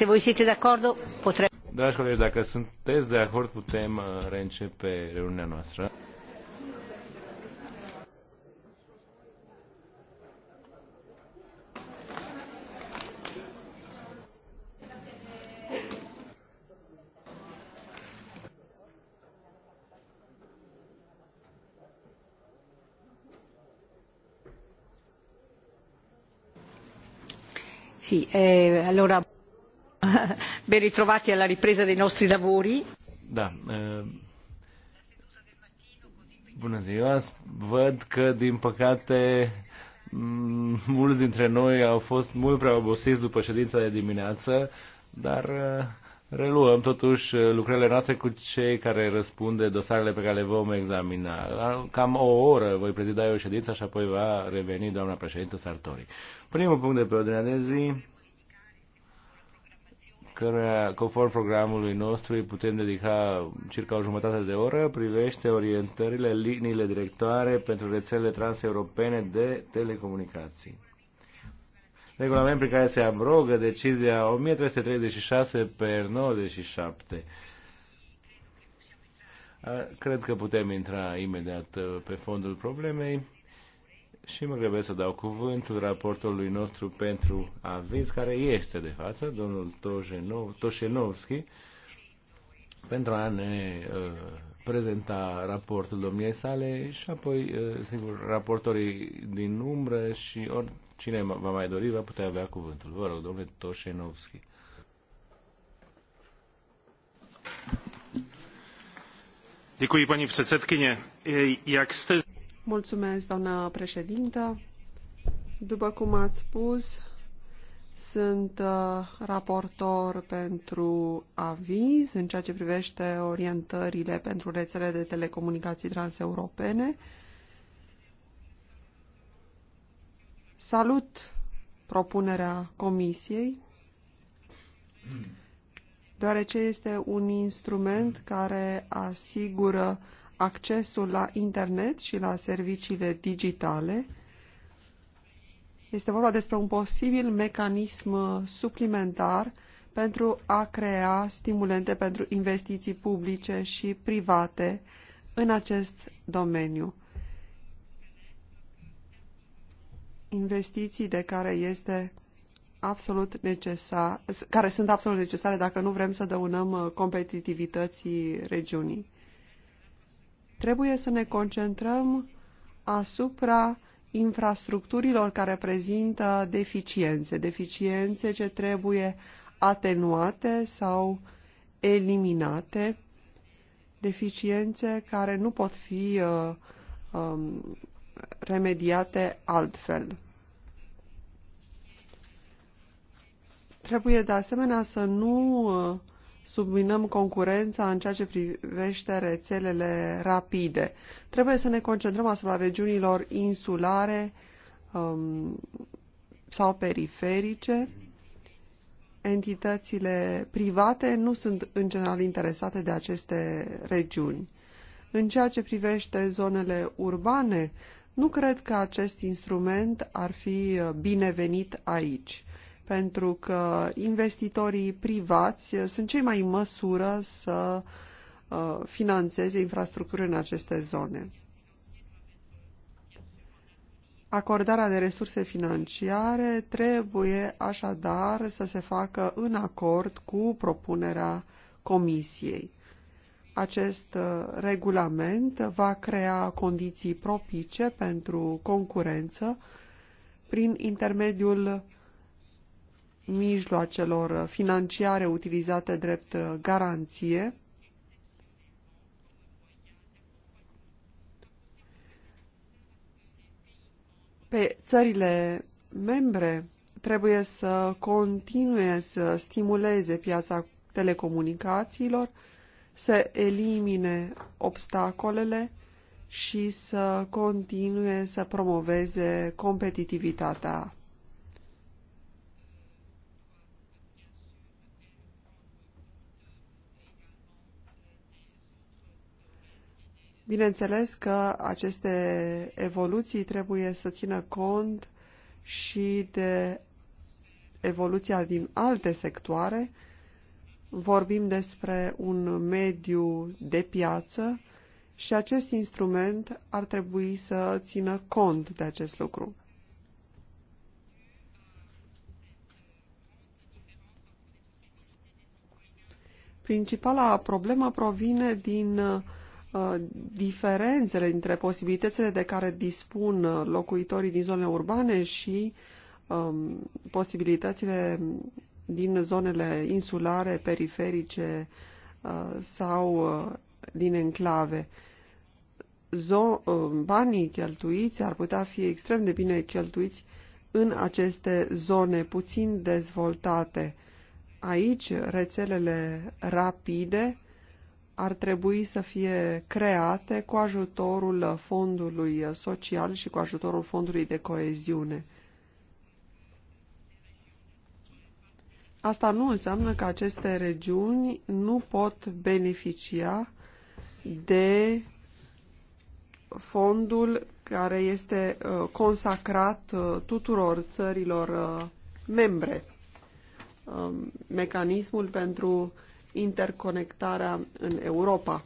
Se voi siete d'accordo, potrei... Dragi colegi, dacă sunteți de acord, putem uh, reîncepe reuniunea noastră. Sì, eh, allora... ben ritrovati alla ripresa dei nostri lavori. Da. Eh, bună ziua. Văd că, din păcate, mulți dintre noi au fost mult prea obosiți după ședința de dimineață, dar eh, reluăm totuși eh, lucrările noastre cu cei care răspunde dosarele pe care le vom examina. Cam o oră voi prezida eu ședința și apoi va reveni doamna președintă Sartori. Primul punct de pe ordinea de zi căruia, conform programului nostru, îi putem dedica circa o jumătate de oră, privește orientările, liniile directoare pentru rețelele transeuropene de telecomunicații. Regulament prin care se abrogă decizia 1336 pe 97. Cred că putem intra imediat uh, pe fondul problemei și mă grăbesc să dau cuvântul raportului nostru pentru aviz, care este de față, domnul Toșenov, Toșenovski, pentru a ne uh, prezenta raportul domniei sale și apoi, uh, sigur, raportorii din umbră și oricine va mai dori va putea avea cuvântul. Vă rog, domnule Toșenovski. Děkuji, paní předsedkyně. Eh, jak jste... Mulțumesc, doamnă președintă. După cum ați spus, sunt uh, raportor pentru aviz în ceea ce privește orientările pentru rețele de telecomunicații transeuropene. Salut propunerea Comisiei, deoarece este un instrument care asigură accesul la internet și la serviciile digitale. Este vorba despre un posibil mecanism suplimentar pentru a crea stimulente pentru investiții publice și private în acest domeniu. Investiții de care este absolut necesar, care sunt absolut necesare dacă nu vrem să dăunăm uh, competitivității regiunii. Trebuie să ne concentrăm asupra infrastructurilor care prezintă deficiențe, deficiențe ce trebuie atenuate sau eliminate, deficiențe care nu pot fi uh, um, remediate altfel. Trebuie de asemenea să nu uh, subminăm concurența în ceea ce privește rețelele rapide. Trebuie să ne concentrăm asupra regiunilor insulare um, sau periferice. Entitățile private nu sunt în general interesate de aceste regiuni. În ceea ce privește zonele urbane, nu cred că acest instrument ar fi binevenit aici pentru că investitorii privați sunt cei mai în măsură să uh, financeze infrastructură în aceste zone. Acordarea de resurse financiare trebuie așadar să se facă în acord cu propunerea Comisiei. Acest uh, regulament va crea condiții propice pentru concurență prin intermediul mijloacelor financiare utilizate drept garanție. Pe țările membre trebuie să continue să stimuleze piața telecomunicațiilor, să elimine obstacolele și să continue să promoveze competitivitatea Bineînțeles că aceste evoluții trebuie să țină cont și de evoluția din alte sectoare. Vorbim despre un mediu de piață și acest instrument ar trebui să țină cont de acest lucru. Principala problemă provine din Uh, diferențele dintre posibilitățile de care dispun locuitorii din zonele urbane și um, posibilitățile din zonele insulare, periferice uh, sau uh, din enclave. Zo uh, banii cheltuiți ar putea fi extrem de bine cheltuiți în aceste zone puțin dezvoltate. Aici rețelele rapide ar trebui să fie create cu ajutorul fondului social și cu ajutorul fondului de coeziune. Asta nu înseamnă că aceste regiuni nu pot beneficia de fondul care este uh, consacrat uh, tuturor țărilor uh, membre. Um, mecanismul pentru interconectarea în Europa.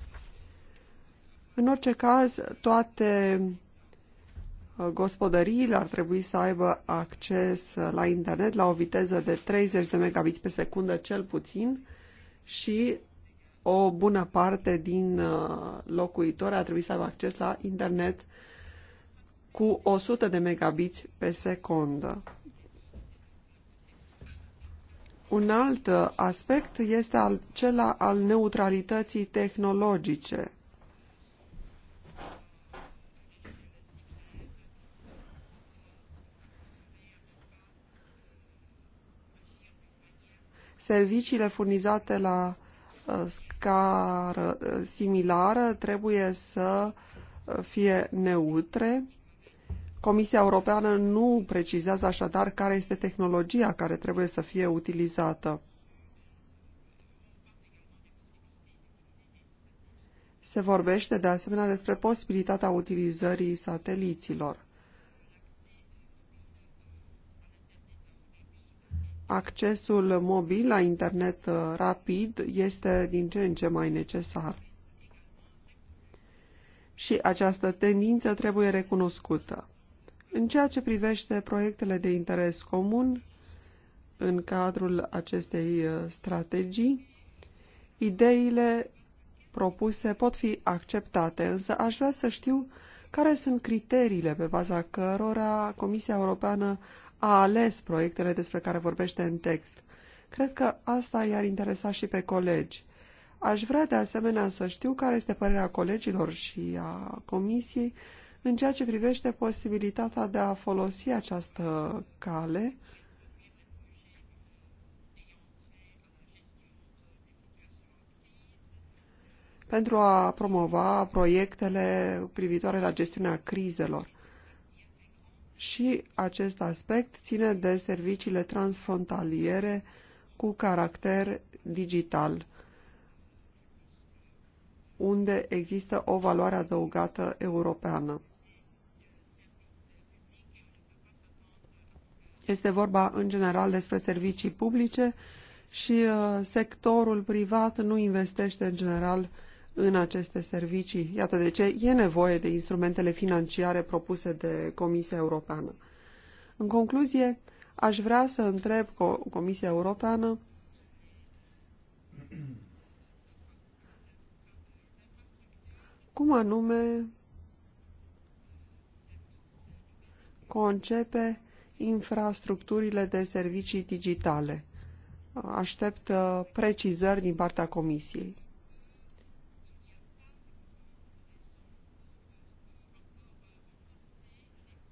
În orice caz, toate uh, gospodăriile ar trebui să aibă acces uh, la internet la o viteză de 30 de megabits pe secundă cel puțin și o bună parte din uh, locuitori ar trebui să aibă acces la internet cu 100 de megabits pe secundă. Un alt uh, aspect este acela al neutralității tehnologice. Serviciile furnizate la uh, scară uh, similară trebuie să fie neutre Comisia Europeană nu precizează așadar care este tehnologia care trebuie să fie utilizată. Se vorbește de asemenea despre posibilitatea utilizării sateliților. Accesul mobil la internet uh, rapid este din ce în ce mai necesar. Și această tendință trebuie recunoscută. În ceea ce privește proiectele de interes comun, în cadrul acestei uh, strategii, ideile propuse pot fi acceptate, însă aș vrea să știu care sunt criteriile pe baza cărora Comisia Europeană a ales proiectele despre care vorbește în text. Cred că asta i-ar interesa și pe colegi. Aș vrea de asemenea să știu care este părerea colegilor și a Comisiei în ceea ce privește posibilitatea de a folosi această cale, pentru a promova proiectele privitoare la gestiunea crizelor. Și acest aspect ține de serviciile transfrontaliere cu caracter digital, unde există o valoare adăugată europeană. Este vorba în general despre servicii publice și uh, sectorul privat nu investește în general în aceste servicii. Iată de ce e nevoie de instrumentele financiare propuse de Comisia Europeană. În concluzie, aș vrea să întreb Comisia Europeană cum anume concepe infrastructurile de servicii digitale. Aștept uh, precizări din partea Comisiei.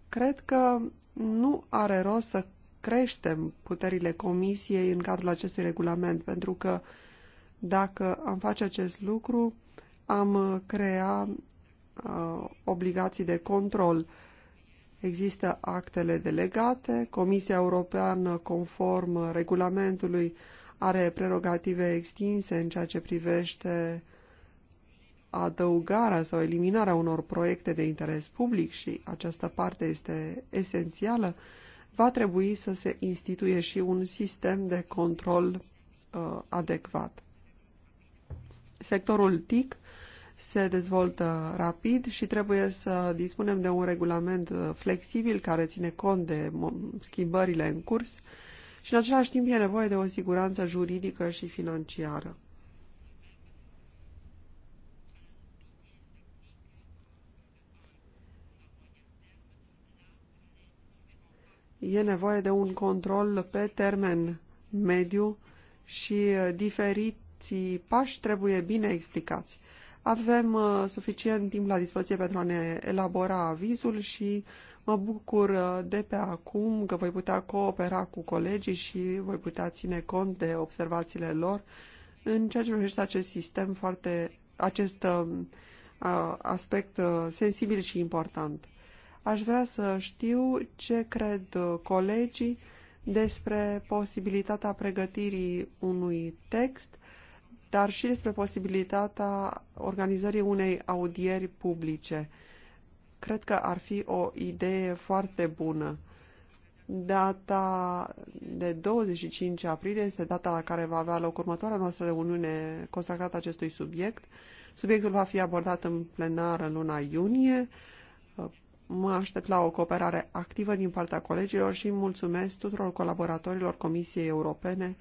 Cred că nu are rost să creștem puterile Comisiei în cadrul acestui regulament, pentru că dacă am face acest lucru, am uh, crea uh, obligații de control Există actele delegate, Comisia Europeană, conform regulamentului, are prerogative extinse în ceea ce privește adăugarea sau eliminarea unor proiecte de interes public și această parte este esențială, va trebui să se instituie și un sistem de control uh, adecvat. Sectorul TIC se dezvoltă rapid și trebuie să dispunem de un regulament uh, flexibil care ține cont de schimbările în curs și în același timp e nevoie de o siguranță juridică și financiară. E nevoie de un control pe termen mediu și uh, diferiții pași trebuie bine explicați. Avem uh, suficient timp la dispoziție pentru a ne elabora avizul și mă bucur uh, de pe acum că voi putea coopera cu colegii și voi putea ține cont de observațiile lor în ceea ce privește acest sistem foarte, acest uh, aspect sensibil și important. Aș vrea să știu ce cred colegii despre posibilitatea pregătirii unui text dar și despre posibilitatea organizării unei audieri publice. Cred că ar fi o idee foarte bună. Data de 25 aprilie este data la care va avea loc următoarea noastră reuniune consacrată acestui subiect. Subiectul va fi abordat în plenar în luna iunie. Mă aștept la o cooperare activă din partea colegilor și mulțumesc tuturor colaboratorilor Comisiei Europene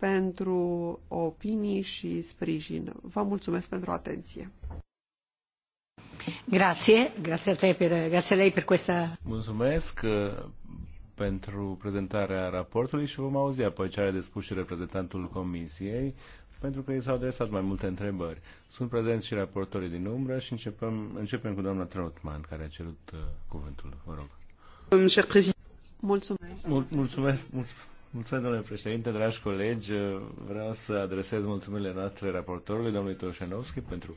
pentru opinii și sprijin. Vă mulțumesc pentru atenție. Grazie, grazie a te per, grazie a lei per questa... Mulțumesc uh, pentru prezentarea raportului și vom auzi apoi ce are de spus și reprezentantul Comisiei, pentru că i s-au adresat mai multe întrebări. Sunt prezenți și raportorii din umbră și începem, începem cu doamna Trautmann, care a cerut uh, cuvântul. Vă rog. Mulțumesc. Mul- mulțumesc. mulțumesc. Mulțumesc, domnule președinte, dragi colegi. Vreau să adresez mulțumirile noastre raportorului, domnului Toșenovski, pentru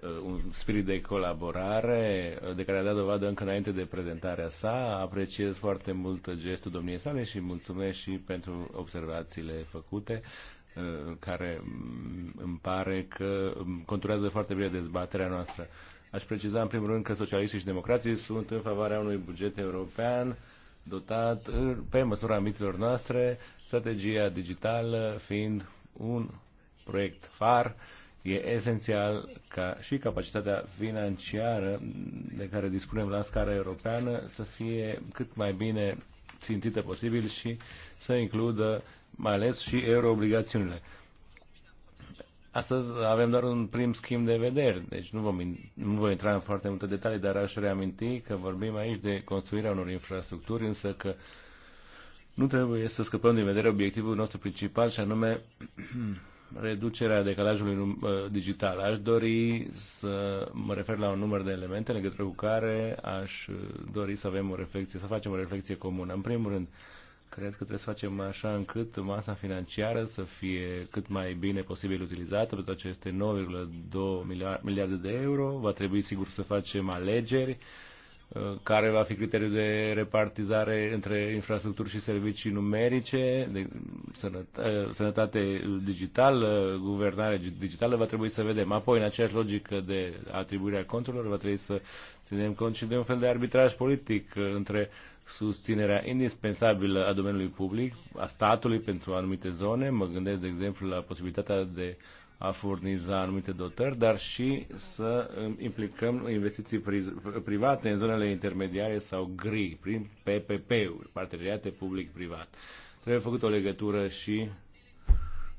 uh, un spirit de colaborare uh, de care a dat dovadă încă înainte de prezentarea sa. Apreciez foarte mult gestul domniei sale și mulțumesc și pentru observațiile făcute uh, care mm, îmi pare că mm, conturează foarte bine dezbaterea noastră. Aș preciza în primul rând că socialiștii și democrații sunt în favoarea unui buget european dotat pe măsura ambițiilor noastre, strategia digitală fiind un proiect far, e esențial ca și capacitatea financiară de care dispunem la scară europeană să fie cât mai bine țintită posibil și să includă mai ales și euroobligațiunile. Astăzi avem doar un prim schimb de vederi, deci nu, vom, nu voi intra în foarte multe detalii, dar aș reaminti că vorbim aici de construirea unor infrastructuri, însă că nu trebuie să scăpăm din vedere obiectivul nostru principal și anume reducerea decalajului uh, digital. Aș dori să mă refer la un număr de elemente legătură cu care aș uh, dori să avem o reflexie, să facem o reflexie comună. În primul rând, Cred că trebuie să facem așa încât masa financiară să fie cât mai bine posibil utilizată pentru aceste 9,2 miliarde de euro. Va trebui sigur să facem alegeri uh, care va fi criteriul de repartizare între infrastructuri și servicii numerice, de uh, sănătate digitală, guvernare digitală, va trebui să vedem. Apoi, în aceeași logică de atribuire a conturilor, va trebui să ținem cont și de un fel de arbitraj politic uh, între susținerea indispensabilă a domeniului public, a statului pentru anumite zone. Mă gândesc, de exemplu, la posibilitatea de a furniza anumite dotări, dar și să implicăm investiții private în zonele intermediare sau gri, prin PPP-uri, parteneriate public-privat. Trebuie făcut o legătură și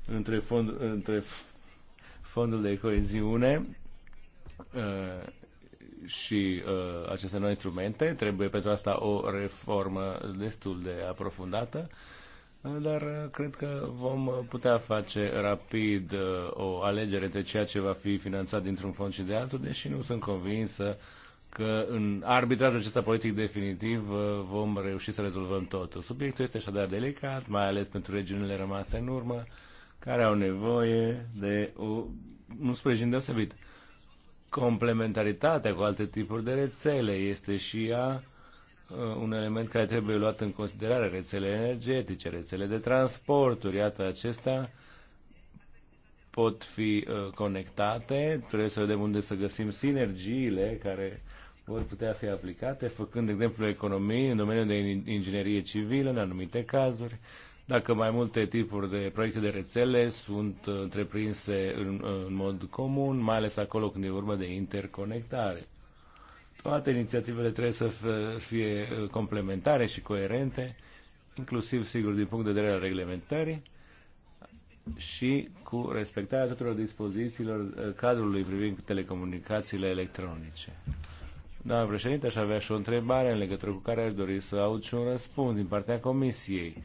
între, fond, între fondul de coeziune uh, și uh, aceste noi instrumente. Trebuie pentru asta o reformă destul de aprofundată, uh, dar uh, cred că vom putea face rapid uh, o alegere între ceea ce va fi finanțat dintr-un fond și de altul, deși nu sunt convinsă că în arbitrajul acesta politic definitiv uh, vom reuși să rezolvăm totul. Subiectul este așadar delicat, mai ales pentru regiunile rămase în urmă, care au nevoie de o, un sprijin deosebit complementaritatea cu alte tipuri de rețele este și ea uh, un element care trebuie luat în considerare, rețele energetice, rețele de transporturi, iată acestea pot fi uh, conectate, trebuie să vedem unde să găsim sinergiile care vor putea fi aplicate, făcând, de exemplu, economii în domeniul de inginerie civilă, în anumite cazuri, dacă mai multe tipuri de proiecte de rețele sunt uh, întreprinse în, uh, în mod comun, mai ales acolo când e vorba de interconectare. Toate inițiativele trebuie să fie uh, complementare și coerente, inclusiv, sigur, din punct de vedere al reglementării și cu respectarea tuturor dispozițiilor cadrului privind telecomunicațiile electronice. Doamna președinte, aș avea și o întrebare în legătură cu care aș dori să aud și un răspuns din partea Comisiei.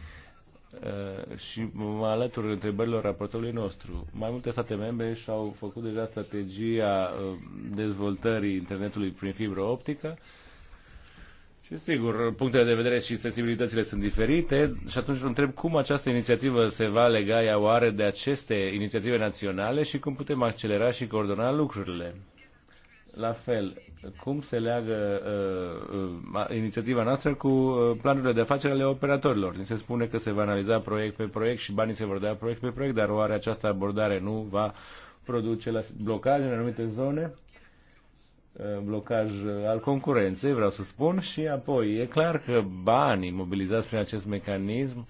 Eh, și mă alătur întrebărilor raportului nostru. Mai multe state membre și-au făcut deja strategia eh, dezvoltării internetului prin fibră optică și sigur, punctele de vedere și sensibilitățile sunt diferite și atunci întreb cum această inițiativă se va lega ea oare de aceste inițiative naționale și cum putem accelera și coordona lucrurile. La fel, cum se leagă uh, uh inițiativa noastră cu uh, planurile de afacere ale operatorilor? Ni se spune că se va analiza proiect pe proiect și banii se vor da proiect pe proiect, dar oare această abordare nu va produce la blocaje în anumite zone? Uh, blocaj al concurenței, vreau să spun, și apoi e clar că banii mobilizați prin acest mecanism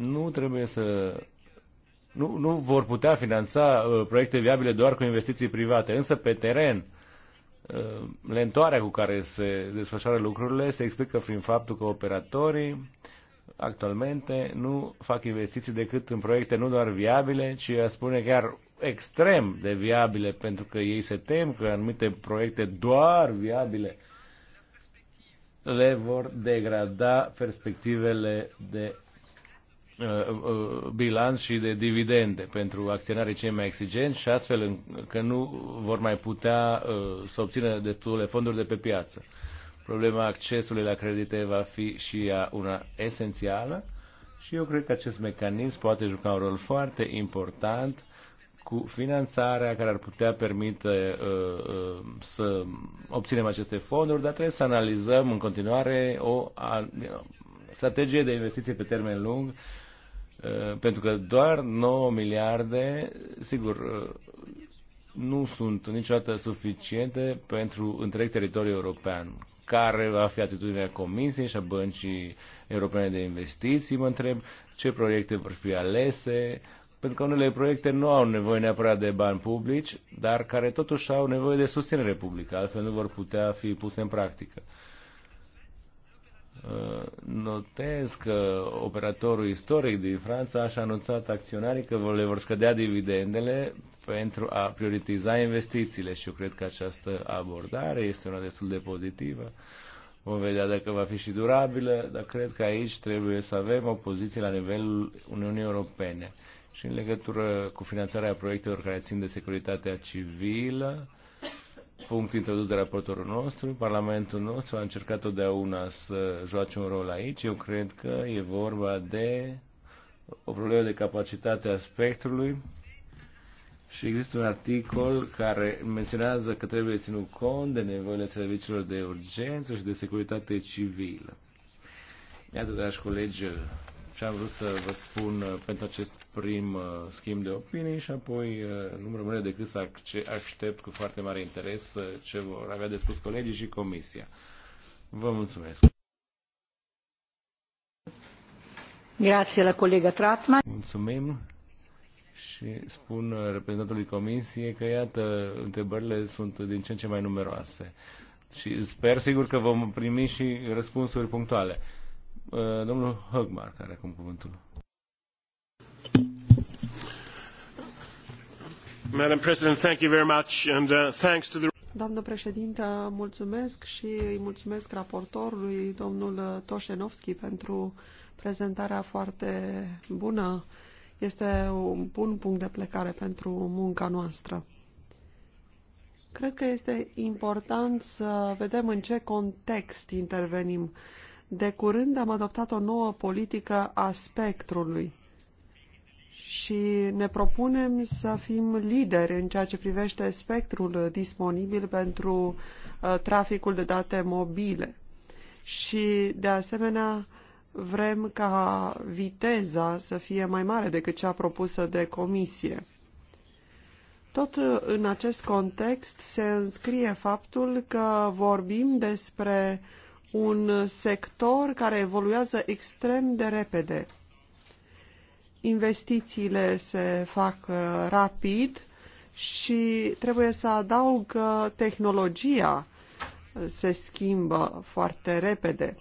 nu trebuie să nu, nu vor putea finanța proiecte viabile doar cu investiții private, însă pe teren uh, Uh, lentoarea cu care se desfășoară lucrurile se explică prin faptul că operatorii actualmente nu fac investiții decât în proiecte nu doar viabile, ci a spune chiar extrem de viabile, pentru că ei se tem că anumite proiecte doar viabile le vor degrada perspectivele de Uh, uh, bilanț și de dividende pentru acționarii cei mai exigenți și astfel că nu vor mai putea uh, să obțină destule fonduri de pe piață. Problema accesului la credite va fi și ea una esențială și eu cred că acest mecanism poate juca un rol foarte important cu finanțarea care ar putea permite uh, uh, să obținem aceste fonduri, dar trebuie să analizăm în continuare o uh, strategie de investiție pe termen lung Eh, pentru că doar 9 miliarde, sigur, eh, nu sunt niciodată suficiente pentru întreg teritoriul european. Care va fi atitudinea Comisiei și a Băncii Europene de Investiții, mă întreb, ce proiecte vor fi alese, pentru că unele proiecte nu au nevoie neapărat de bani publici, dar care totuși au nevoie de susținere publică, altfel nu vor putea fi puse în practică notez că operatorul istoric din Franța a anunțat acționarii că le vor scădea dividendele pentru a prioritiza investițiile și eu cred că această abordare este una destul de pozitivă. Vom vedea dacă va fi și durabilă, dar cred că aici trebuie să avem o poziție la nivelul Uniunii Europene. Și în legătură cu finanțarea proiectelor care țin de securitatea civilă, punct introdus de raportorul nostru. Parlamentul nostru a încercat totdeauna să joace un rol aici. Eu cred că e vorba de o problemă de capacitate a spectrului și există un articol care menționează că trebuie ținut cont de nevoile serviciilor de urgență și de securitate civilă. Iată, dragi colegi, ce am vrut să vă spun uh, pentru acest prim uh, schimb de opinii și apoi uh, nu rămâne decât să aștept cu foarte mare interes ce vor avea de spus colegii și comisia. Vă mulțumesc! Grazie la colega Tratman. Mulțumim și spun reprezentantului comisiei că, iată, întrebările sunt din ce în ce mai numeroase. Și sper sigur că vom primi și răspunsuri punctuale. Uh, domnul Hăgmar, care acum cuvântul. Madam President, thank you very much and uh, thanks to the Doamnă președintă, mulțumesc și îi mulțumesc raportorului, domnul Toșenovski, pentru prezentarea foarte bună. Este un bun punct de plecare pentru munca noastră. Cred că este important să vedem în ce context intervenim. De curând am adoptat o nouă politică a spectrului și ne propunem să fim lideri în ceea ce privește spectrul disponibil pentru uh, traficul de date mobile. Și, de asemenea, vrem ca viteza să fie mai mare decât cea propusă de comisie. Tot în acest context se înscrie faptul că vorbim despre uh, un sector care evoluează extrem de repede. Investițiile se fac uh, rapid și trebuie să adaug că tehnologia uh, se schimbă foarte repede.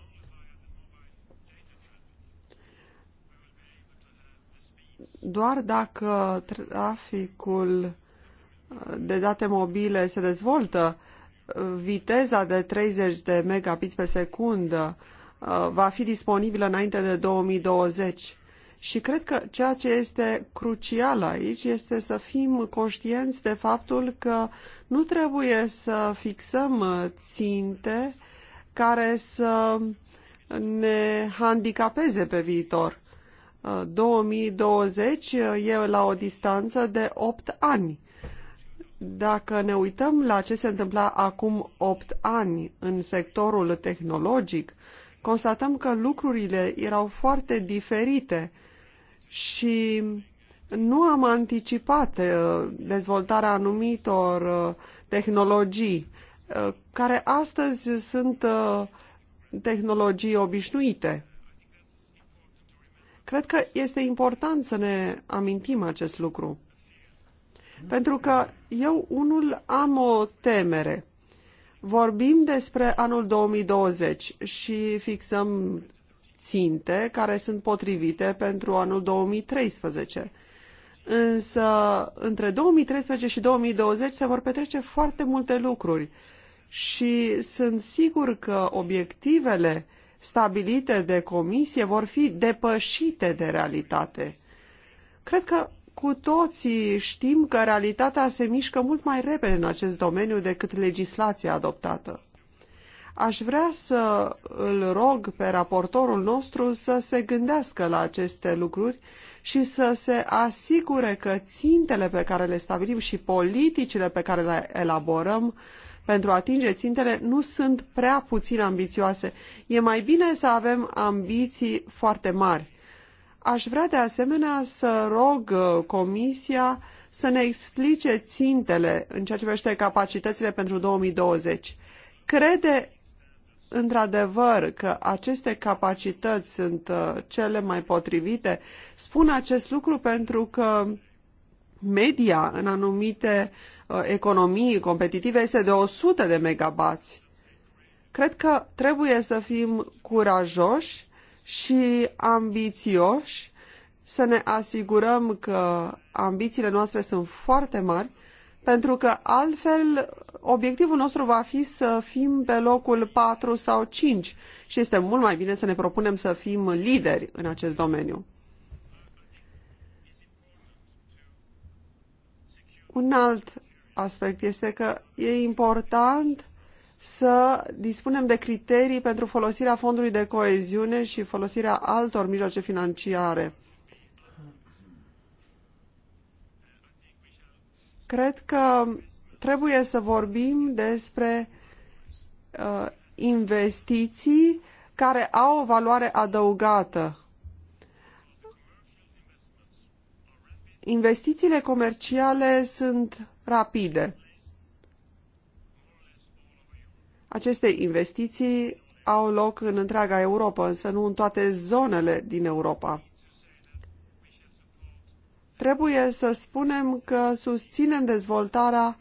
Doar dacă traficul uh, de date mobile se dezvoltă, viteza de 30 de megabits pe secundă uh, va fi disponibilă înainte de 2020. Și cred că ceea ce este crucial aici este să fim conștienți de faptul că nu trebuie să fixăm uh, ținte care să ne handicapeze pe viitor. 2020 uh, e la o distanță de 8 ani dacă ne uităm la ce se întâmpla acum 8 ani în sectorul tehnologic, constatăm că lucrurile erau foarte diferite și nu am anticipat uh, dezvoltarea anumitor uh, tehnologii, uh, care astăzi sunt tehnologii obișnuite. Cred că este important să ne amintim acest lucru. Pentru că eu unul am o temere. Vorbim despre anul 2020 și fixăm ținte care sunt potrivite pentru anul 2013. Însă, între 2013 și 2020 se vor petrece foarte multe lucruri și sunt sigur că obiectivele stabilite de comisie vor fi depășite de realitate. Cred că cu toții știm că realitatea se mișcă mult mai repede în acest domeniu decât legislația adoptată. Aș vrea să îl rog pe raportorul nostru să se gândească la aceste lucruri și să se asigure că țintele pe care le stabilim și politicile pe care le elaborăm pentru a atinge țintele nu sunt prea puțin ambițioase. E mai bine să avem ambiții foarte mari Aș vrea de asemenea să rog uh, Comisia să ne explice țintele în ceea ce privește capacitățile pentru 2020. Crede într-adevăr că aceste capacități sunt uh, cele mai potrivite? Spun acest lucru pentru că media în anumite uh, economii competitive este de 100 de megabați. Cred că trebuie să fim curajoși și ambițioși, să ne asigurăm că ambițiile noastre sunt foarte mari, pentru că altfel obiectivul nostru va fi să fim pe locul 4 sau 5 și este mult mai bine să ne propunem să fim lideri în acest domeniu. Un alt aspect este că e important să dispunem de criterii pentru folosirea fondului de coeziune și folosirea altor mijloace financiare. Cred că trebuie să vorbim despre uh, investiții care au o valoare adăugată. Investițiile comerciale sunt rapide. Aceste investiții au loc în întreaga Europa, însă nu în toate zonele din Europa. Trebuie să spunem că susținem dezvoltarea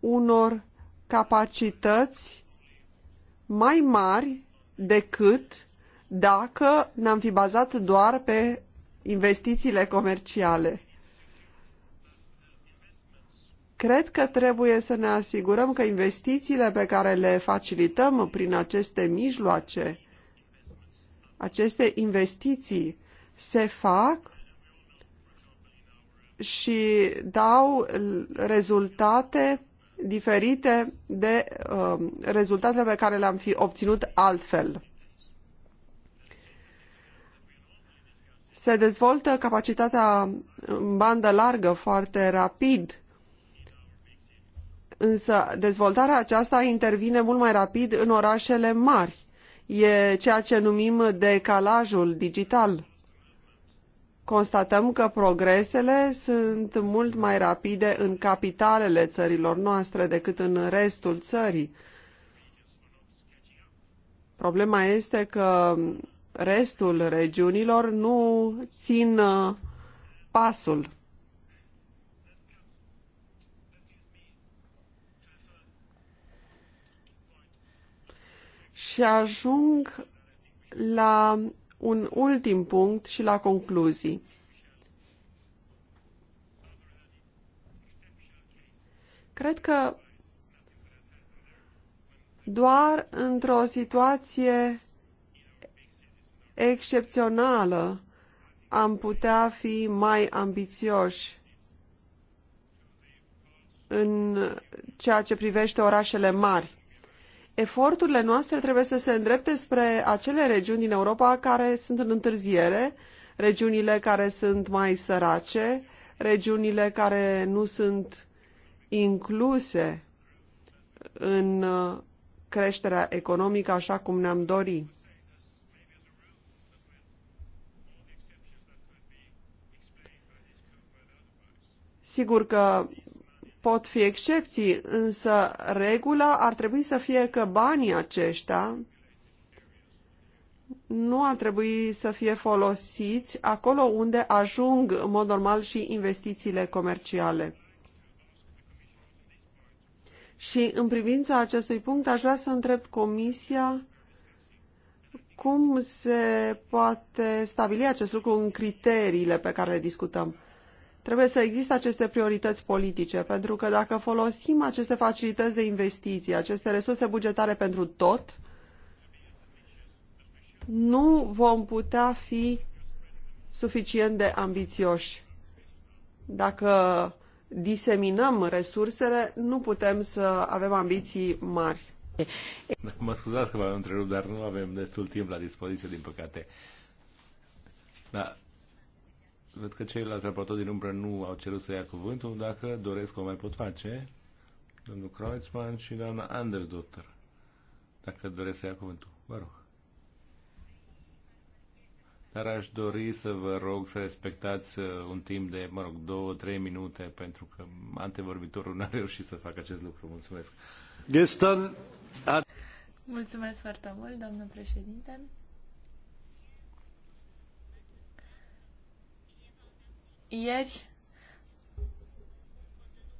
unor capacități mai mari decât dacă ne-am fi bazat doar pe investițiile comerciale. Cred că trebuie să ne asigurăm că investițiile pe care le facilităm prin aceste mijloace, aceste investiții, se fac și dau rezultate diferite de uh, rezultatele pe care le-am fi obținut altfel. Se dezvoltă capacitatea în bandă largă foarte rapid Însă dezvoltarea aceasta intervine mult mai rapid în orașele mari. E ceea ce numim decalajul digital. Constatăm că progresele sunt mult mai rapide în capitalele țărilor noastre decât în restul țării. Problema este că restul regiunilor nu țin uh, pasul. și ajung la un ultim punct și la concluzii. Cred că doar într-o situație excepțională am putea fi mai ambițioși în ceea ce privește orașele mari eforturile noastre trebuie să se îndrepte spre acele regiuni din Europa care sunt în întârziere, regiunile care sunt mai sărace, regiunile care nu sunt incluse în uh, creșterea economică așa cum ne-am dorit. Sigur că pot fi excepții, însă regula ar trebui să fie că banii aceștia nu ar trebui să fie folosiți acolo unde ajung în mod normal și investițiile comerciale. Și în privința acestui punct aș vrea să întreb Comisia cum se poate stabili acest lucru în criteriile pe care le discutăm. Trebuie să existe aceste priorități politice, pentru că dacă folosim aceste facilități de investiții, aceste resurse bugetare pentru tot, nu vom putea fi suficient de ambițioși. Dacă diseminăm resursele, nu putem să avem ambiții mari. Mă scuzați că v-am întrerupt, dar nu avem destul timp la dispoziție, din păcate. Da, Văd că ceilalți raportori din umbră nu au cerut să ia cuvântul. Dacă doresc, o mai pot face. Domnul Kreuzmann și doamna Andersdotter. Dacă doresc să ia cuvântul. Vă rog. Dar aș dori să vă rog să respectați uh, un timp de, mă rog, două, trei minute, pentru că antevorbitorul n-a reușit să facă acest lucru. Mulțumesc. Gestern. Mulțumesc foarte mult, doamnă președinte. Ieri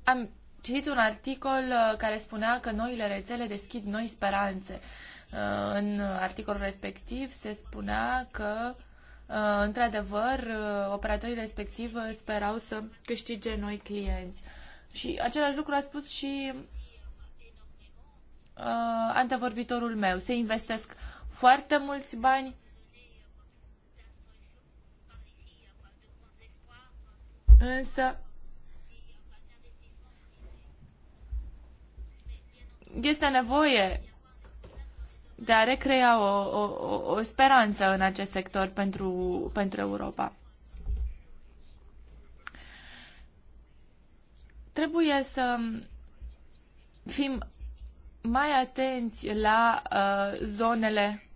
am citit un articol uh, care spunea că noile rețele deschid noi speranțe. Uh, în articolul respectiv se spunea că uh, într-adevăr, operatorii respectiv sperau să câștige noi clienți. Și același lucru a spus și antevorbitorul meu. Se investesc foarte mulți bani Însă este nevoie de a recrea o, o, o speranță în acest sector pentru, pentru Europa. Trebuie să fim mai atenți la uh, zonele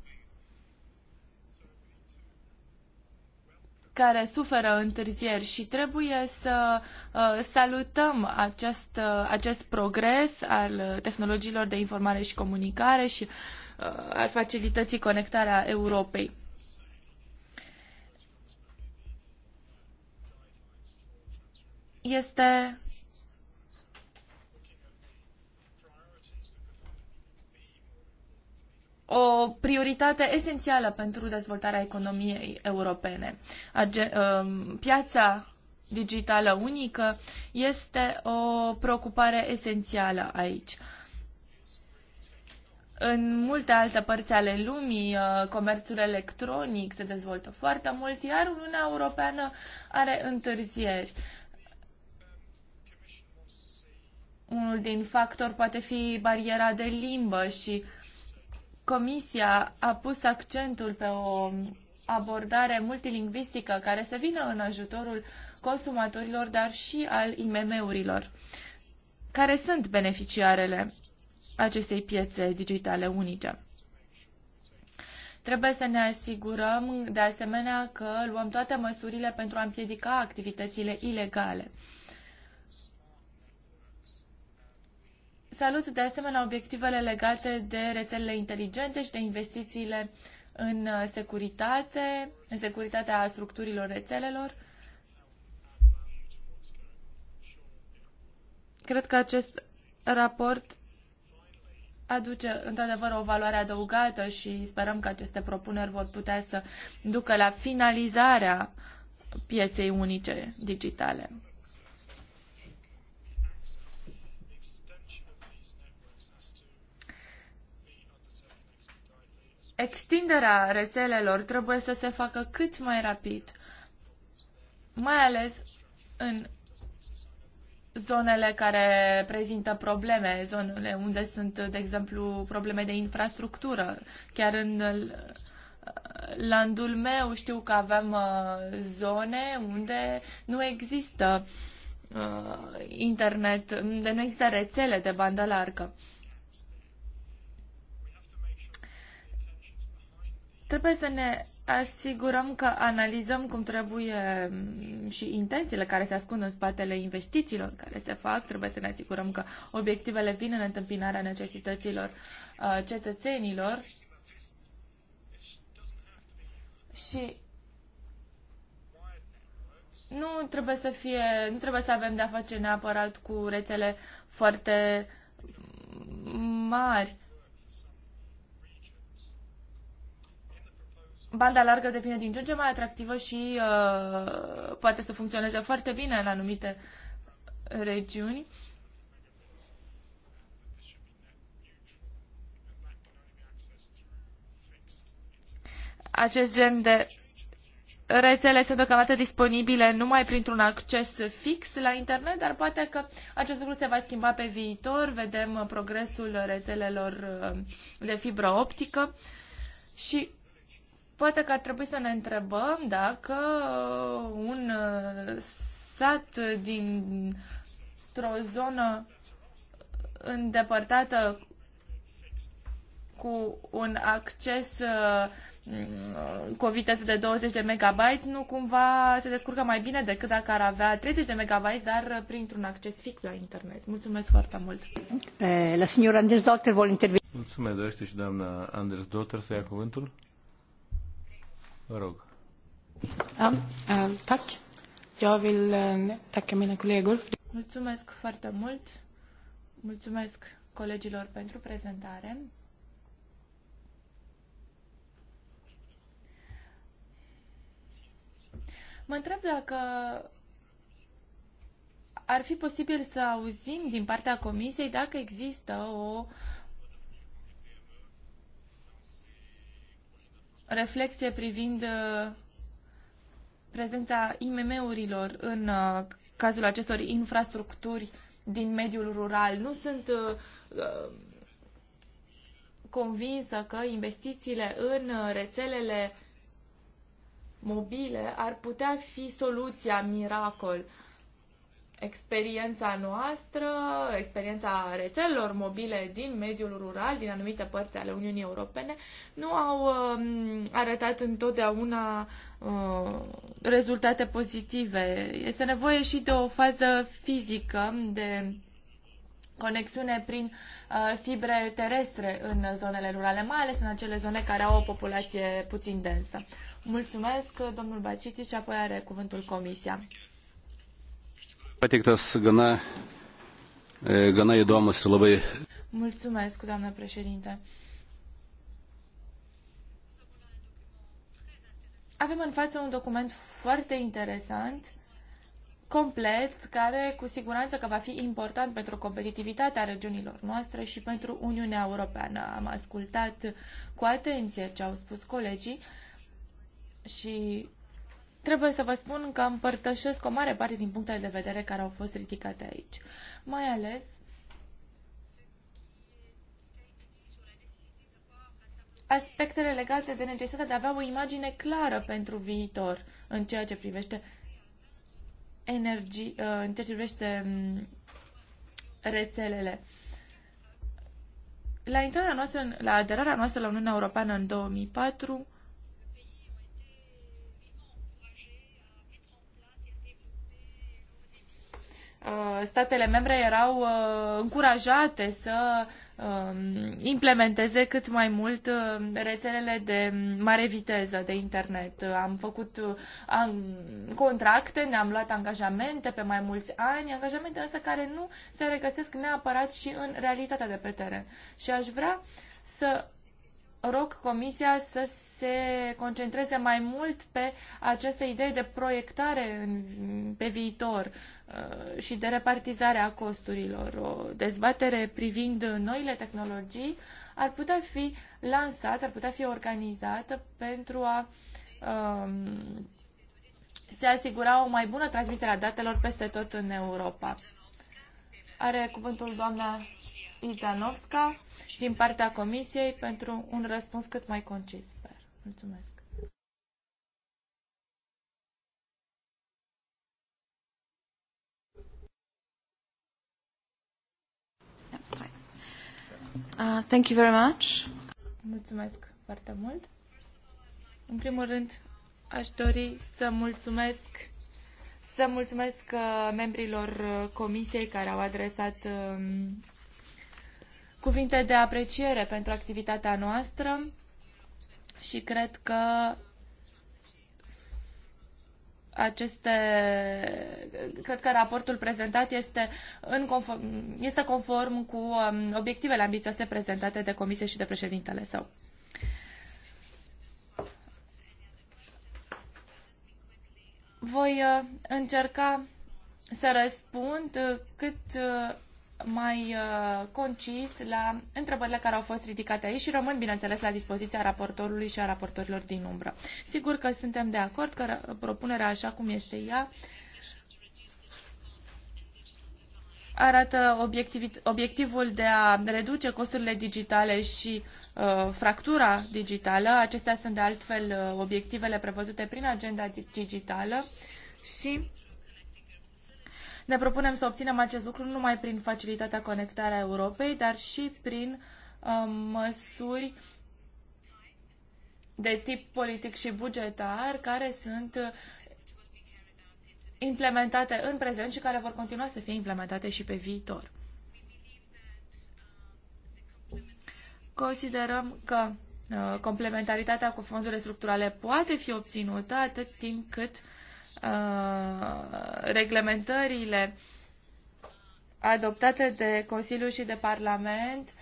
care suferă întârzieri și trebuie să uh, salutăm acest, uh, acest progres al uh, tehnologiilor de informare și comunicare și al facilității conectarea Europei. Este o prioritate esențială pentru dezvoltarea economiei europene. Um, piața digitală unică este o preocupare esențială aici. În multe alte părți ale lumii, uh, comerțul electronic se dezvoltă foarte mult, iar Uniunea Europeană are întârzieri. Unul din factori poate fi bariera de limbă și uh, Comisia a pus accentul pe o abordare multilingvistică care să vină în ajutorul consumatorilor, dar și al IMM-urilor, care sunt beneficiarele acestei piețe digitale unice. Trebuie să ne asigurăm, de asemenea, că luăm toate măsurile pentru a împiedica activitățile ilegale. Salut de asemenea obiectivele legate de rețelele inteligente și de investițiile în uh, securitate, în securitatea structurilor rețelelor. Cred că acest raport aduce într-adevăr o valoare adăugată și sperăm că aceste propuneri vor putea să ducă la finalizarea pieței unice digitale. extinderea rețelelor trebuie să se facă cât mai rapid, mai ales în zonele care prezintă probleme, zonele unde sunt, de exemplu, probleme de infrastructură. Chiar în uh, landul meu știu că avem uh, zone unde nu există uh, internet, unde nu există rețele de bandă largă. Trebuie să ne asigurăm că analizăm cum trebuie mm, și intențiile care se ascund în spatele investițiilor care se fac. Trebuie să ne asigurăm că obiectivele vin în întâmpinarea necesităților uh, cetățenilor. Și nu trebuie să fie, nu trebuie să avem de-a face neapărat cu rețele foarte mm, mari. banda largă devine din ce în ce mai atractivă și uh, poate să funcționeze foarte bine în anumite regiuni. Acest gen de rețele sunt deocamdată disponibile numai printr-un acces fix la internet, dar poate că acest lucru se va schimba pe viitor. Vedem uh, progresul rețelelor uh, de fibră optică și Poate că ar trebui să ne întrebăm dacă un uh, sat dintr-o zonă îndepărtată cu un acces uh, cu o viteză de 20 de megabytes nu cumva se descurcă mai bine decât dacă ar avea 30 de megabytes, dar printr-un acces fix la internet. Mulțumesc foarte mult! Eh, la signora Anders Dotter vor interveni. Mulțumesc, dorește și doamna Anders Dotter să ia cuvântul. Vă rog. Da, Mulțumesc foarte mult. Mulțumesc colegilor pentru prezentare. Mă întreb dacă ar fi posibil să auzim din partea Comisiei dacă există o reflecție privind uh, prezența IMM-urilor în uh, cazul acestor infrastructuri din mediul rural. Nu sunt uh, convinsă că investițiile în rețelele mobile ar putea fi soluția miracol experiența noastră, experiența rețelelor mobile din mediul rural, din anumite părți ale Uniunii Europene, nu au uh, arătat întotdeauna uh, rezultate pozitive. Este nevoie și de o fază fizică, de conexiune prin uh, fibre terestre în zonele rurale, mai ales în acele zone care au o populație puțin densă. Mulțumesc, domnul Baciti, și apoi are cuvântul Comisia. Pateiktas gana, gana įdomus ir labai. Mulțumesc, doamnă președinte. Avem în față un document foarte interesant, complet, care cu siguranță că va fi important pentru competitivitatea regiunilor noastre și pentru Uniunea Europeană. Am ascultat cu atenție ce au spus colegii și Trebuie să vă spun că împărtășesc o mare parte din punctele de vedere care au fost ridicate aici, mai ales aspectele legate de necesitatea de a avea o imagine clară pentru viitor în ceea ce privește energie, uh, în ceea ce privește mm, rețelele. La intrarea noastră, la aderarea noastră la Uniunea Europeană în 2004, Uh, statele membre erau uh, încurajate să um, implementeze cât mai mult uh, rețelele de mare viteză de internet. Am făcut contracte, ne-am luat angajamente pe mai mulți ani, angajamente însă care nu se regăsesc neapărat și în realitatea de pe teren. Și aș vrea să rog Comisia să se concentreze mai mult pe aceste idei de proiectare în, pe viitor, Uh, și de repartizarea costurilor. O dezbatere privind noile tehnologii ar putea fi lansată, ar putea fi organizată pentru a um, se asigura o mai bună transmitere a datelor peste tot în Europa. Are cuvântul doamna Idanovska din partea Comisiei pentru un răspuns cât mai concis, sper. Mulțumesc. Uh, thank you very much. Mulțumesc foarte mult. În primul rând, aș dori să mulțumesc să mulțumesc uh, membrilor uh, comisiei care au adresat um, cuvinte de apreciere pentru activitatea noastră și cred că aceste, cred că raportul prezentat este, în conform, este conform cu um, obiectivele ambițioase prezentate de comisie și de președintele său. Voi uh, încerca să răspund cât uh, mai uh, concis la întrebările care au fost ridicate aici și rămân, bineînțeles, la dispoziția raportorului și a raportorilor din umbră. Sigur că suntem de acord că propunerea așa cum este ea arată obiectivul de a reduce costurile digitale și uh, fractura digitală. Acestea sunt de altfel uh, obiectivele prevăzute prin agenda digitală și ne propunem să obținem acest lucru nu numai prin facilitatea conectarea Europei, dar și prin uh, măsuri de tip politic și bugetar care sunt uh, implementate în prezent și care vor continua să fie implementate și pe viitor. Considerăm că uh, complementaritatea cu fondurile structurale poate fi obținută atât timp cât Uh, reglementările adoptate de Consiliu și de Parlament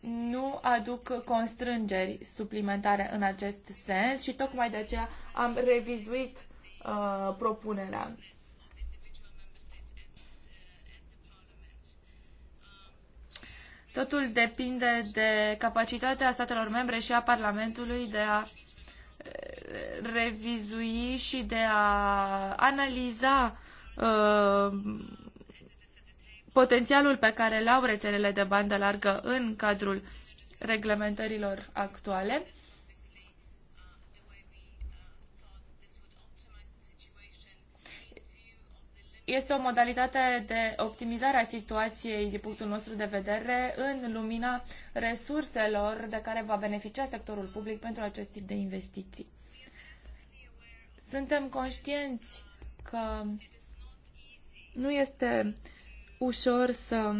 nu aduc constrângeri suplimentare în acest sens și tocmai de aceea am revizuit uh, propunerea. Totul depinde de capacitatea statelor membre și a Parlamentului de a revizui și de a analiza uh, potențialul pe care îl au rețelele de bandă largă în cadrul reglementărilor actuale este o modalitate de optimizare a situației din punctul nostru de vedere în lumina resurselor de care va beneficia sectorul public pentru acest tip de investiții. Suntem conștienți că nu este ușor să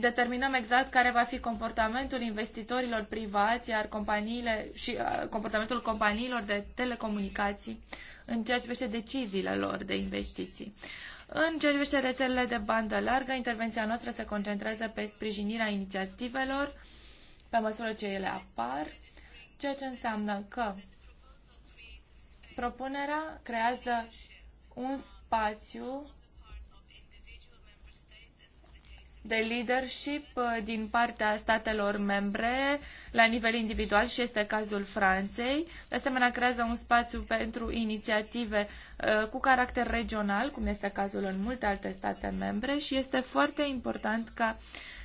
determinăm exact care va fi comportamentul investitorilor privați, iar companiile și uh, comportamentul companiilor de telecomunicații în ceea ce privește deciziile lor de investiții. În ceea ce privește rețelele de bandă largă, intervenția noastră se concentrează pe sprijinirea inițiativelor pe măsură ce ele apar, ceea ce înseamnă că propunerea creează un spațiu de leadership uh, din partea statelor membre la nivel individual și este cazul Franței. De asemenea, creează un spațiu pentru inițiative uh, cu caracter regional, cum este cazul în multe alte state membre și este foarte important ca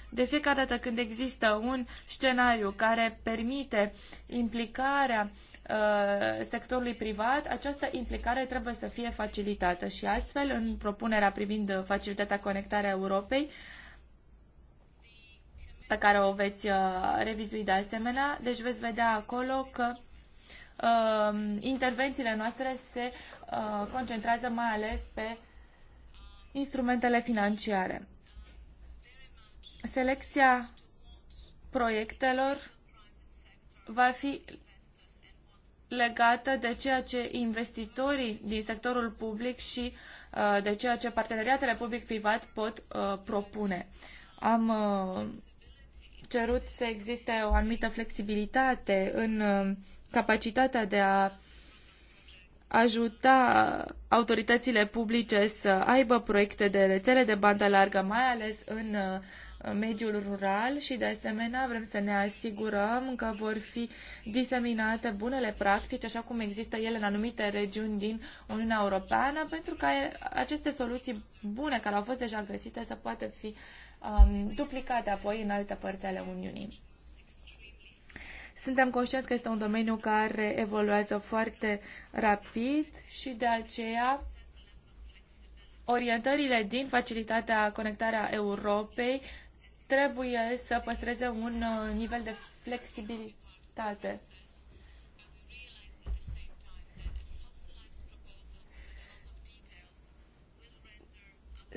de fiecare dată când există un scenariu care permite implicarea uh, sectorului privat, această implicare trebuie să fie facilitată și astfel, în propunerea privind facilitatea conectarea Europei, pe care o veți uh, revizui de asemenea. Deci veți vedea acolo că uh, intervențiile noastre se uh, concentrează mai ales pe instrumentele financiare. Selecția proiectelor va fi legată de ceea ce investitorii din sectorul public și uh, de ceea ce parteneriatele public-privat pot uh, propune. Am uh, cerut să existe o anumită flexibilitate în um, capacitatea de a ajuta autoritățile publice să aibă proiecte de rețele de bandă largă, mai ales în uh, mediul rural și de asemenea vrem să ne asigurăm că vor fi diseminate bunele practici, așa cum există ele în anumite regiuni din Uniunea Europeană, pentru ca aceste soluții bune care au fost deja găsite să poată fi um, duplicate apoi în alte părți ale Uniunii. Suntem conștienți că este un domeniu care evoluează foarte rapid și de aceea orientările din facilitatea conectarea Europei trebuie să păstreze un uh, nivel de flexibilitate.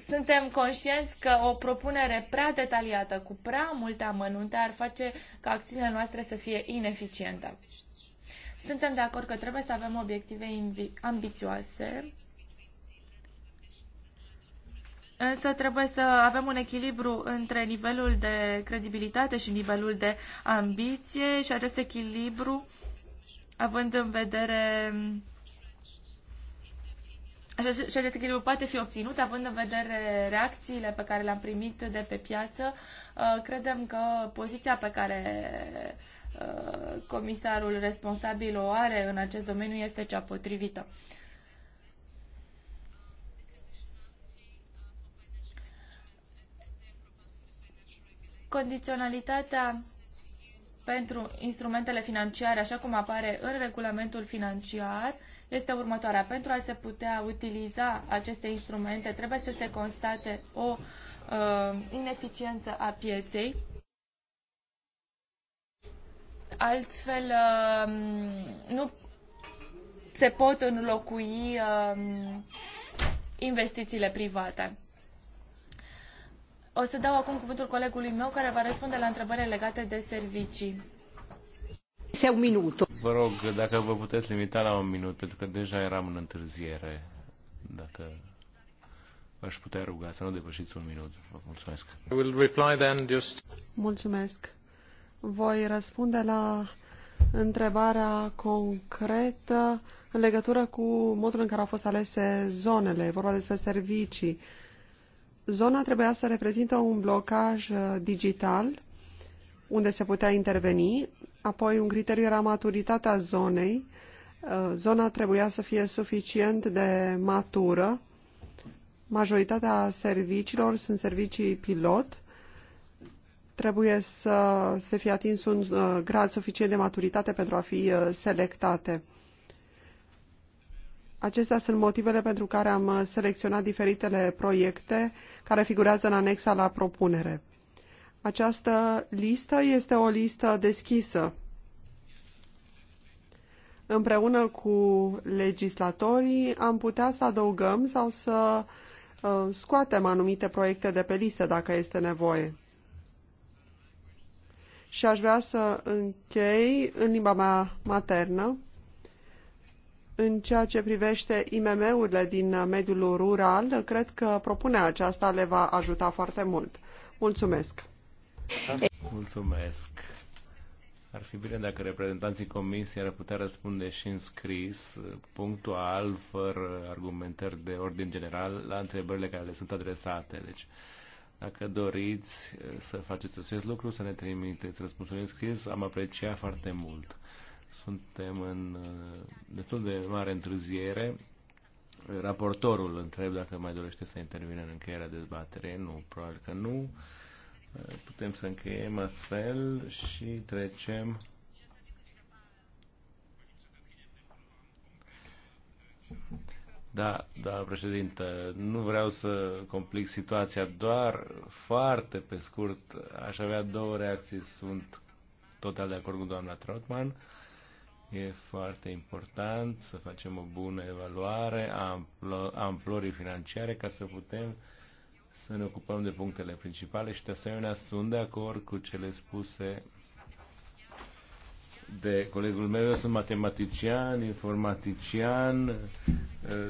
Suntem conștienți că o propunere prea detaliată, cu prea multe amănunte, ar face ca acțiunile noastre să fie ineficientă. Suntem de acord că trebuie să avem obiective ambițioase, însă trebuie să avem un echilibru între nivelul de credibilitate și nivelul de ambiție și acest echilibru având în vedere acest echilibru poate fi obținut, având în vedere reacțiile pe care le-am primit de pe piață, uh, credem că poziția pe care uh, comisarul responsabil o are în acest domeniu este cea potrivită. Condiționalitatea pentru instrumentele financiare, așa cum apare în regulamentul financiar, este următoarea. Pentru a se putea utiliza aceste instrumente, trebuie să se constate o uh, ineficiență a pieței. Altfel, uh, nu se pot înlocui uh, investițiile private. O să dau acum cuvântul colegului meu care va răspunde la întrebările legate de servicii. Se un minut. Vă rog, dacă vă puteți limita la un minut, pentru că deja eram în întârziere. Dacă aș putea ruga să nu depășiți un minut. Vă mulțumesc. will reply then just... Mulțumesc. Voi răspunde la întrebarea concretă în legătură cu modul în care au fost alese zonele. E vorba despre servicii. Zona trebuia să reprezintă un blocaj uh, digital unde se putea interveni. Apoi, un criteriu era maturitatea zonei. Uh, zona trebuia să fie suficient de matură. Majoritatea serviciilor sunt servicii pilot. Trebuie să se fie atins un uh, grad suficient de maturitate pentru a fi uh, selectate. Acestea sunt motivele pentru care am selecționat diferitele proiecte care figurează în anexa la propunere. Această listă este o listă deschisă. Împreună cu legislatorii am putea să adăugăm sau să uh, scoatem anumite proiecte de pe listă dacă este nevoie. Și aș vrea să închei în limba mea maternă în ceea ce privește IMM-urile din mediul rural, cred că propunerea aceasta le va ajuta foarte mult. Mulțumesc! Mulțumesc. Ar fi bine dacă reprezentanții comisiei ar putea răspunde și în scris, punctual, fără argumentări de ordin general, la întrebările care le sunt adresate. Deci, dacă doriți eh, să faceți acest lucru, să ne trimiteți răspunsul în scris, am apreciat foarte mult. Suntem în eh, destul de mare întârziere. Raportorul întreb dacă mai dorește să intervine în încheierea dezbaterei. Nu, probabil că nu. Putem să încheiem astfel și trecem Da, da, președinte, nu vreau să complic situația, doar foarte pe scurt aș avea două reacții. Sunt total de acord cu doamna Trotman. E foarte important să facem o bună evaluare a amplorii financiare ca să putem să ne ocupăm de punctele principale și de asemenea sunt de acord cu cele spuse de colegul meu. Eu sunt matematician, informatician eh,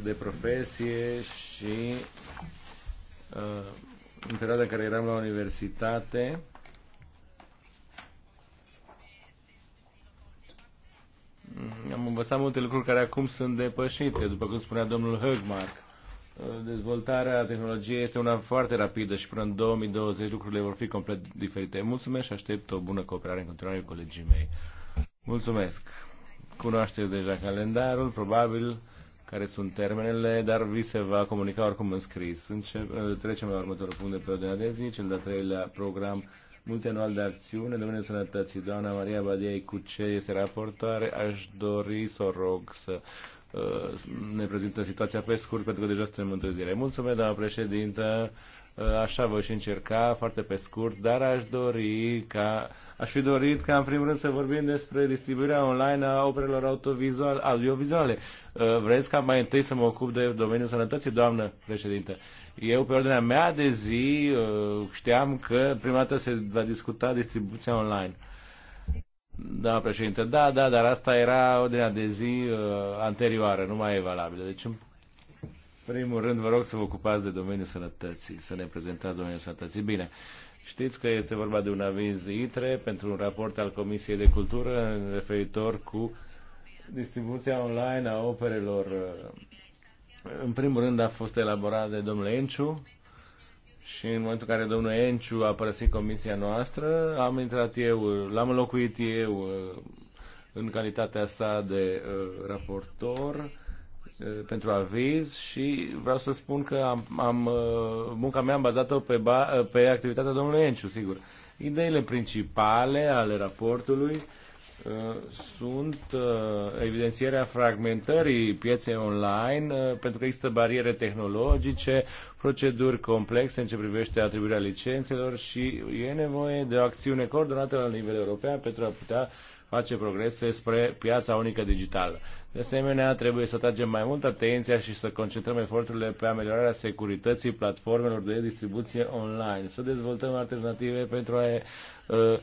de profesie și eh, în perioada în care eram la universitate am învățat multe lucruri care acum sunt depășite, după cum spunea domnul Högmark dezvoltarea tehnologiei este una foarte rapidă și până în 2020 lucrurile vor fi complet diferite. Mulțumesc și aștept o bună cooperare în continuare cu colegii mei. Mulțumesc! Cunoașteți deja calendarul, probabil care sunt termenele, dar vi se va comunica oricum în scris. Încep, trecem la următorul punct de pe ordinea de zi, cel de-al treilea program multianual de acțiune, domeniul sănătății. Doamna Maria Badiei, cu ce este raportoare, aș dori să o rog să Uh, ne prezintă situația pe scurt, pentru că deja suntem întârziere. Mulțumesc, doamna președintă. Uh, așa voi și încerca, foarte pe scurt, dar aș dori ca... Aș fi dorit ca, în primul rând, să vorbim despre distribuirea online a operelor autovizuale, audiovizuale. Uh, vreți ca mai întâi să mă ocup de domeniul sănătății, doamnă președinte? Eu, pe ordinea mea de zi, știam că prima dată se va discuta distribuția online. Da, președinte, da, da, dar asta era ordinea de zi uh, anterioară, nu mai e valabilă. Deci, în primul rând, vă rog să vă ocupați de domeniul sănătății, să ne prezentați domeniul sănătății. Bine, știți că este vorba de un aviz ITRE pentru un raport al Comisiei de Cultură referitor cu distribuția online a operelor. Uh, în primul rând a fost elaborat de domnul Enciu, și în momentul în care domnul Enciu a părăsit comisia noastră, am intrat eu, l-am înlocuit eu uh, în calitatea sa de uh, raportor uh, pentru aviz și vreau să spun că am, am, munca mea am bazat-o pe, ba, pe activitatea domnului Enciu, sigur. Ideile principale ale raportului Uh, sunt uh, evidențierea fragmentării pieței online, uh, pentru că există bariere tehnologice, proceduri complexe în ce privește atribuirea licențelor și e nevoie de o acțiune coordonată la nivel european pentru a putea face progrese spre piața unică digitală. De asemenea, trebuie să tragem mai mult atenția și să concentrăm eforturile pe ameliorarea securității platformelor de distribuție online, să dezvoltăm alternative pentru a uh,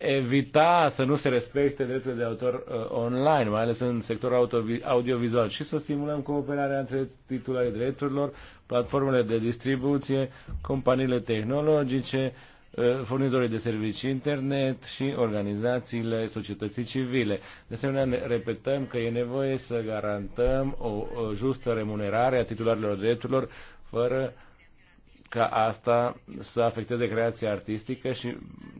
evita să nu se respecte drepturile de autor uh, online, mai ales în sectorul audiovizual, și să stimulăm cooperarea între titularii drepturilor, platformele de distribuție, companiile tehnologice, uh, furnizorii de servicii internet și organizațiile societății civile. De asemenea, ne repetăm că e nevoie să garantăm o, o justă remunerare a titularilor drepturilor fără uh, ca asta să afecteze creația artistică și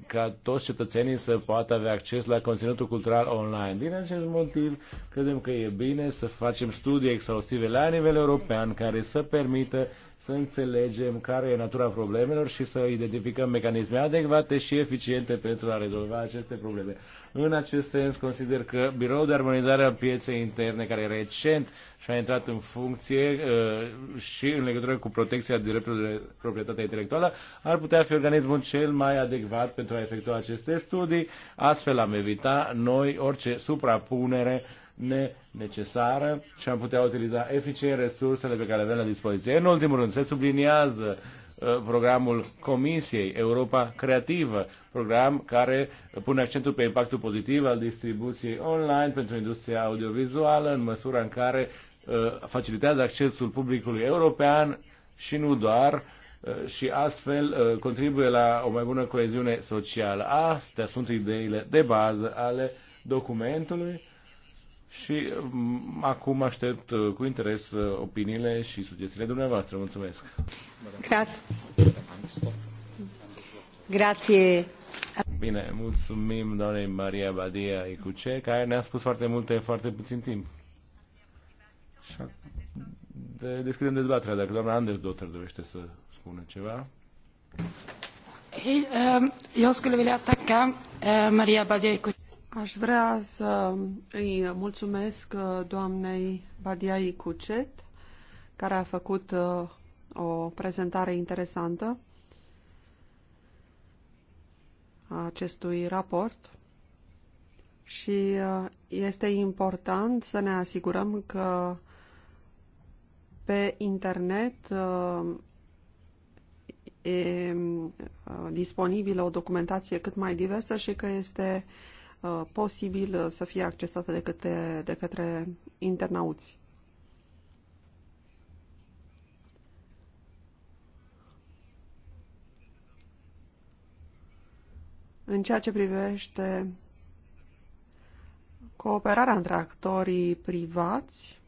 ca toți cetățenii să poată avea acces la conținutul cultural online. Din acest motiv, credem că e bine să facem studii exhaustive la nivel european care să permită să înțelegem care e natura problemelor și să identificăm mecanisme adecvate și eficiente pentru a rezolva aceste probleme. În acest sens, consider că Biroul de Armonizare a Pieței Interne, care recent și-a intrat în funcție uh, și în legătură cu protecția drepturilor de proprietate intelectuală, ar putea fi organismul cel mai adecvat pentru a efectua aceste studii. Astfel am evita noi orice suprapunere necesară și am putea utiliza eficient resursele pe care le avem la dispoziție. În ultimul rând, se subliniază uh, programul Comisiei Europa Creativă, program care pune accentul pe impactul pozitiv al distribuției online pentru industria audiovizuală, în măsura în care uh, facilitează accesul publicului european și nu doar, uh, și astfel contribuie la o mai bună coeziune socială. Astea sunt ideile de bază ale documentului și mm, acum aștept uh, cu interes uh, opiniile și sugestiile dumneavoastră. Mulțumesc! Grazie! Grazie! Bine, mulțumim doamnei Maria Badia Icuce, care ne-a spus foarte multe în foarte puțin timp. Și de, deschidem dezbaterea, dacă doamna Anders Dotter dorește să spună ceva. Eu, ehm, jag skulle vilja tacka eh, Maria Badia Icuce. Aș vrea să îi mulțumesc uh, doamnei Badiai Cucet, care a făcut uh, o prezentare interesantă a acestui raport și uh, este important să ne asigurăm că pe internet e disponibilă o documentație cât mai diversă și că este uh, Uh, posibil uh, să fie accesată de către, de către internauți. În ceea ce privește cooperarea între actorii privați,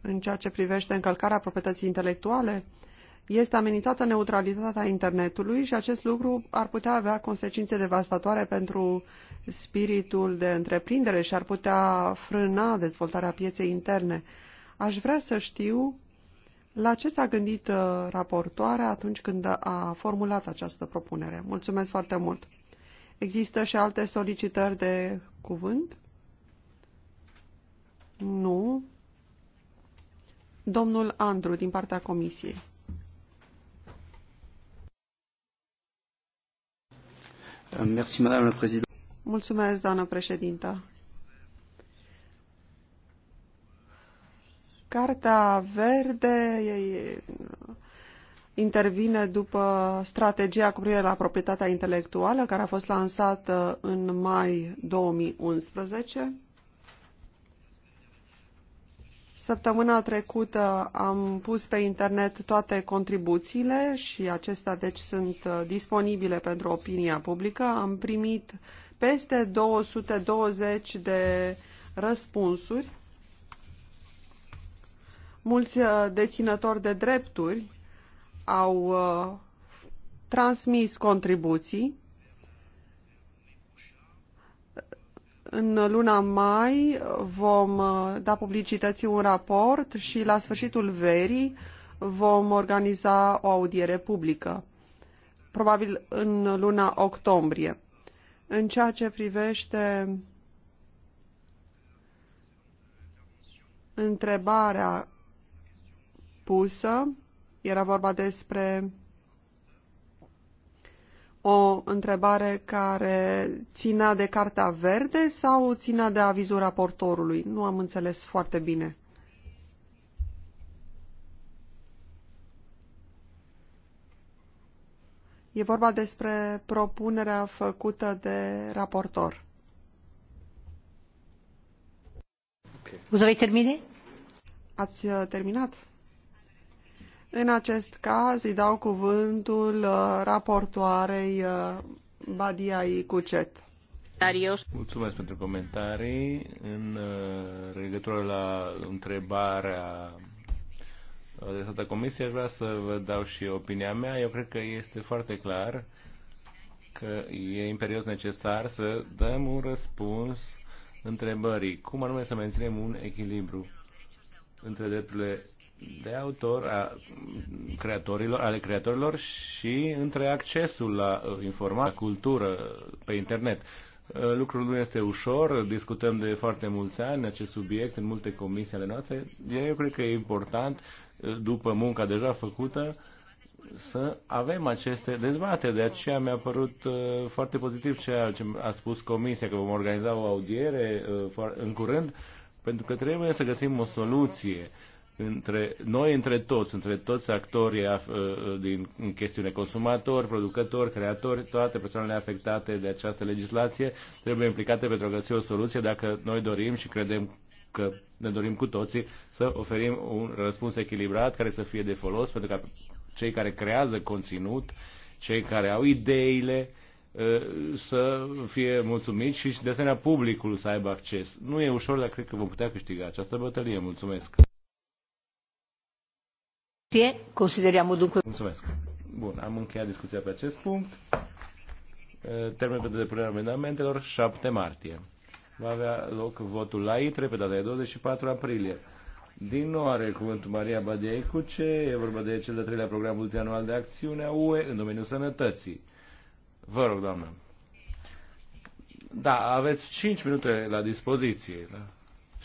în ceea ce privește încălcarea proprietății intelectuale, este amenințată neutralitatea internetului și acest lucru ar putea avea consecințe devastatoare pentru spiritul de întreprindere și ar putea frâna dezvoltarea pieței interne. Aș vrea să știu la ce s-a gândit uh, raportoarea atunci când a formulat această propunere. Mulțumesc foarte mult! Există și alte solicitări de cuvânt? Nu. Domnul Andru, din partea Comisiei. Mulțumesc, doamnă președintă. Carta verde intervine după strategia cu privire la proprietatea intelectuală, care a fost lansată în mai 2011. Săptămâna trecută am pus pe internet toate contribuțiile și acestea deci sunt uh, disponibile pentru opinia publică. Am primit peste 220 de răspunsuri. Mulți uh, deținători de drepturi au uh, transmis contribuții În luna mai vom uh, da publicității un raport și la sfârșitul verii vom organiza o audiere publică, probabil în luna octombrie. În ceea ce privește întrebarea pusă, era vorba despre o întrebare care ținea de Cartea Verde sau ținea de avizul raportorului? Nu am înțeles foarte bine. E vorba despre propunerea făcută de raportor. Okay. Vous uh, terminat? Ați terminat? În acest caz îi dau cuvântul uh, raportoarei uh, Badia Cucet. Mulțumesc pentru comentarii. În uh, legătură la întrebarea adresată Comisiei, aș vrea să vă dau și opinia mea. Eu cred că este foarte clar că e imperios necesar să dăm un răspuns întrebării. Cum anume să menținem un echilibru între drepturile de autor a creatorilor, ale creatorilor și între accesul la uh, informație, la cultură uh, pe internet. Uh, lucrul nu este ușor, discutăm de foarte mulți ani acest subiect în multe comisii ale noastre. Eu cred că e important, după munca deja făcută, să avem aceste dezbateri. De aceea mi-a părut uh, foarte pozitiv ceea ce a spus Comisia, că vom organiza o audiere uh, în curând, pentru că trebuie să găsim o soluție între noi, între toți, între toți actorii af, uh, uh, din în chestiune, consumatori, producători, creatori, toate persoanele afectate de această legislație trebuie implicate pentru a găsi o soluție dacă noi dorim și credem că ne dorim cu toții să oferim un răspuns echilibrat care să fie de folos pentru ca cei care creează conținut, cei care au ideile, uh, să fie mulțumiți și de asemenea publicul să aibă acces. Nu e ușor, dar cred că vom putea câștiga această bătălie. Mulțumesc! Consideriamo dunque... Mulțumesc. Bun, am încheiat discuția pe acest punct. Termenul pentru depunerea amendamentelor 7 martie. Va avea loc votul la ITRE pe data de 24 aprilie. Din nou are cuvântul Maria Badiei Cuce, e vorba de cel de-al treilea program multianual de acțiune a UE în domeniul sănătății. Vă rog, doamnă. Da, aveți 5 minute la dispoziție. Da?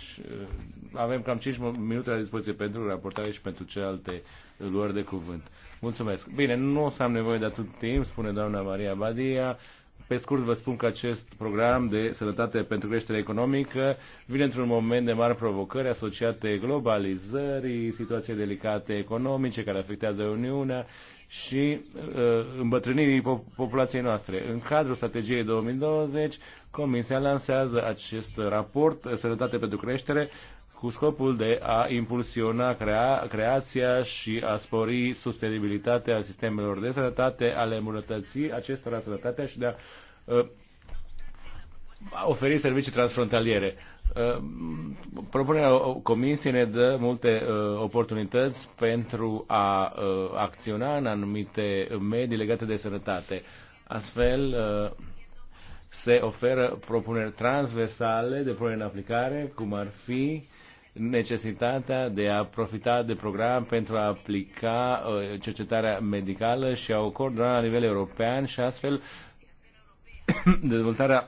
Și deci, eh, avem cam 5 minute la dispoziție pentru raportare și pentru celelalte luări de cuvânt. Mulțumesc. Bine, nu o să am nevoie de atât timp, spune doamna Maria Badia. Pe scurt vă spun că acest program de sănătate pentru creștere economică vine într-un moment de mari provocări asociate globalizării, situații delicate economice care afectează Uniunea și uh, îmbătrânirii pop- populației noastre. În cadrul strategiei 2020, Comisia lansează acest raport Sănătate pentru Creștere cu scopul de a impulsiona crea- creația și a spori sustenibilitatea sistemelor de sănătate, ale îmbunătății acestora sănătatea și de a uh, oferi servicii transfrontaliere. Uh, propunerea Comisiei ne dă multe uh, oportunități pentru a uh, acționa în anumite medii legate de sănătate. Astfel, se oferă propuneri transversale de punere în aplicare, cum ar fi necesitatea de a profita de program pentru a aplica cercetarea medicală și a o coordona la nivel european și astfel dezvoltarea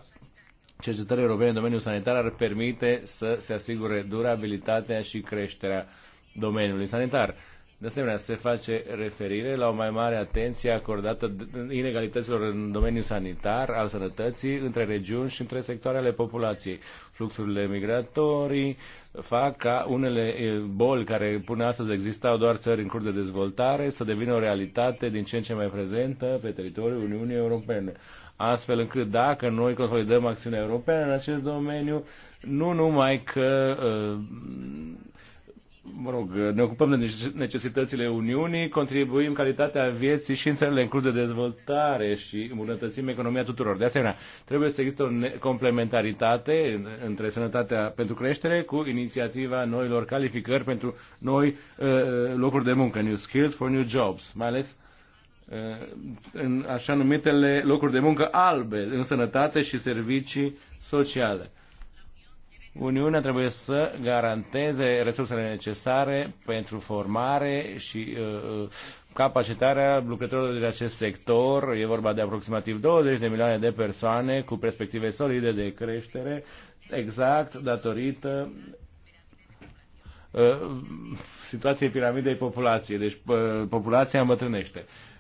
cercetării europene în domeniul sanitar ar permite să se asigure durabilitatea și creșterea domeniului sanitar. De asemenea, se face referire la o mai mare atenție acordată inegalităților în domeniul sanitar, al sănătății, între regiuni și între sectoare ale populației. Fluxurile migratorii fac ca unele boli care până astăzi existau doar țări în curs de dezvoltare să devină o realitate din ce în ce mai prezentă pe teritoriul Uniunii Europene astfel încât dacă noi consolidăm acțiunea europeană în acest domeniu, nu numai că uh, mă rog, ne ocupăm de necesitățile Uniunii, contribuim calitatea vieții și în țările în de dezvoltare și îmbunătățim economia tuturor. De asemenea, trebuie să există o complementaritate între sănătatea pentru creștere cu inițiativa noilor calificări pentru noi uh, uh, locuri de muncă, New Skills for New Jobs, mai ales Uh, în așa numitele locuri de muncă albe, în sănătate și servicii sociale. Uniunea trebuie să garanteze resursele necesare pentru formare și uh, uh capacitarea lucrătorilor din acest sector. E vorba de aproximativ 20 de milioane de persoane cu perspective solide de creștere, exact datorită uh, situației piramidei populației. Deci uh, populația îmbătrânește. Uh,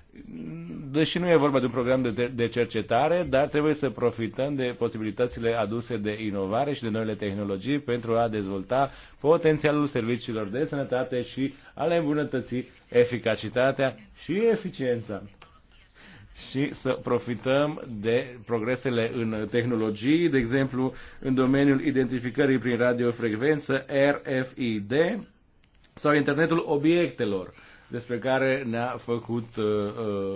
deși nu e vorba de un program de, de cercetare, dar trebuie să profităm de posibilitățile aduse de inovare și de noile tehnologii pentru a dezvolta potențialul serviciilor de sănătate și a le îmbunătăți eficacitatea și eficiența și să profităm de progresele în tehnologii, de exemplu în domeniul identificării prin radiofrecvență RFID sau internetul obiectelor despre care ne-a făcut uh,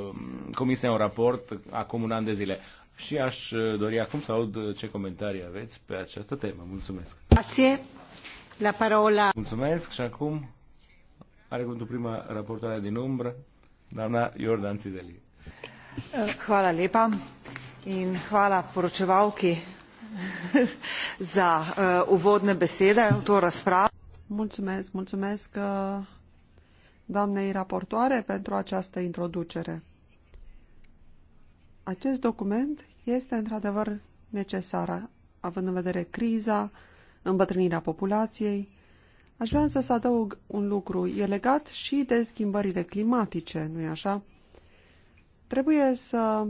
uh, Comisia un raport acum un an de zile. Și aș uh, dori acum să aud uh, ce comentarii aveți pe această temă. Mulțumesc. Grazie. La parola. Mulțumesc și acum are cuvântul prima raportare din umbră, doamna Iordan Țideli. Eh, hvala lepa in hvala poročevalki za eh, uvodne besede v to razpravo. Mulțumesc, mulțumesc eh, doamnei raportoare pentru această introducere. Acest document este într-adevăr necesar, având în vedere criza, îmbătrânirea populației. Aș vrea să adaug un lucru. E legat și de schimbările climatice, nu-i așa? Trebuie să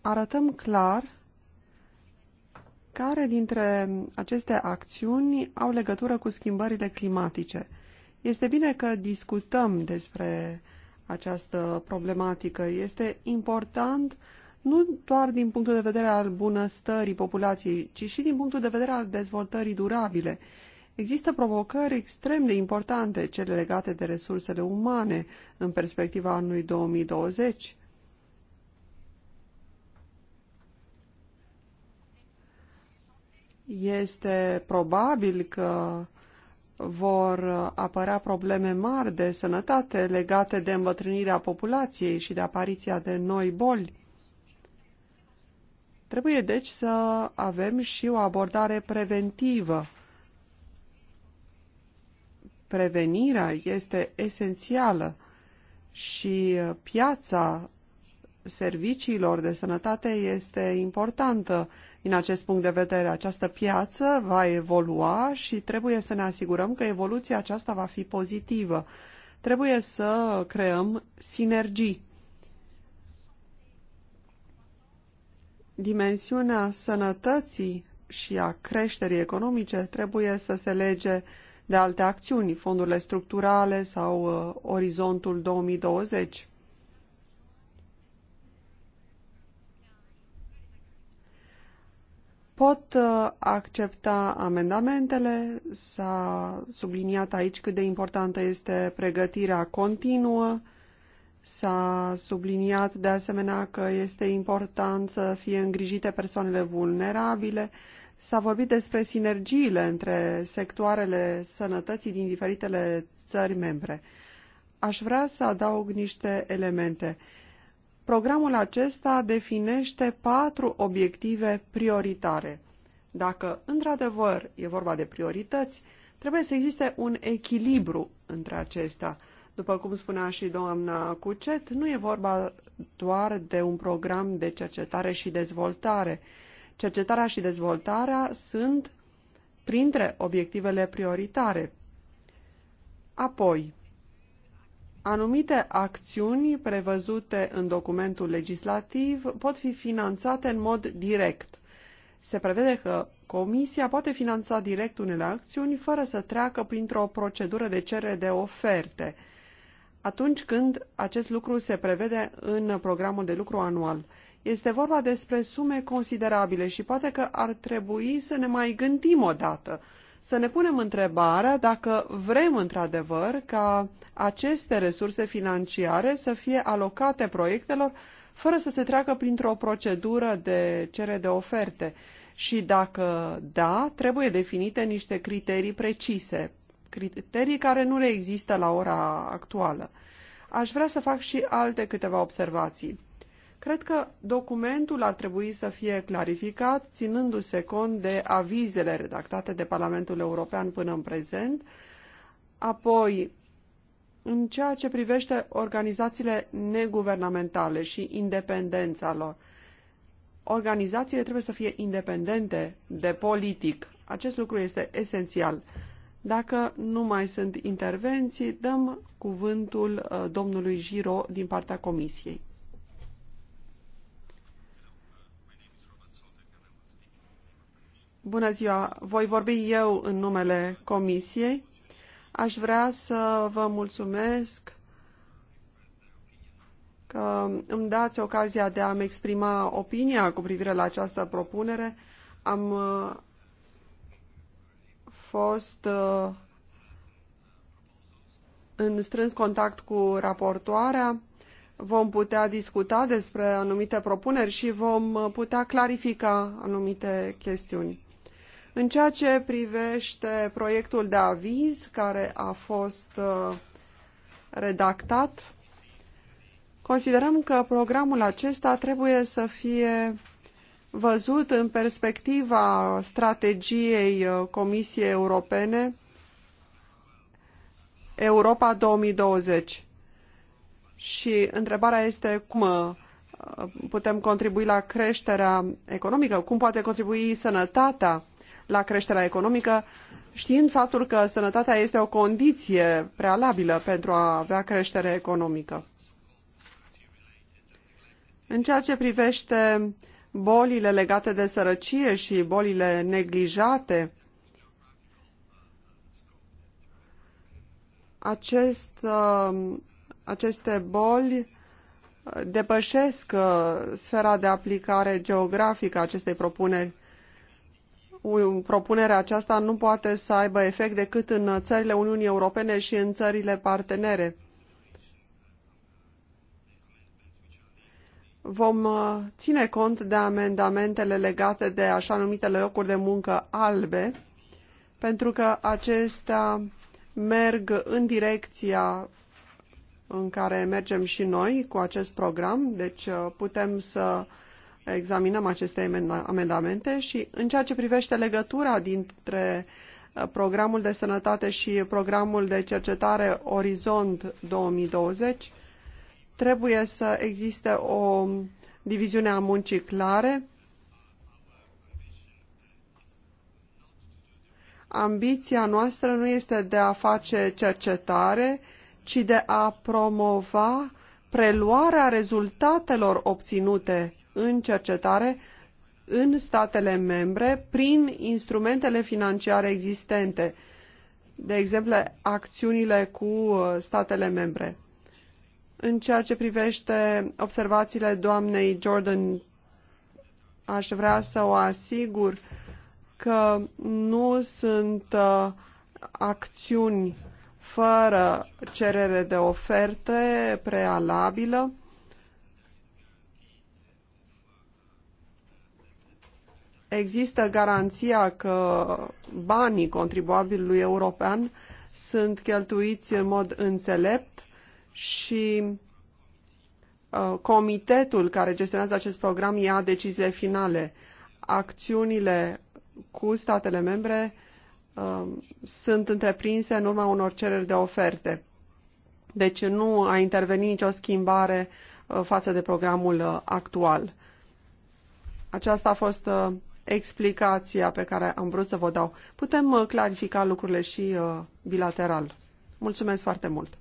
arătăm clar care dintre aceste acțiuni au legătură cu schimbările climatice? Este bine că discutăm despre această problematică. Este important nu doar din punctul de vedere al bunăstării populației, ci și din punctul de vedere al dezvoltării durabile. Există provocări extrem de importante, cele legate de resursele umane, în perspectiva anului 2020, Este probabil că vor apărea probleme mari de sănătate legate de îmbătrânirea populației și de apariția de noi boli. Trebuie deci să avem și o abordare preventivă. Prevenirea este esențială și piața serviciilor de sănătate este importantă din acest punct de vedere, această piață va evolua și trebuie să ne asigurăm că evoluția aceasta va fi pozitivă. Trebuie să creăm sinergii. Dimensiunea sănătății și a creșterii economice trebuie să se lege de alte acțiuni, fondurile structurale sau uh, orizontul 2020. pot uh, accepta amendamentele. S-a subliniat aici cât de importantă este pregătirea continuă. S-a subliniat de asemenea că este important să fie îngrijite persoanele vulnerabile. S-a vorbit despre sinergiile între sectoarele sănătății din diferitele țări membre. Aș vrea să adaug niște elemente. Programul acesta definește patru obiective prioritare. Dacă, într-adevăr, e vorba de priorități, trebuie să existe un echilibru între acestea. După cum spunea și doamna Cucet, nu e vorba doar de un program de cercetare și dezvoltare. Cercetarea și dezvoltarea sunt printre obiectivele prioritare. Apoi, Anumite acțiuni prevăzute în documentul legislativ pot fi finanțate în mod direct. Se prevede că Comisia poate finanța direct unele acțiuni fără să treacă printr-o procedură de cerere de oferte, atunci când acest lucru se prevede în programul de lucru anual. Este vorba despre sume considerabile și poate că ar trebui să ne mai gândim o dată să ne punem întrebarea dacă vrem într-adevăr ca aceste resurse financiare să fie alocate proiectelor fără să se treacă printr-o procedură de cere de oferte și dacă da, trebuie definite niște criterii precise, criterii care nu le există la ora actuală. Aș vrea să fac și alte câteva observații. Cred că documentul ar trebui să fie clarificat, ținându-se cont de avizele redactate de Parlamentul European până în prezent. Apoi, în ceea ce privește organizațiile neguvernamentale și independența lor, organizațiile trebuie să fie independente de politic. Acest lucru este esențial. Dacă nu mai sunt intervenții, dăm cuvântul uh, domnului Giro din partea Comisiei. Bună ziua! Voi vorbi eu în numele Comisiei. Aș vrea să vă mulțumesc că îmi dați ocazia de a-mi exprima opinia cu privire la această propunere. Am uh, fost uh, în strâns contact cu raportoarea. Vom putea discuta despre anumite propuneri și vom uh, putea clarifica anumite chestiuni. În ceea ce privește proiectul de aviz care a fost uh, redactat, considerăm că programul acesta trebuie să fie văzut în perspectiva strategiei uh, Comisiei Europene Europa 2020. Și întrebarea este cum uh, putem contribui la creșterea economică, cum poate contribui sănătatea la creșterea economică, știind faptul că sănătatea este o condiție prealabilă pentru a avea creștere economică. În ceea ce privește bolile legate de sărăcie și bolile neglijate, acest, uh, aceste boli uh, depășesc uh, sfera de aplicare geografică a acestei propuneri propunerea aceasta nu poate să aibă efect decât în țările Uniunii Europene și în țările partenere. Vom uh, ține cont de amendamentele legate de așa numitele locuri de muncă albe, pentru că acestea merg în direcția în care mergem și noi cu acest program, deci uh, putem să examinăm aceste amendamente și în ceea ce privește legătura dintre uh, programul de sănătate și programul de cercetare Orizont 2020, trebuie să existe o diviziune a muncii clare. Ambiția noastră nu este de a face cercetare, ci de a promova preluarea rezultatelor obținute în cercetare în statele membre prin instrumentele financiare existente, de exemplu, acțiunile cu uh, statele membre. În ceea ce privește observațiile doamnei Jordan, aș vrea să o asigur că nu sunt uh, acțiuni fără cerere de oferte prealabilă. există garanția că banii contribuabilului european sunt cheltuiți în mod înțelept și uh, comitetul care gestionează acest program ia deciziile finale. Acțiunile cu statele membre uh, sunt întreprinse în urma unor cereri de oferte. Deci nu a intervenit nicio schimbare uh, față de programul actual. Aceasta a fost explicația pe care am vrut să vă dau. Putem uh, clarifica lucrurile și uh, bilateral. Mulțumesc foarte mult!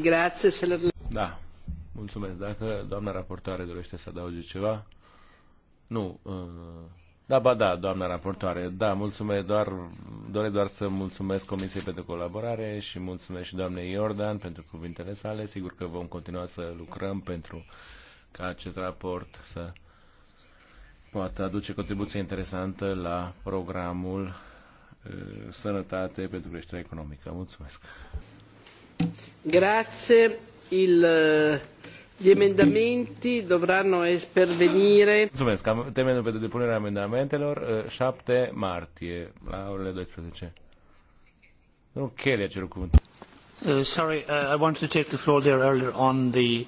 grație, Da, mulțumesc. Dacă doamna raportoare dorește să adauge ceva, nu. Uh, da, ba da, doamna raportoare, da, mulțumesc doar, doresc doar să mulțumesc Comisiei pentru colaborare și mulțumesc și doamnei Iordan pentru cuvintele sale. Sigur că vom continua să lucrăm pentru ca acest raport să poată aduce contribuție interesantă la programul uh, Sănătate pentru creșterea economică. Mulțumesc! Grazie. Il, uh, gli emendamenti dovranno pervenire. Mulțumesc. Am, termenul pentru depunerea amendamentelor 7 uh, martie la orele 12. Nu, Kelly a cerut cuvântul. Uh, sorry, uh, I wanted to take the floor there earlier on the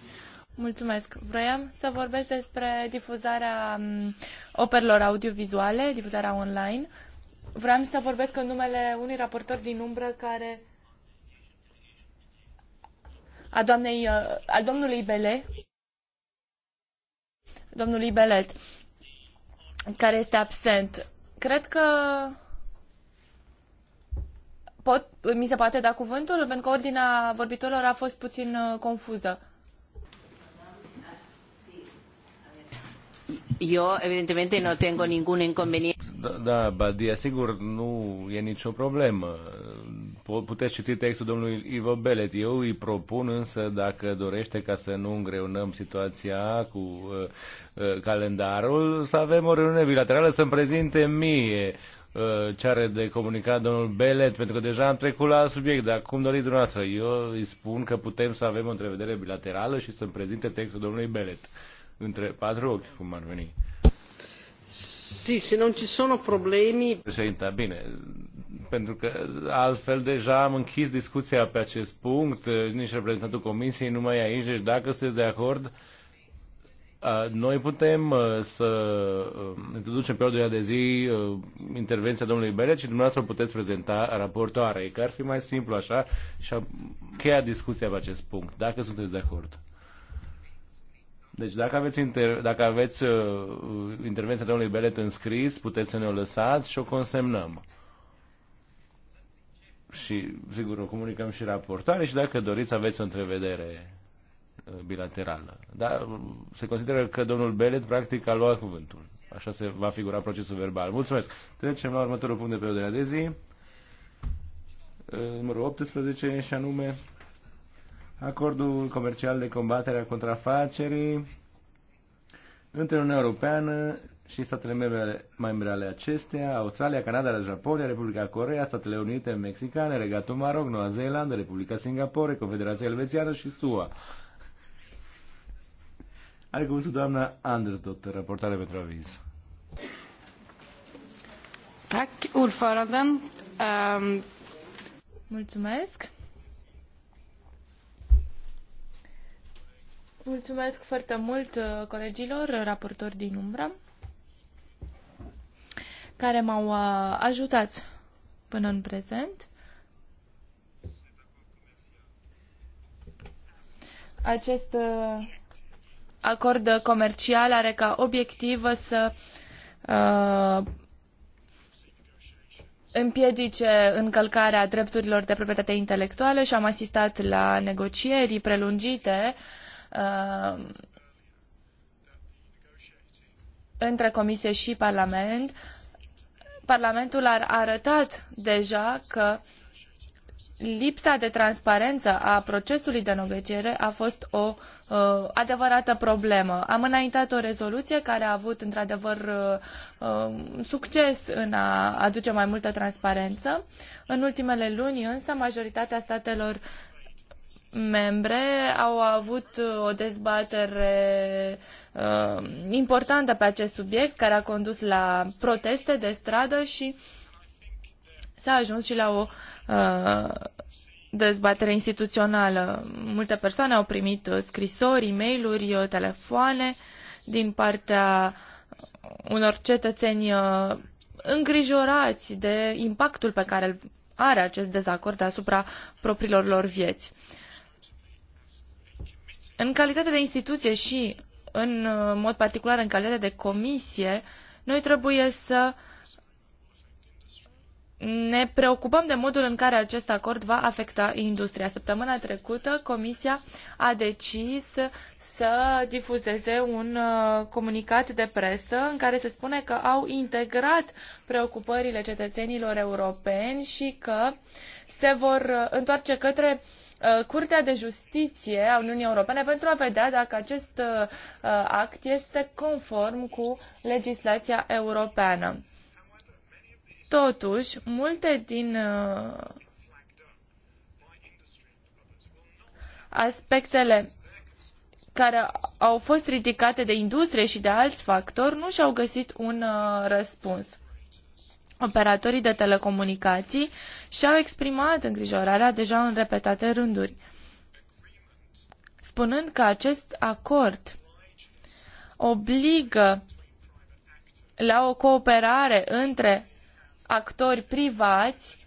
Mulțumesc. Vroiam să vorbesc despre difuzarea mm, operelor audiovizuale, difuzarea online. Vreau să vorbesc în numele unui raportor din umbră care a doamnei, uh, a domnului Bele, domnului Belet, care este absent. Cred că pot, mi se poate da cuvântul, pentru că ordinea vorbitorilor a fost puțin uh, confuză. eu, evidentemente, nu tengo ningún inconveniente. Da, da Badia, sigur, nu e nicio problemă. Puteți citi textul domnului Ivo Belet. Eu îi propun însă, dacă dorește ca să nu îngreunăm situația cu uh, uh, calendarul, să avem o reuniune bilaterală să-mi prezinte mie uh, ce are de comunicat domnul Belet, pentru că deja am trecut la subiect, dar cum doriți dumneavoastră? Eu îi spun că putem să avem o întrevedere bilaterală și să-mi prezinte textul domnului Belet între patru ochi, cum ar veni. Sì, se non ci sono problemi... Președinte, bine, pentru că altfel deja am închis discuția pe acest punct, nici reprezentantul Comisiei nu mai e aici, deci dacă sunteți de acord, noi putem să introducem pe ordinea de zi intervenția domnului Berea și dumneavoastră puteți prezenta raportoare, că ar fi mai simplu așa și am cheia discuția pe acest punct, dacă sunteți de acord. Deci dacă aveți, inter- dacă aveți uh, uh intervenția domnului Belet în scris, puteți să ne o lăsați și o consemnăm. Și, sigur, o comunicăm și raportare și dacă doriți aveți o întrevedere uh, bilaterală. Dar uh, se consideră că domnul Belet practic a luat cuvântul. Așa se va figura procesul verbal. Mulțumesc. Trecem la următorul punct de pe ordinea de zi. Numărul 18 și anume acordul comercial de combatere a contrafacerii între Uniunea Europeană și statele membre, membre ale acestea, Australia, Canada, Japonia, Republica Corea, Statele Unite, Mexicane, Regatul Maroc, Noua Zeelandă, Republica Singapore, Confederația Elvețiană și SUA. Are cuvântul doamna Anders, doctor, raportare pentru aviz. Tack, ordföranden. Um... Mulțumesc. Mulțumesc foarte mult uh, colegilor, uh, raportori din umbră, care m-au uh, ajutat până în prezent. Acest acord comercial are ca obiectiv să împiedice încălcarea drepturilor de proprietate intelectuală și am asistat la negocieri prelungite uh, Uh, între Comisie și Parlament, Parlamentul a arătat deja că lipsa de transparență a procesului de negociere a fost o uh, adevărată problemă. Am înaintat o rezoluție care a avut într-adevăr uh, um, succes în a aduce mai multă transparență. În ultimele luni însă majoritatea statelor membre au avut o dezbatere uh, importantă pe acest subiect, care a condus la proteste de stradă și s-a ajuns și la o uh, dezbatere instituțională. Multe persoane au primit scrisori, e mail telefoane din partea unor cetățeni uh, îngrijorați de impactul pe care îl are acest dezacord asupra propriilor lor vieți. Uh, în calitate de instituție și, în uh, mod particular, în calitate de comisie, noi trebuie să ne preocupăm de modul în care acest acord va afecta industria. Săptămâna trecută, Comisia a decis să difuzeze un uh, comunicat de presă în care se spune că au integrat preocupările cetățenilor europeni și că se vor uh, întoarce către uh, Uh, Curtea de Justiție a Uniunii Europene pentru a vedea dacă acest uh, uh, act este conform cu legislația europeană. Totuși, multe din aspectele care au fost ridicate de industrie și de alți factori nu și-au găsit un răspuns. Operatorii de telecomunicații și-au exprimat îngrijorarea deja în repetate rânduri, spunând că acest acord obligă la o cooperare între actori privați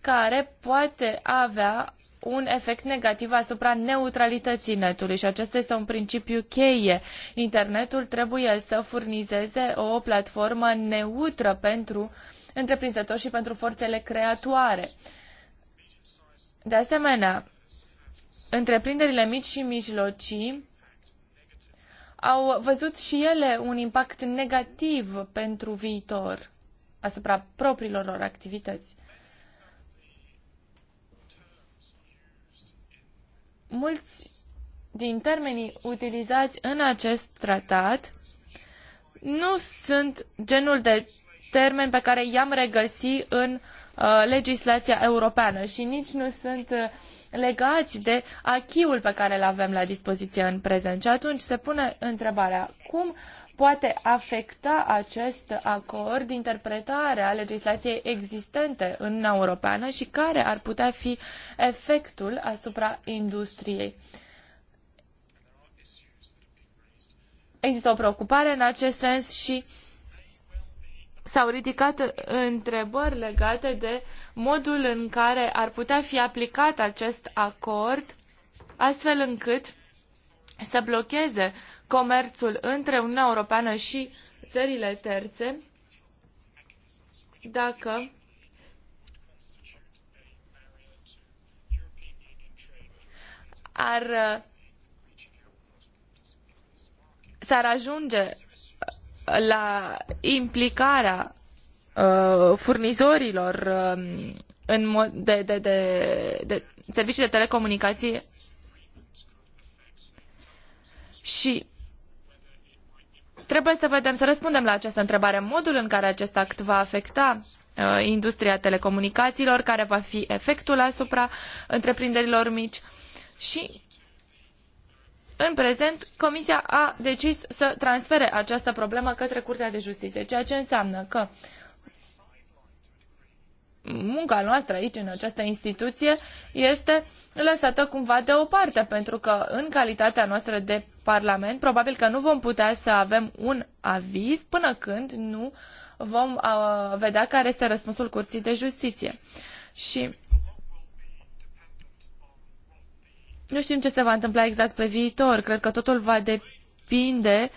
care poate avea un efect negativ asupra neutralității netului și acesta este un principiu cheie. Internetul trebuie să furnizeze o platformă neutră pentru întreprinzători și pentru forțele creatoare. De asemenea, întreprinderile mici și mijlocii au văzut și ele un impact negativ pentru viitor asupra propriilor lor activități. mulți din termenii utilizați în acest tratat nu sunt genul de termen pe care i-am regăsi în uh, legislația europeană și nici nu sunt uh, legați de achiul pe care îl avem la dispoziție în prezent. Și atunci se pune întrebarea, cum poate afecta acest acord interpretarea legislației existente în Uniunea Europeană și care ar putea fi efectul asupra industriei. Există o preocupare în acest sens și s-au ridicat întrebări legate de modul în care ar putea fi aplicat acest acord astfel încât să blocheze uh, comerțul între Uniunea Europeană și țările terțe dacă ar s-ar ajunge la implicarea uh, furnizorilor uh, în de, de, de, de servicii de telecomunicații și Trebuie să vedem, să răspundem la această întrebare, modul în care acest act va afecta uh, industria telecomunicațiilor, care va fi efectul asupra întreprinderilor mici și în prezent, Comisia a decis să transfere această problemă către Curtea de Justiție, ceea ce înseamnă că uh, munca noastră aici, în această instituție, este lăsată cumva deoparte, pentru că în calitatea noastră de Parlament, probabil că nu vom putea să avem un aviz până când nu vom uh, vedea care este răspunsul Curții de Justiție. Și nu știm ce se va întâmpla exact pe viitor. Cred că totul va depinde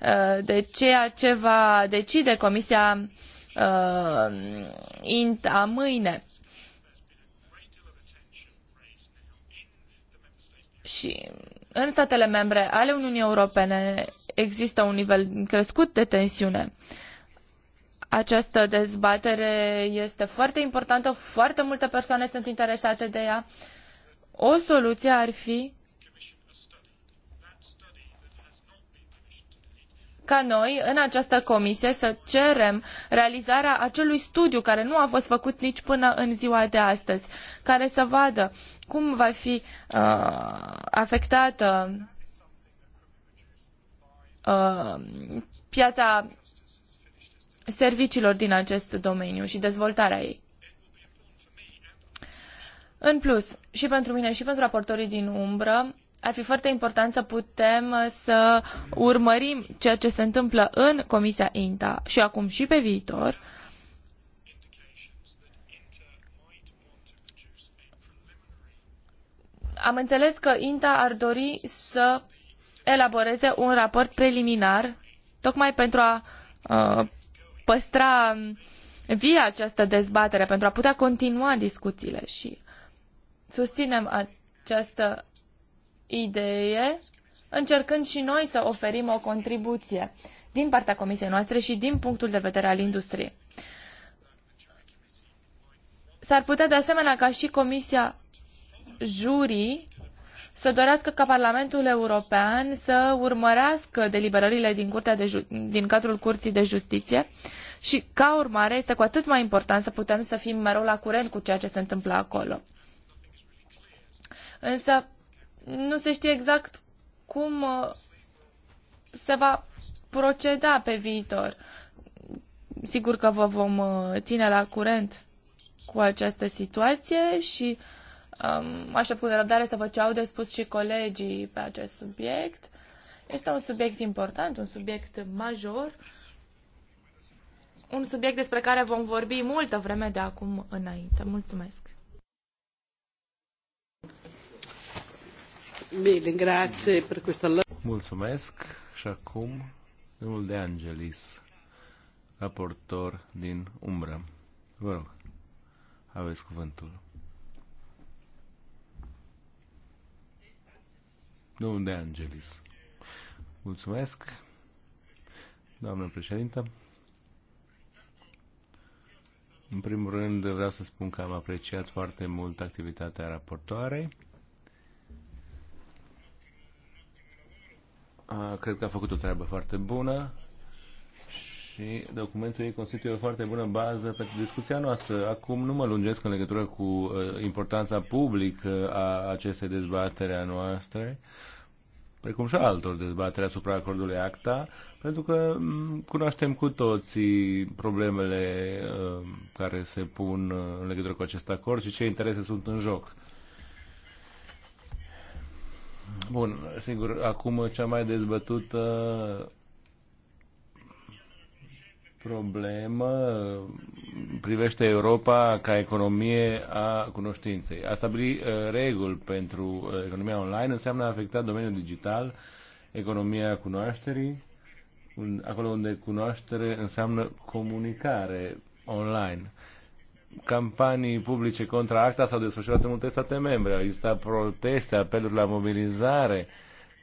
uh, de ceea ce va decide Comisia uh, uh, INTA mâine. Și în statele membre ale Uniunii Europene există un nivel crescut de tensiune. Această dezbatere este foarte importantă, foarte multe persoane sunt interesate de ea. O soluție ar fi ca noi, în această comisie, să cerem realizarea acelui studiu care nu a fost făcut nici până în ziua de astăzi, care să vadă cum va fi uh, afectată uh, piața serviciilor din acest domeniu și dezvoltarea ei. În plus, și pentru mine și pentru raportorii din umbră, ar fi foarte important să putem uh, să urmărim ceea ce se întâmplă în Comisia INTA și acum și pe viitor. Am înțeles că INTA ar dori să elaboreze un raport preliminar tocmai pentru a uh, păstra um, via această dezbatere, pentru a putea continua discuțiile și susținem această idee, încercând și noi să oferim o contribuție din partea comisiei noastre și din punctul de vedere al industriei. S-ar putea de asemenea ca și comisia jurii să dorească ca Parlamentul European să urmărească deliberările din, curtea de din cadrul Curții de Justiție și, ca urmare, este cu atât mai important să putem să fim mereu la curent cu ceea ce se întâmplă acolo. Însă, nu se știe exact cum uh, se va proceda pe viitor. Sigur că vă vom uh, ține la curent cu această situație și um, aștept cu nerăbdare să vă ce au de spus și colegii pe acest subiect. Este un subiect important, un subiect major, un subiect despre care vom vorbi multă vreme de acum înainte. Mulțumesc! Bine, grație pentru questo... Mulțumesc și acum domnul De Angelis, raportor din Umbra. Vă rog, aveți cuvântul. Domnul De Angelis. Mulțumesc, doamnă președintă. În primul rând vreau să spun că am apreciat foarte mult activitatea raportoarei cred că a făcut o treabă foarte bună și documentul ei constituie o foarte bună bază pentru discuția noastră. Acum nu mă lungesc în legătură cu uh, importanța publică a acestei dezbatere a noastre, precum și a altor dezbatere asupra acordului ACTA, pentru că mm, cunoaștem cu toții problemele uh, care se pun uh, în legătură cu acest acord și ce interese sunt în joc. Bun, sigur, acum cea mai dezbătută problemă privește Europa ca economie a cunoștinței. A stabili uh, reguli pentru uh, economia online înseamnă a afecta domeniul digital, economia cunoașterii, acolo unde cunoaștere înseamnă comunicare online. Uh, campanii publice contra ACTA s-au desfășurat în multe state membre. Au existat proteste, apeluri la mobilizare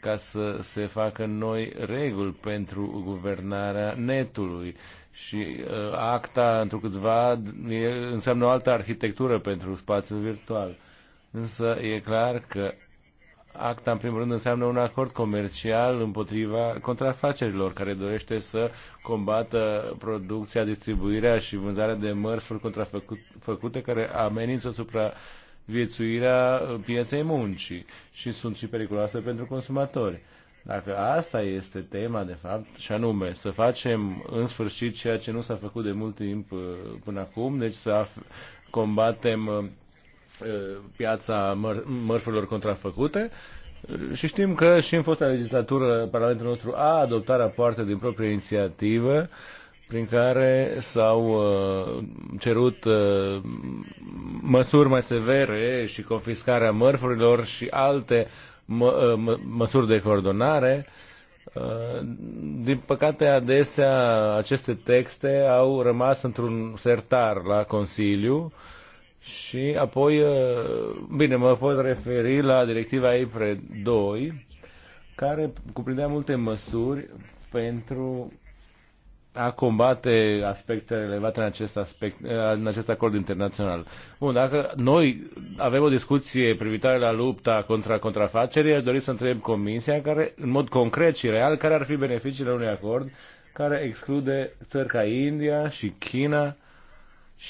ca să se facă noi reguli pentru guvernarea netului. Și uh, acta, într-o câțiva, e, înseamnă o altă arhitectură pentru spațiul virtual. Însă e clar că Acta, în primul rând, înseamnă un acord comercial împotriva contrafacerilor, care dorește să combată producția, distribuirea și vânzarea de mărfuri contrafăcute care amenință supraviețuirea pieței muncii și sunt și periculoase pentru consumatori. Dacă asta este tema, de fapt, și anume să facem în sfârșit ceea ce nu s-a făcut de mult timp uh, până acum, deci să combatem uh, piața măr- mărfurilor contrafăcute și știm că și în fosta legislatură Parlamentul nostru a adoptat rapoarte din proprie inițiativă prin care s-au cerut măsuri mai severe și confiscarea mărfurilor și alte mă, măsuri de coordonare. din păcate, adesea aceste texte au rămas într-un sertar la Consiliu și apoi, uh, bine, mă pot referi la directiva EIPRE 2, care cuprindea multe măsuri pentru a combate aspectele relevate în acest, aspect, uh, în acest acord internațional. Bun, dacă noi avem o discuție privitoare la lupta contra contrafacerii, aș dori să întreb Comisia, care, în mod concret și real, care ar fi beneficiile unui acord care exclude țări ca India și China,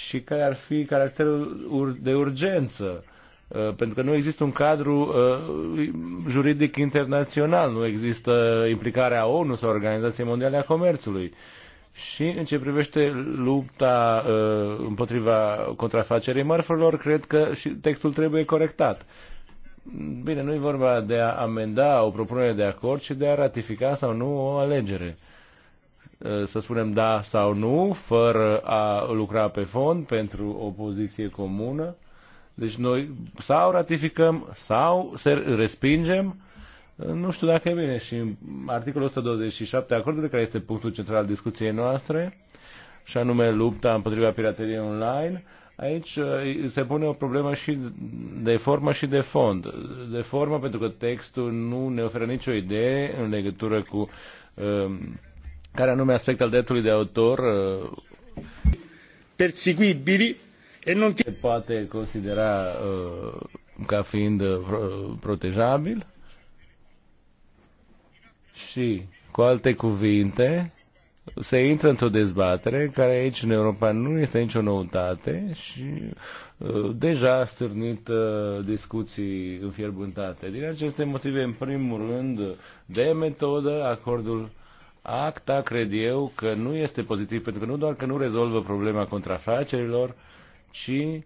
și care ar fi caracterul de urgență. Uh, pentru că nu există un cadru uh, juridic internațional, nu există implicarea ONU sau Organizației Mondiale a Comerțului. Și în ce privește lupta uh, împotriva contrafacerii mărfurilor, cred că și textul trebuie corectat. Bine, nu e vorba de a amenda o propunere de acord, ci de a ratifica sau nu o alegere. Eh, să spunem da sau nu, fără a lucra pe fond pentru o poziție comună. Deci noi sau ratificăm, sau se respingem. Eh, nu știu dacă e bine. Și articolul 127 acordului, care este punctul central al discuției noastre, și anume lupta împotriva pirateriei online, Aici eh, se pune o problemă și de formă și de fond. De formă pentru că textul nu ne oferă nicio idee în legătură cu uh, care anume aspect al dreptului de autor uh, perseguibili e non se poate considera uh, ca fiind uh, protejabil și cu alte cuvinte se intră într-o dezbatere care aici în Europa nu este nicio noutate și uh, deja a stârnit uh, discuții înfierbântate. Din aceste motive, în primul rând, de metodă, acordul acta, cred eu, că nu este pozitiv, pentru că nu doar că nu rezolvă problema contrafacerilor, ci uh,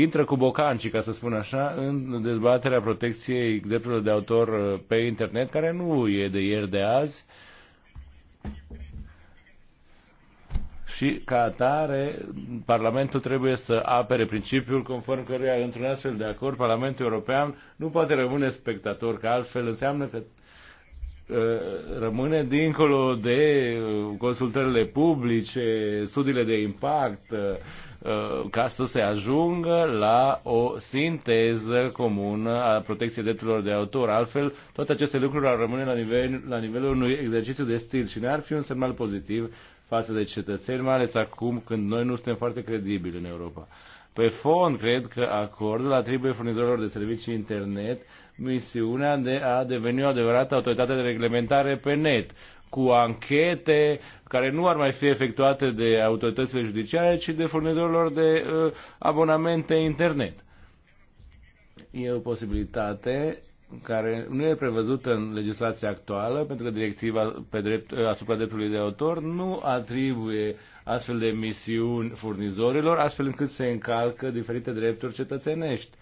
intră cu bocancii, ca să spun așa, în dezbaterea protecției drepturilor de autor uh, pe internet, care nu e de ieri de azi. Și, ca atare, Parlamentul trebuie să apere principiul conform căruia, într-un astfel de acord, Parlamentul European nu poate rămâne spectator, că altfel înseamnă că Uh, rămâne dincolo de uh, consultările publice, studiile de impact, uh, ca să se ajungă la o sinteză comună a protecției drepturilor de autor. Altfel, toate aceste lucruri ar rămâne la, nivel, la nivelul unui exercițiu de stil și ne-ar fi un semnal pozitiv față de cetățeni, mai ales acum când noi nu suntem foarte credibili în Europa. Pe fond, cred că acordul atribuie furnizorilor de servicii internet misiunea de a deveni o adevărată autoritate de reglementare pe net, cu anchete care nu ar mai fi efectuate de autoritățile judiciare, ci de furnizorilor de uh, abonamente internet. E o posibilitate care nu e prevăzută în legislația actuală, pentru că directiva pe drept, uh, asupra dreptului de autor nu atribuie astfel de misiuni furnizorilor, astfel încât se încalcă diferite drepturi cetățenești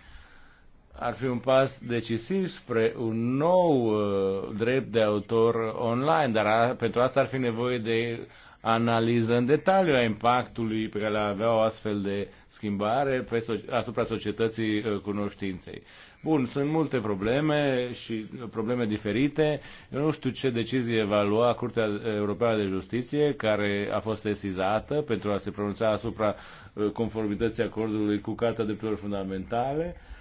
ar fi un pas decisiv spre un nou uh, drept de autor online, dar a, pentru asta ar fi nevoie de analiză în detaliu a impactului pe care l avea o astfel de schimbare pe so- asupra societății uh, cunoștinței. Bun, sunt multe probleme și uh, probleme diferite. Eu nu știu ce decizie va lua Curtea Europeană de Justiție, care a fost sesizată pentru a se pronunța asupra uh, conformității acordului cu Carta Drepturilor Fundamentale. Uh,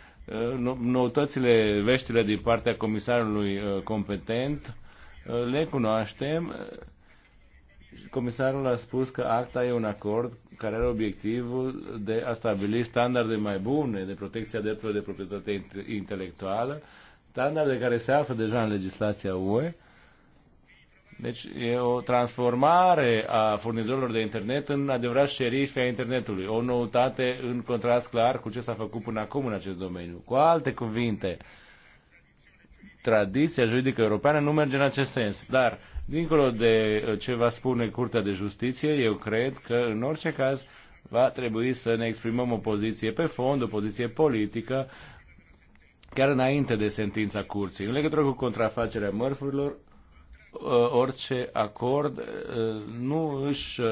noutățile, veștile din partea comisarului uh, competent uh, le cunoaștem. Comisarul a spus că acta e un acord care are obiectivul de a stabili standarde mai bune de protecția drepturilor de proprietate intelectuală, standarde care se află deja în legislația UE deci e o transformare a furnizorilor de internet în adevărat șerifi a internetului, o noutate în contrast clar cu ce s-a făcut până acum în acest domeniu. Cu alte cuvinte, tradiția juridică europeană nu merge în acest sens, dar dincolo de uh, ce va spune Curtea de Justiție, eu cred că în orice caz va trebui să ne exprimăm o poziție pe fond, o poziție politică, chiar înainte de sentința curții. În legătură cu contrafacerea mărfurilor, Uh, orice acord uh, nu își uh,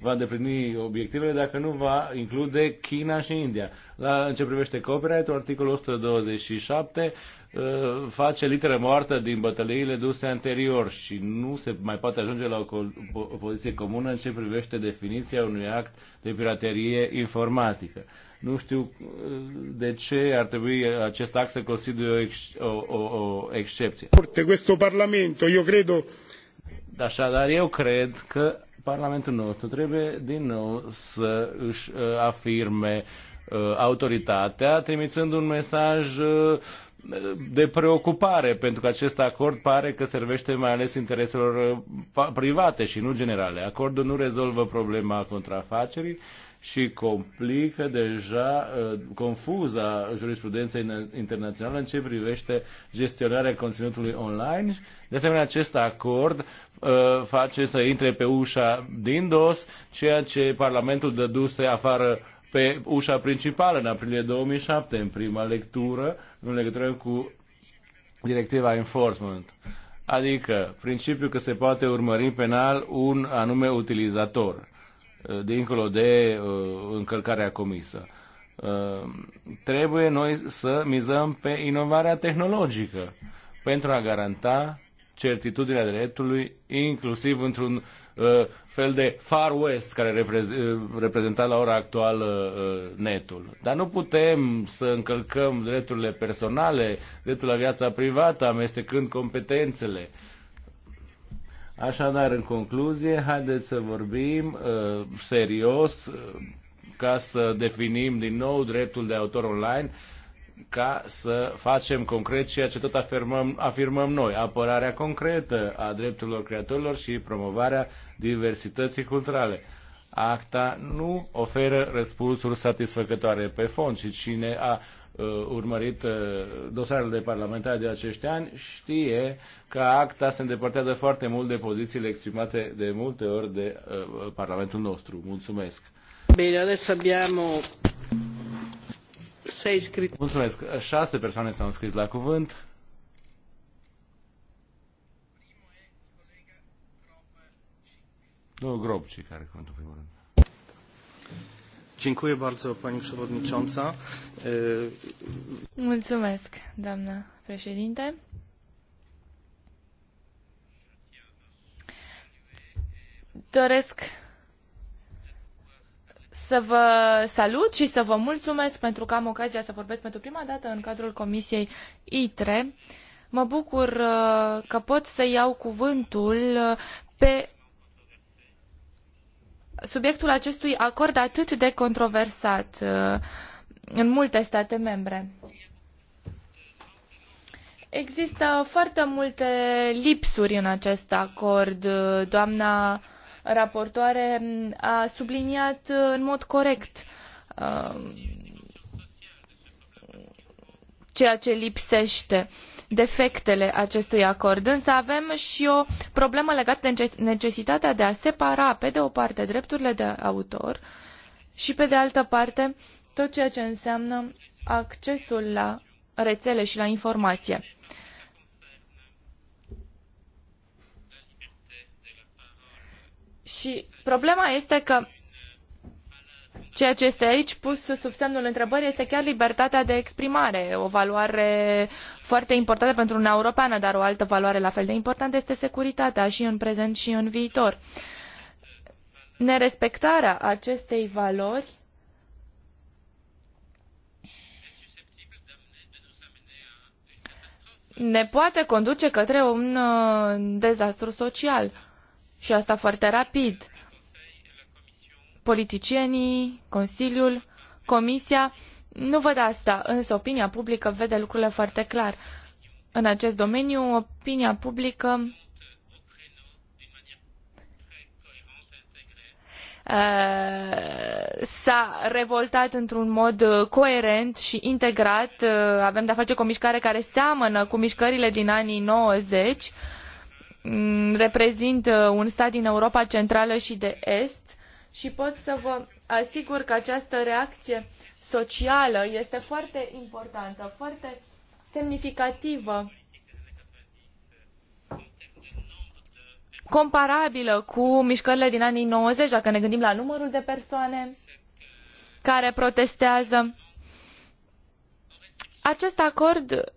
va îndeplini obiectivele dacă nu va include China și India. La, în ce privește copyright-ul, articolul 127 uh, face literă moartă din bătăliile duse anterior și nu se mai poate ajunge la o, o poziție comună în ce privește definiția unui act de piraterie informatică. Nu știu uh, de ce ar trebui acest act să constituie o, ex, o, o, o excepție. Questo Parlamento, io credo... Așadar, eu cred că Parlamentul nostru trebuie din nou să își uh, afirme uh, Uh, autoritatea, trimițând un mesaj uh, de preocupare, pentru că acest acord pare că servește mai ales intereselor uh, private și nu generale. Acordul nu rezolvă problema contrafacerii și complică deja confuza jurisprudenței internaționale în ce privește gestionarea conținutului online. De asemenea, acest acord face să intre pe ușa din dos ceea ce Parlamentul dăduse afară pe ușa principală în aprilie 2007, în prima lectură, în legătură cu directiva enforcement. Adică, principiul că se poate urmări penal un anume utilizator, uh, dincolo de uh, încălcarea comisă. Uh, trebuie noi să mizăm pe inovarea tehnologică pentru a garanta certitudinea dreptului, inclusiv într-un Uh, fel de Far West care uh, reprezenta la ora actuală uh, netul. Dar nu putem să încălcăm drepturile personale, dreptul la viața privată, amestecând competențele. Așadar, în concluzie, haideți să vorbim serios ca să definim din nou dreptul de autor online ca să facem concret ceea ce tot afirmăm, afirmăm noi, apărarea concretă a drepturilor creatorilor și promovarea diversității culturale. Acta nu oferă răspunsuri satisfăcătoare pe fond și cine a uh, urmărit uh, dosarele parlamentare de acești ani știe că acta se îndepărtează foarte mult de pozițiile exprimate de multe ori de uh, Parlamentul nostru. Mulțumesc! Bine, adesso abbiamo s-a Mulțumesc. Șase persoane s-au înscris la cuvânt. grob, cei care cuvântul primul rând. Dziękuję bardzo, pani przewodnicząca. Mulțumesc, doamna președinte. Doresc să vă salut și să vă mulțumesc pentru că am ocazia să vorbesc pentru prima dată în cadrul Comisiei ITRE. Mă bucur uh, că pot să iau cuvântul uh, pe subiectul acestui acord atât de controversat uh, în multe state membre. Există foarte multe lipsuri în acest acord. Doamna raportoare a subliniat uh, în mod corect um, ceea ce lipsește defectele acestui acord. Însă avem și o problemă legată de necesitatea de a separa, pe de o parte, drepturile de autor și, pe de altă parte, tot ceea ce înseamnă accesul la rețele și la informație. Și problema este că ceea ce este aici pus sub semnul întrebării este chiar libertatea de exprimare, o valoare foarte importantă pentru Uniunea Europeană, dar o altă valoare la fel de importantă este securitatea și în prezent și în viitor. Nerespectarea acestei valori ne poate conduce către un uh, dezastru social și asta foarte rapid. Politicienii, Consiliul, Comisia nu văd asta, însă opinia publică vede lucrurile foarte clar. În acest domeniu, opinia publică uh, s-a revoltat într-un mod coerent și integrat. Uh, avem de-a face cu o mișcare care seamănă cu mișcările din anii 90 Mm, reprezint uh, un stat din Europa Centrală și de Est și pot să vă asigur că această reacție socială este foarte importantă, foarte semnificativă, comparabilă cu mișcările din anii 90, dacă ne gândim la numărul de persoane care protestează. Acest acord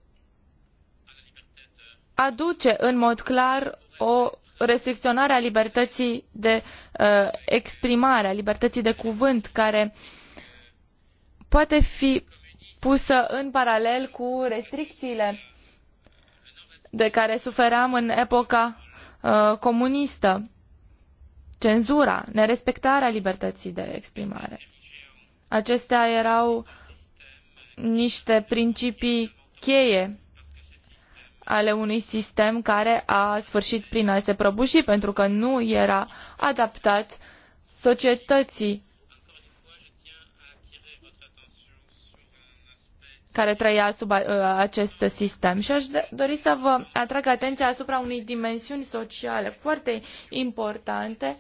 aduce în mod clar o restricționare a libertății de uh, exprimare, a libertății de cuvânt, care poate fi pusă în paralel cu restricțiile de care suferam în epoca uh, comunistă, cenzura, nerespectarea libertății de exprimare. Acestea erau niște principii cheie ale unui sistem care a sfârșit prin a se prăbuși pentru că nu era adaptat societății care trăia sub uh, acest sistem. Și aș dori să vă atrag atenția asupra unei dimensiuni sociale foarte importante.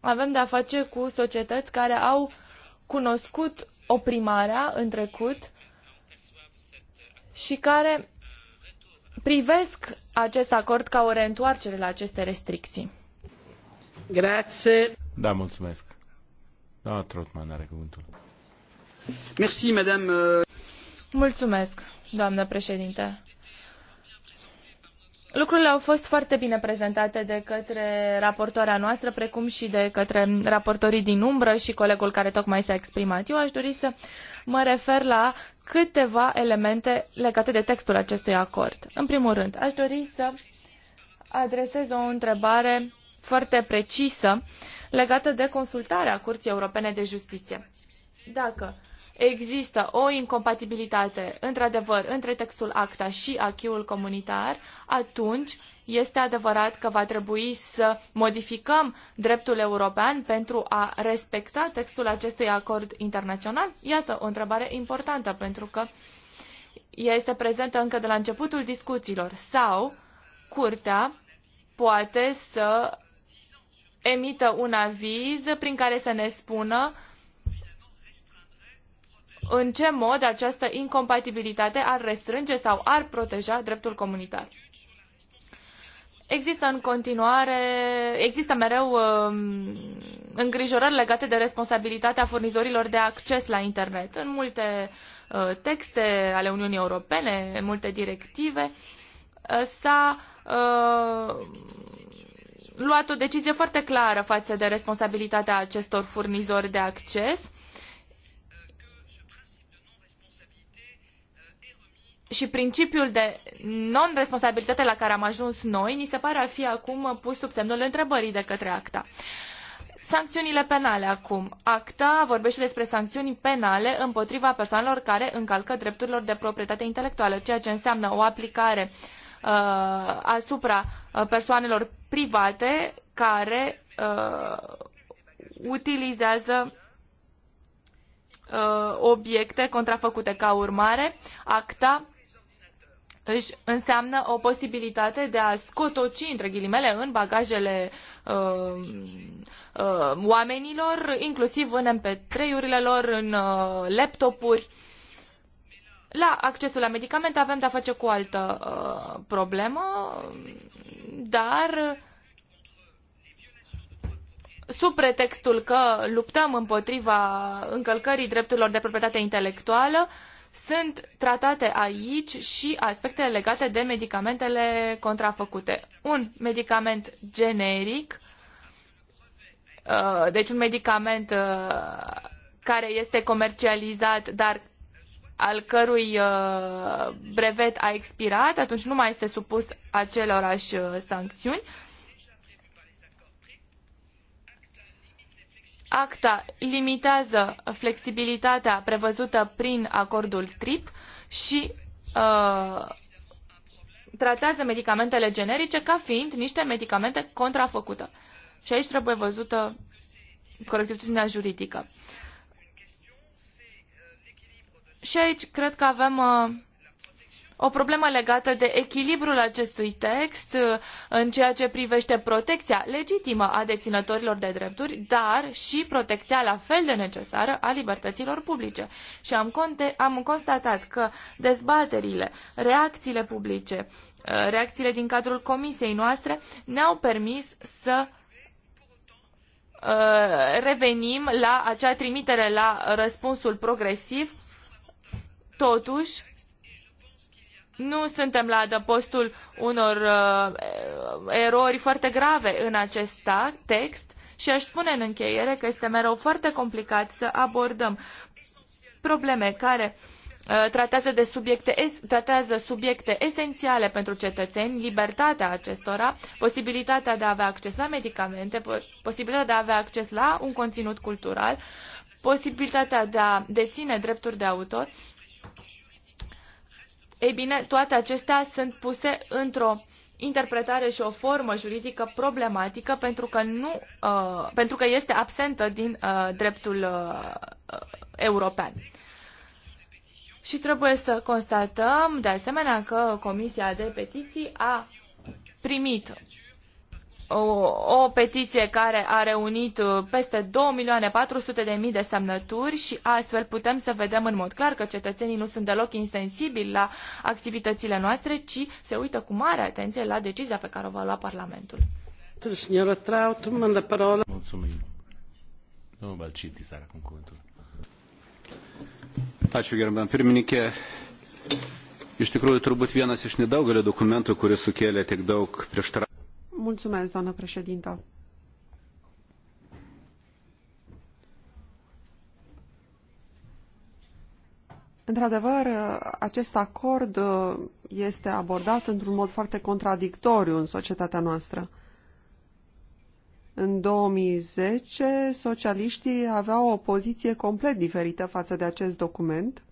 Avem de-a face cu societăți care au cunoscut oprimarea în trecut și care privesc acest acord ca o reîntoarcere la aceste restricții. Grazie. Da, mulțumesc. Da, Trotman are cuvântul. Merci, madame. Euh. Mulțumesc, doamnă președinte. Lucrurile au fost foarte bine prezentate de către raportoarea noastră, precum și de către raportorii din umbră și colegul care tocmai s-a exprimat. Eu aș dori să mă refer la câteva elemente legate de textul acestui acord. În primul rând, aș dori să adresez o întrebare foarte precisă legată de consultarea Curții Europene de Justiție. Dacă există o incompatibilitate, într-adevăr, între textul ACTA și achiul comunitar, atunci este adevărat că va trebui să modificăm dreptul european pentru a respecta textul acestui acord internațional? Iată, o întrebare importantă, pentru că ea este prezentă încă de la începutul discuțiilor. Sau curtea poate să emită un aviz prin care să ne spună în ce mod această incompatibilitate ar restrânge sau ar proteja dreptul comunitar. Există în continuare, există mereu um, îngrijorări legate de responsabilitatea furnizorilor de acces la internet. În multe uh, texte ale Uniunii Europene, în multe directive, uh, s-a uh, luat o decizie foarte clară față de responsabilitatea acestor furnizori de acces și principiul de non-responsabilitate la care am ajuns noi, ni se pare a fi acum pus sub semnul întrebării de către ACTA. Sancțiunile penale acum. ACTA vorbește despre sancțiuni penale împotriva persoanelor care încalcă drepturilor de proprietate intelectuală, ceea ce înseamnă o aplicare uh, asupra uh, persoanelor private care uh, utilizează uh, obiecte contrafăcute. Ca urmare, acta își înseamnă o posibilitate de a scotoci, între ghilimele, în bagajele uh, uh, oamenilor, inclusiv în MP3-urile lor, în uh, laptopuri. La accesul la medicamente avem de-a face cu o altă uh, problemă, dar sub pretextul că luptăm împotriva încălcării drepturilor de proprietate intelectuală, uh, sunt tratate aici și aspectele legate de medicamentele contrafăcute. Un medicament generic, uh, deci un medicament uh, care este comercializat, dar al cărui uh, brevet a expirat, atunci nu mai este supus acelorași sancțiuni ACTA limitează flexibilitatea prevăzută prin acordul TRIP și uh, tratează medicamentele generice ca fiind niște medicamente contrafăcute. Și aici trebuie văzută corectitudinea juridică. Și aici cred că avem uh, o problemă legată de echilibrul acestui text uh, în ceea ce privește protecția legitimă a deținătorilor de drepturi, dar și protecția la fel de necesară a libertăților publice. Și am, conte- am constatat că dezbaterile, reacțiile publice, uh, reacțiile din cadrul comisiei noastre ne-au permis să uh, revenim la acea trimitere la răspunsul progresiv. Totuși, nu suntem la adăpostul unor uh, erori foarte grave în acest text și aș spune în încheiere că este mereu foarte complicat să abordăm probleme care uh, tratează, de subiecte, tratează subiecte esențiale pentru cetățeni, libertatea acestora, posibilitatea de a avea acces la medicamente, posibilitatea de a avea acces la un conținut cultural, posibilitatea de a deține drepturi de autor ei bine, toate acestea sunt puse într-o interpretare și o formă juridică problematică pentru că, nu, uh, pentru că este absentă din uh, dreptul uh, uh european. Și trebuie să constatăm, de asemenea, că Comisia de Petiții a primit o, o petiție care a reunit uh, peste 2 milioane 400 de mii de semnături și astfel putem să vedem în mod clar că cetățenii nu sunt deloc insensibili la activitățile noastre, ci se uită cu mare atenție la decizia pe care o va lua Parlamentul. Mulțumim. Domnul Balciti, are acum cuvântul. Ačiū, gerbiam pirmininkė. Iš tikrųjų, turbūt vienas iš nedaugelio dokumentų, kuris sukėlė tiek daug prieštaravimų. Mulțumesc, doamnă președintă. Într-adevăr, acest acord uh, este abordat într-un mod foarte contradictoriu în societatea noastră. În 2010, socialiștii aveau o poziție complet diferită față de acest document.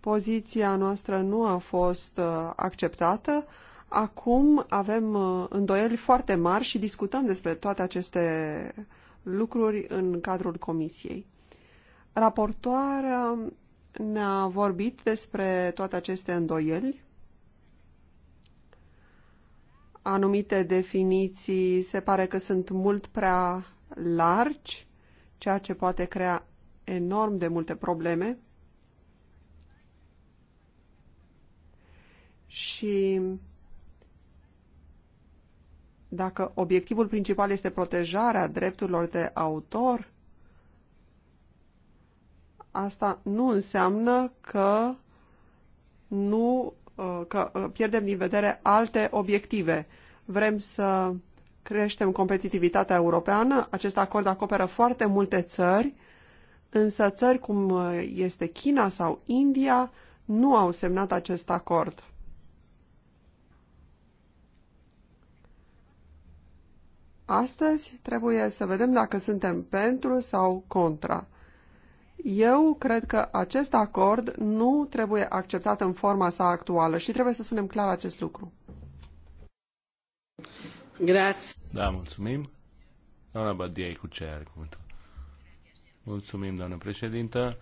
Poziția noastră nu a fost uh, acceptată, Acum avem uh, îndoieli foarte mari și discutăm despre toate aceste lucruri în cadrul comisiei. Raportoarea ne-a vorbit despre toate aceste îndoieli. Anumite definiții se pare că sunt mult prea largi, ceea ce poate crea enorm de multe probleme. Și dacă obiectivul principal este protejarea drepturilor de autor, asta nu înseamnă că nu uh, că uh, pierdem din vedere alte obiective. Vrem să creștem competitivitatea europeană. Acest acord acoperă foarte multe țări, însă țări cum uh, este China sau India nu au semnat acest acord. Astăzi trebuie să vedem dacă suntem pentru sau contra. Eu cred că acest acord nu trebuie acceptat în forma sa actuală și trebuie să spunem clar acest lucru. Grazie. Da, mulțumim. Doamna Badiei cu ce are cuvântul. Mulțumim, doamnă președintă.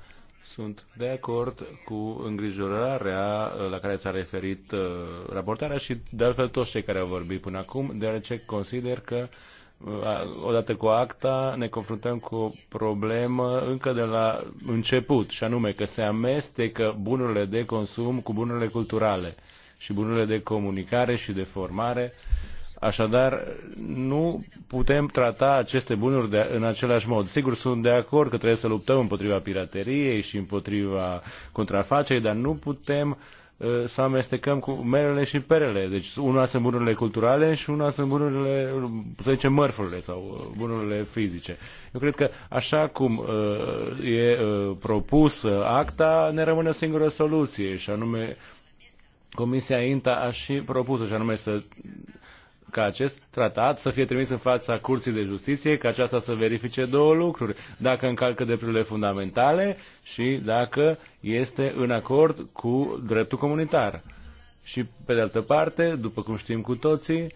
Sunt de acord cu îngrijorarea uh, la care s-a referit uh, raportarea și de altfel toți cei care au vorbit până acum, deoarece consider că uh, odată cu acta ne confruntăm cu o problemă încă de la început, și anume că se amestecă bunurile de consum cu bunurile culturale și bunurile de comunicare și de formare Așadar, nu putem trata aceste bunuri de, în același mod. Sigur, sunt de acord că trebuie să luptăm împotriva pirateriei și împotriva contrafacerii, dar nu putem uh, să amestecăm cu merele și perele. Deci una sunt bunurile culturale și una sunt bunurile, să zicem, mărfurile sau uh, bunurile fizice. Eu cred că așa cum uh, e uh, propus uh, acta, ne rămâne o singură soluție și anume Comisia INTA a și propus, și anume să ca acest tratat să fie trimis în fața Curții de Justiție, ca aceasta să verifice două lucruri, dacă încalcă drepturile fundamentale și dacă este în acord cu dreptul comunitar. Și, pe de altă parte, după cum știm cu toții,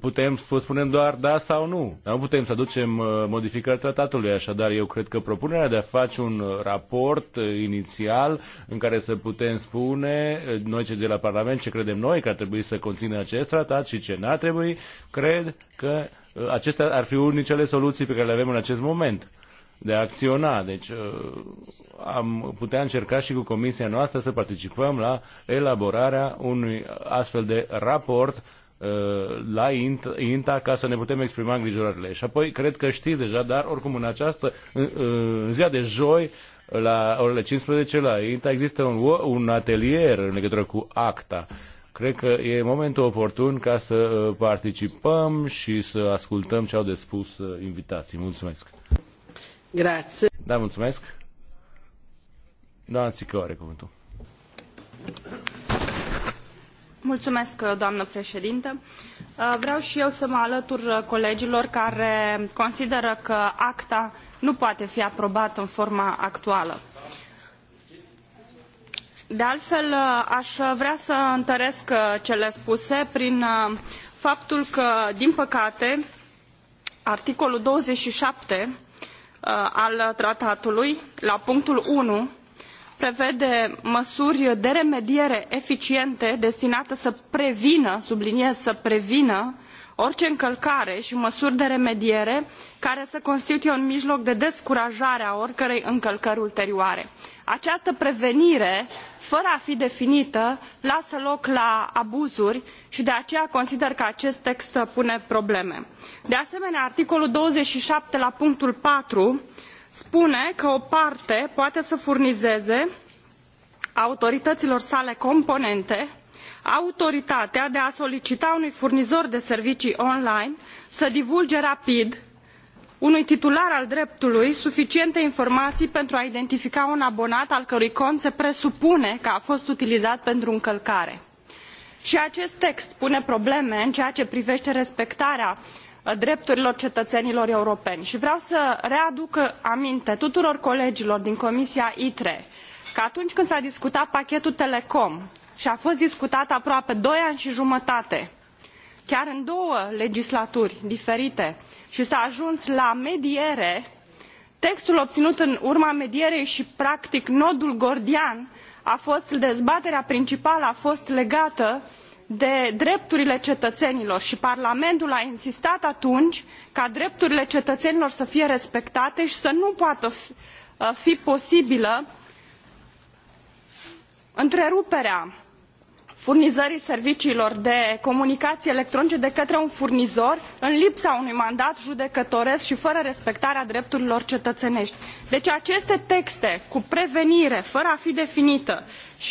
putem spunem doar da sau nu. Dar nu putem să aducem uh, modificări tratatului, așadar eu cred că propunerea de a face un raport uh, inițial în care să putem spune uh, noi ce de la Parlament, ce credem noi că ar trebui să conțină acest tratat și ce n-ar trebui, cred că acestea ar fi unicele soluții pe care le avem în acest moment de a acționa. Deci am putea încerca și cu comisia noastră să participăm la elaborarea unui astfel de raport Uh, la INTA ca să ne putem exprima îngrijorările. Și apoi, cred că știți deja, dar oricum în această, în uh, ziua de joi, la orele 15 la INTA, există un, un atelier în legătură cu ACTA. Cred că e momentul oportun ca să uh, participăm și să ascultăm ce au de spus invitații. Mulțumesc! Grație! Da, mulțumesc! Doamna Țică are cuvântul. Mulțumesc, uh, doamnă președintă. Uh, vreau și eu să mă alătur uh, colegilor care consideră că acta nu poate fi aprobată în forma actuală. De altfel, aș vrea să întăresc cele spuse prin faptul că, din păcate, articolul 27 al tratatului, la punctul 1, prevede măsuri de remediere eficiente destinate să prevină, subliniez, să prevină orice încălcare i măsuri de remediere care să constituie un mijloc de descurajare a oricărei încălcări ulterioare. această prevenire fără a fi definită lasă loc la abuzuri i de aceea consider că acest text pune probleme. de asemenea articolul douăzeci și șapte la punctul patru spune că o parte poate să furnizeze autorităților sale componente autoritatea de a solicita unui furnizor de servicii online să divulge rapid unui titular al dreptului suficiente informaii pentru a identifica un abonat al cărui cont se presupune că a fost utilizat pentru încălcare. i acest text pune probleme în ceea ce privete respectarea Uh, drepturilor cetăenilor europeni i vreau să readuc aminte tuturor colegilor din comisia itre că atunci când s a discutat pachetul telecom i a fost discutat aproape doi ani i jumătate chiar în două legislaturi diferite i s a ajuns la mediere textul obinut în urma medierei i practic nodul gordian a fost dezbaterea principală a fost legată de de drepturile cetăenilor i parlamentul a insistat atunci ca drepturile cetăenilor să fie respectate i să nu poată fi uh, posibilă întreruperea furnizării serviciilor de comunicaii electronice de către un furnizor în lipsa unui mandat judecătoresc i fără respectarea drepturilor cetăeneti. deci aceste texte cu prevenire fără a fi definită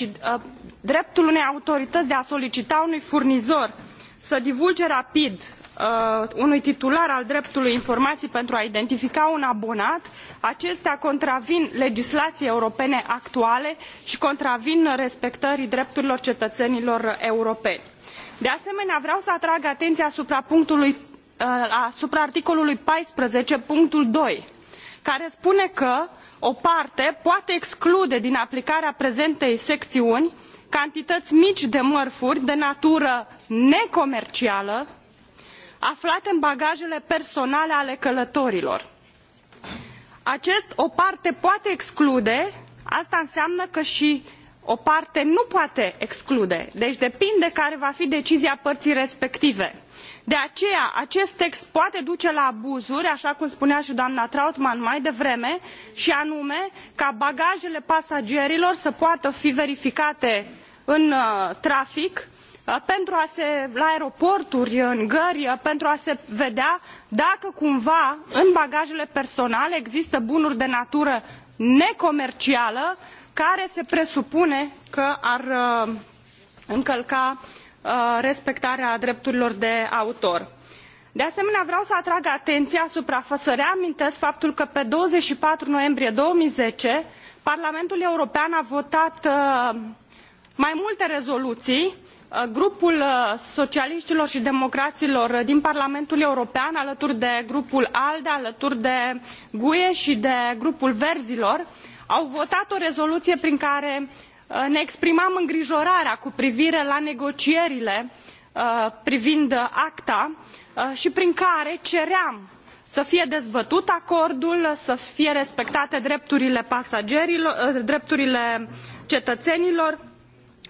i uh, dreptul unei autorităi de a solicita unui furnizor să divulge rapid Uh, unui titular al dreptului informaii pentru a identifica un abonat acestea contravin legislaiei europene actuale i contravin respectării drepturilor cetăenilor europeni. de asemenea vreau să atrag atenia asupra, uh, asupra articolului paisprezece punctul doi care spune că o parte poate exclude din aplicarea prezentei secțiuni cantităi mici de mărfuri de natură necomercială aflate în bagajele personale ale călătorilor. o parte poate exclude, asta înseamnă că i o parte nu poate exclude, deci depinde care va fi decizia pării respective. De aceea, acest text poate duce la abuzuri, aa cum spunea i doamna Trautmann mai devreme, i anume ca bagajele pasagerilor să poată fi verificate în uh, trafic, pentru a se, la aeroporturi, în gări, pentru a se vedea dacă cumva în bagajele personale există bunuri de natură necomercială care se presupune că ar încălca respectarea drepturilor de autor. De asemenea, vreau să atrag atenția asupra, să reamintesc faptul că pe 24 noiembrie 2010 Parlamentul European a votat mai multe rezoluții Uh, grupul uh, socialitilor i democrailor uh, din parlamentul european alături de grupul alde alături de gue i de grupul verzilor au votat o rezoluie prin care ne exprimam îngrijorarea cu privire la negocierile privind acta i prin care ceream să fie dezbătut acordul să fie respectate drepturile cetăenilor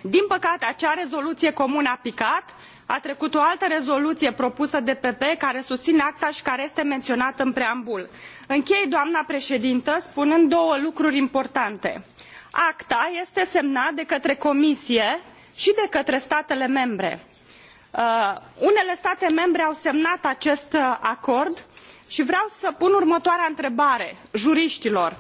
din păcate acea rezoluie comună a picat a trecut o altă rezoluie propusă de ppe care susine acta i care este menionată în preambul. închei doamnă preedintă spunând două lucruri importante acta este semnat de către comisie i de către statele membre. Uh, unele state membre au semnat acest uh, acord i vreau să pun următoarea întrebare juritilor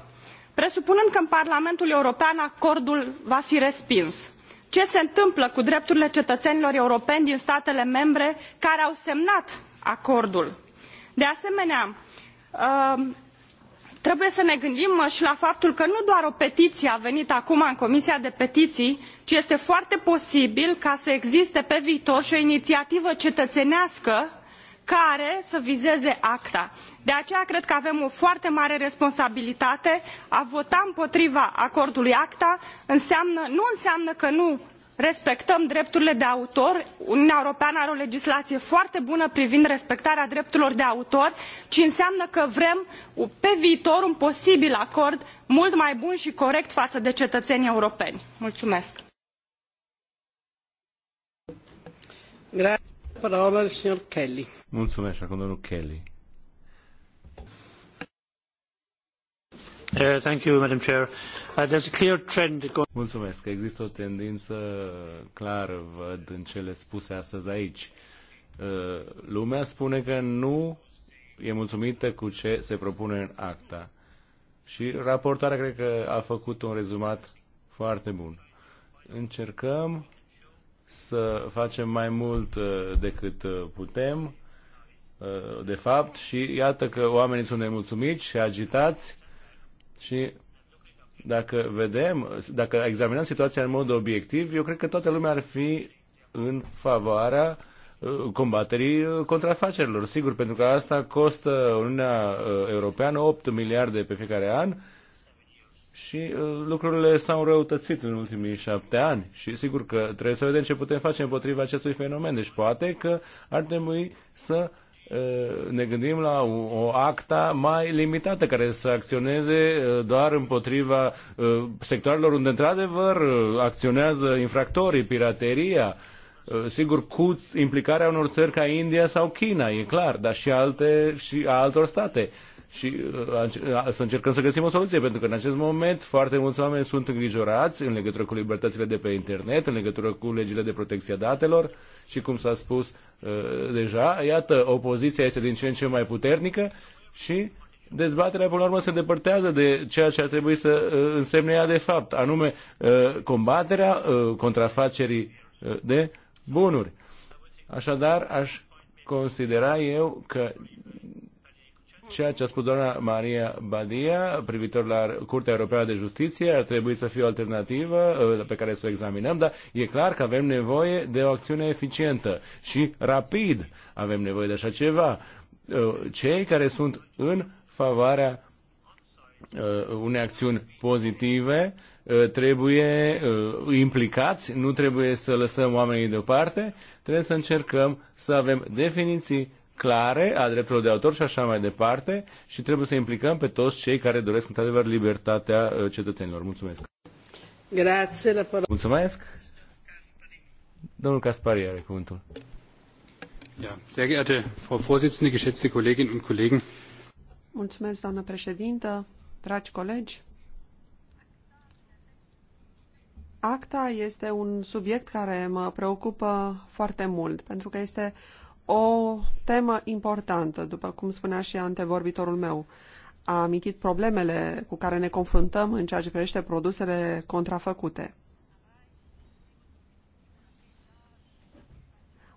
presupunând că în parlamentul european acordul va fi respins ce se întâmplă cu drepturile cetăenilor europeni din statele membre care au semnat acordul. de asemenea uh, trebuie să ne gândim i la faptul că nu doar o petiie a venit acum în comisia pentru petiii ci este foarte posibil ca să existe pe viitor i o iniiativă cetăenească care să vizeze acta. de aceea cred că avem o foarte mare responsabilitate a vota împotriva acordului acta înseamnă, nu înseamnă că nu respectăm drepturile de autor uniunea europeană are o legislaie foarte bună privind respectarea drepturilor de autor ci înseamnă că vrem pe viitor un posibil acord mult mai bun i corect faă de cetăenii europeni. Mulțumesc. Grazie, parola, Mulțumesc acum domnul Kelly. Uh, thank you, Madam Chair. Uh, there's a clear trend going... Mulțumesc. Există o tendință clară, văd, în cele spuse astăzi aici. Uh, lumea spune că nu e mulțumită cu ce se propune în acta. Și raportarea cred că a făcut un rezumat foarte bun. Încercăm să facem mai mult decât putem Uh, de fapt și iată că oamenii sunt nemulțumiți și agitați și dacă vedem, dacă examinăm situația în mod obiectiv, eu cred că toată lumea ar fi în favoarea uh, combaterii uh, contrafacerilor. Sigur, pentru că asta costă Uniunea Europeană 8 miliarde pe fiecare an și lucrurile s-au răutățit în ultimii șapte ani și sigur că trebuie să vedem ce putem face împotriva acestui fenomen. Deci poate că ar trebui să Eh, ne gândim la o acta mai limitată care să acționeze eh, doar împotriva eh, sectoarelor unde într-adevăr acționează infractorii, pirateria, sigur cu implicarea unor țări ca India sau China, e clar, dar și alte și a altor state și uh, să încercăm să găsim o soluție, pentru că în acest moment foarte mulți oameni sunt îngrijorați în legătură cu libertățile de pe internet, în legătură cu legile de protecție a datelor și, cum s-a spus uh, deja, iată, opoziția este din ce în ce mai puternică și dezbaterea, până la urmă, se depărtează de ceea ce ar trebui să uh, însemne ea de fapt, anume combaterea contrafacerii de bunuri. Așadar, aș considera eu că Ceea ce a spus doamna Maria Badia privitor la Curtea Europeană de Justiție ar trebui să fie o alternativă uh, pe care să o examinăm, dar e clar că avem nevoie de o acțiune eficientă și rapid avem nevoie de așa ceva. Uh, cei care sunt în favoarea uh, unei acțiuni pozitive, trebuie implicați, nu trebuie să lăsăm oamenii deoparte, trebuie să încercăm să avem definiții clare a drepturilor de autor și așa mai departe și trebuie să implicăm pe toți cei care doresc într-adevăr libertatea uh, cetățenilor. Mulțumesc! Grazie, la parola. Mulțumesc! Domnul Caspari are cuvântul. Ja, sehr geehrte Frau Vorsitzende, geschätzte Kolleginnen und Kollegen. Mulțumesc, doamnă președintă, dragi colegi. Acta este un subiect care mă preocupă foarte mult, pentru că este o temă importantă, după cum spunea și antevorbitorul meu. A amintit problemele cu care ne confruntăm în ceea ce privește produsele contrafăcute.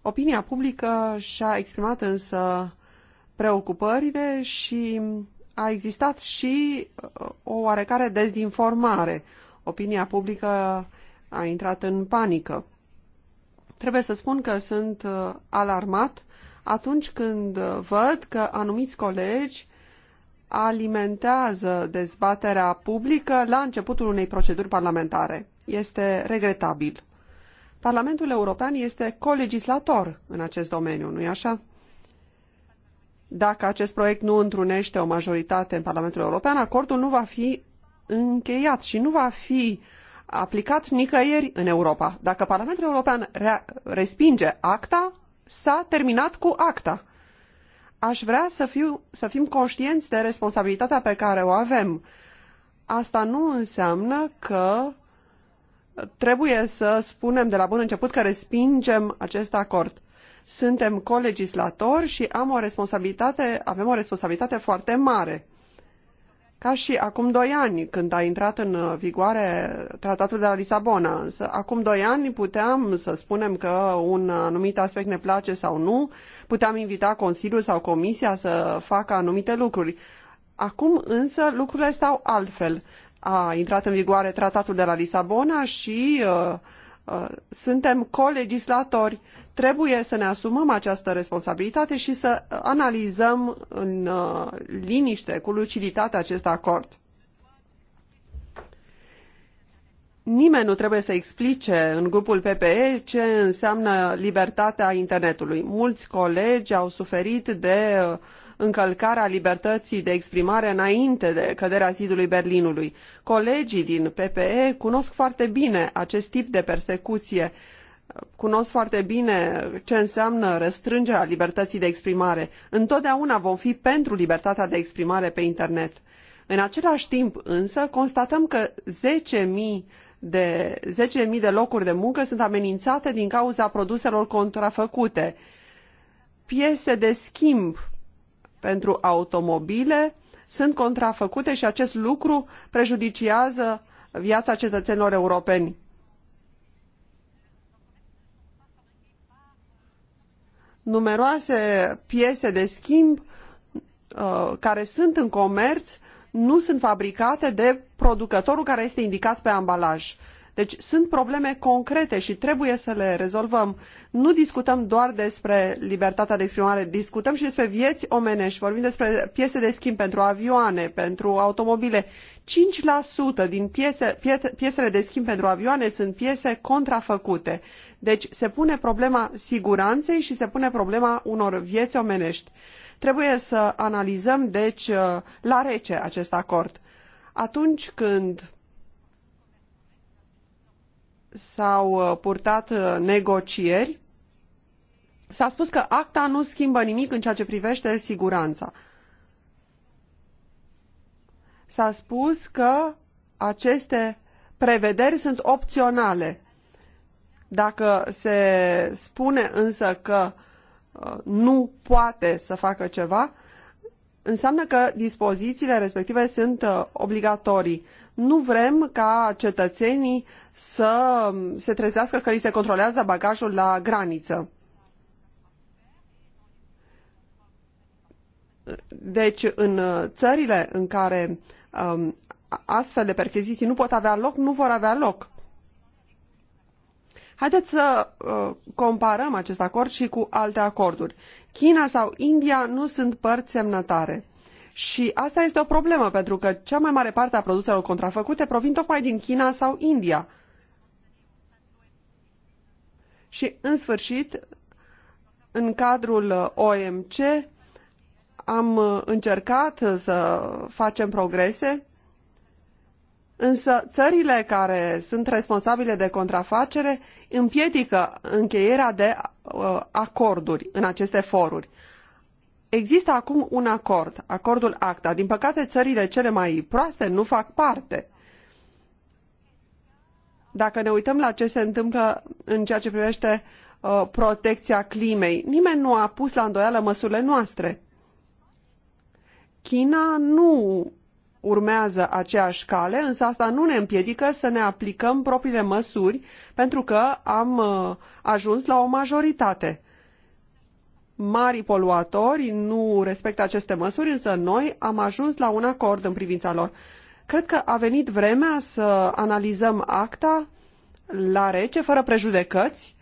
Opinia publică și-a exprimat însă preocupările și a existat și uh, o oarecare dezinformare. Opinia publică a intrat în panică. Trebuie să spun că sunt uh, alarmat atunci când uh, văd că anumiți colegi alimentează dezbaterea publică la începutul unei proceduri parlamentare. Este regretabil. Parlamentul European este colegislator în acest domeniu, nu-i așa? Dacă acest proiect nu întrunește o majoritate în Parlamentul European, acordul nu va fi încheiat și nu va fi uh, aplicat nicăieri în Europa. Dacă Parlamentul European respinge acta, s-a terminat cu acta. Aș vrea să, fiu, să fim conștienți de responsabilitatea pe care o avem. Asta nu înseamnă că trebuie să spunem de la bun început că respingem acest acord. Suntem colegislatori și am o responsabilitate, avem o responsabilitate foarte mare ca și acum doi ani, când a intrat în uh, vigoare tratatul de la Lisabona. Însă, acum doi ani puteam să spunem că un anumit aspect ne place sau nu, puteam invita Consiliul sau Comisia să facă anumite lucruri. Acum însă lucrurile stau altfel. A intrat în vigoare tratatul de la Lisabona și uh, uh, suntem colegislatori Trebuie să ne asumăm această responsabilitate și să uh, analizăm în uh, liniște, cu luciditate acest acord. Nimeni nu trebuie să explice în grupul PPE ce înseamnă libertatea internetului. Mulți colegi au suferit de uh, încălcarea libertății de exprimare înainte de căderea zidului Berlinului. Colegii din PPE cunosc foarte bine acest tip de persecuție cunosc foarte bine ce înseamnă restrângerea libertății de exprimare. Întotdeauna vom fi pentru libertatea de exprimare pe internet. În același timp, însă, constatăm că 10.000 de, 10.000 de locuri de muncă sunt amenințate din cauza produselor contrafăcute. Piese de schimb pentru automobile sunt contrafăcute și acest lucru prejudiciază viața cetățenilor europeni. numeroase piese de schimb uh, care sunt în comerț nu sunt fabricate de producătorul care este indicat pe ambalaj. Deci sunt probleme concrete și trebuie să le rezolvăm. Nu discutăm doar despre libertatea de exprimare, discutăm și despre vieți omenești, vorbim despre piese de schimb pentru avioane, pentru automobile. 5% din piese, pie, piesele de schimb pentru avioane sunt piese contrafăcute. Deci se pune problema siguranței și se pune problema unor vieți omenești. Trebuie să analizăm, deci, la rece acest acord. Atunci când s-au uh, purtat uh, negocieri. S-a spus că acta nu schimbă nimic în ceea ce privește siguranța. S-a spus că aceste prevederi sunt opționale. Dacă se spune însă că uh, nu poate să facă ceva, înseamnă că dispozițiile respective sunt uh, obligatorii. Nu vrem ca cetățenii să se trezească că li se controlează bagajul la graniță. Deci, în uh, țările în care um, astfel de percheziții nu pot avea loc, nu vor avea loc. Haideți să uh, comparăm acest acord și cu alte acorduri. China sau India nu sunt părți semnatare. Și asta este o problemă, pentru că cea mai mare parte a produselor contrafăcute provin tocmai din China sau India. Și, în sfârșit, în cadrul uh, OMC am uh, încercat să facem progrese Însă țările care sunt responsabile de contrafacere împiedică încheierea de uh, acorduri în aceste foruri. Există acum un acord, acordul ACTA. Din păcate, țările cele mai proaste nu fac parte. Dacă ne uităm la ce se întâmplă în ceea ce privește uh, protecția climei, nimeni nu a pus la îndoială măsurile noastre. China nu urmează aceeași cale, însă asta nu ne împiedică să ne aplicăm propriile măsuri, pentru că am uh, ajuns la o majoritate. Mari poluatori nu respectă aceste măsuri, însă noi am ajuns la un acord în privința lor. Cred că a venit vremea să analizăm acta la rece, fără prejudecăți,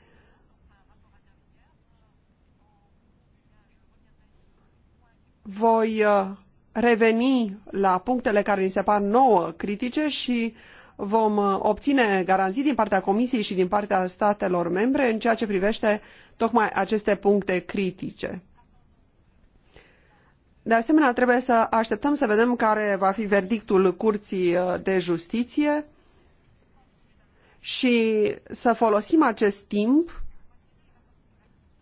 voi uh, reveni la punctele care ni se par nouă critice și vom uh, obține garanții din partea Comisiei și din partea statelor membre în ceea ce privește tocmai aceste puncte critice. De asemenea, trebuie să așteptăm să vedem care va fi verdictul Curții uh, de Justiție și să folosim acest timp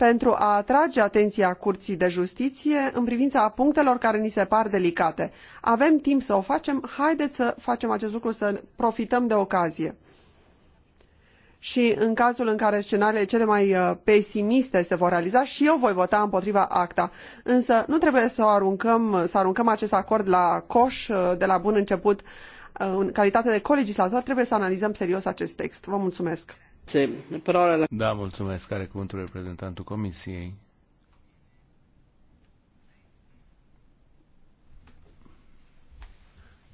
pentru a atrage atenția Curții de Justiție în privința punctelor care ni se par delicate. Avem timp să o facem, haideți să facem acest lucru, să profităm de ocazie. Și în cazul în care scenariile cele mai uh, pesimiste se vor realiza, și eu voi vota împotriva acta. Însă nu trebuie să, aruncăm, să aruncăm acest acord la coș uh, de la bun început. În calitate de colegislator trebuie să analizăm serios acest text. Vă mulțumesc! Da, mulțumesc. Care cuvântul reprezentantul Comisiei?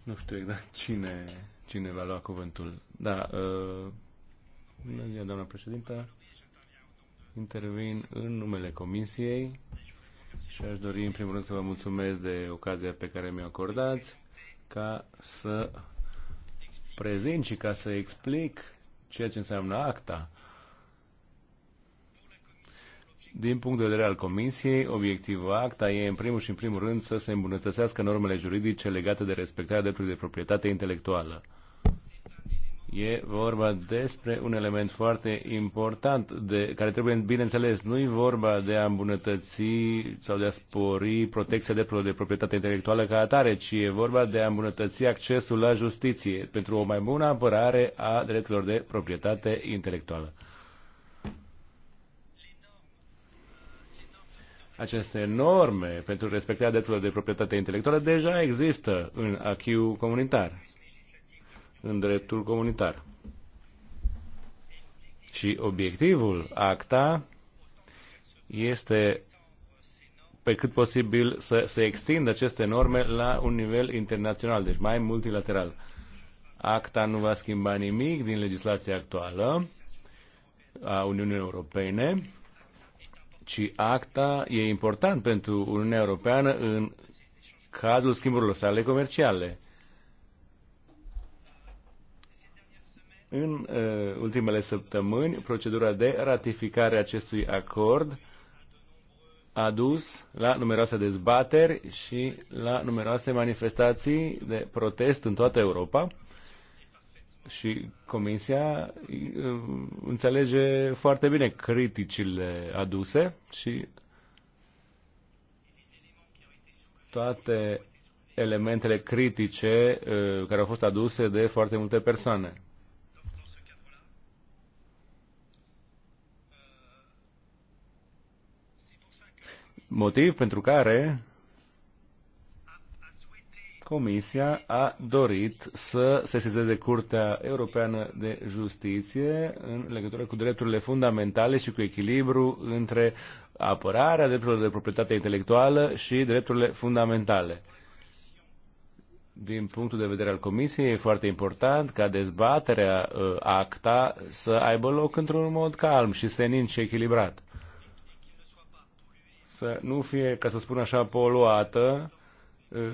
Nu știu exact cine, cine va lua cuvântul. Da, uh, ziua, doamna președintă. Intervin în numele Comisiei și aș dori în primul rând să vă mulțumesc de ocazia pe care mi-o acordați ca să prezint și ca să explic ceea ce înseamnă acta. Din punct de vedere al Comisiei, obiectivul acta e în primul și în primul rând să se îmbunătățească normele juridice legate de respectarea dreptului de proprietate intelectuală. E vorba despre un element foarte important de, care trebuie bineînțeles. Nu e vorba de a îmbunătăți sau de a spori protecția drepturilor de proprietate intelectuală ca atare, ci e vorba de a îmbunătăți accesul la justiție pentru o mai bună apărare a drepturilor de proprietate intelectuală. Aceste norme pentru respectarea drepturilor de proprietate intelectuală deja există în acquis comunitar în dreptul comunitar. Și obiectivul acta este pe cât posibil să se extindă aceste norme la un nivel internațional, deci mai multilateral. Acta nu va schimba nimic din legislația actuală a Uniunii Europene, ci acta e important pentru Uniunea Europeană în cadrul schimburilor sale comerciale. În uh, ultimele săptămâni, procedura de ratificare acestui acord a dus la numeroase dezbateri și la numeroase manifestații de protest în toată Europa și Comisia uh, înțelege foarte bine criticile aduse și toate elementele critice uh, care au fost aduse de foarte multe persoane. motiv pentru care Comisia a dorit să sesizeze Curtea Europeană de Justiție în legătură cu drepturile fundamentale și cu echilibru între apărarea drepturilor de proprietate intelectuală și drepturile fundamentale. Din punctul de vedere al Comisiei, e foarte important ca dezbaterea uh, ACTA să aibă loc într-un mod calm și senin și echilibrat să nu fie, ca să spun așa, poluată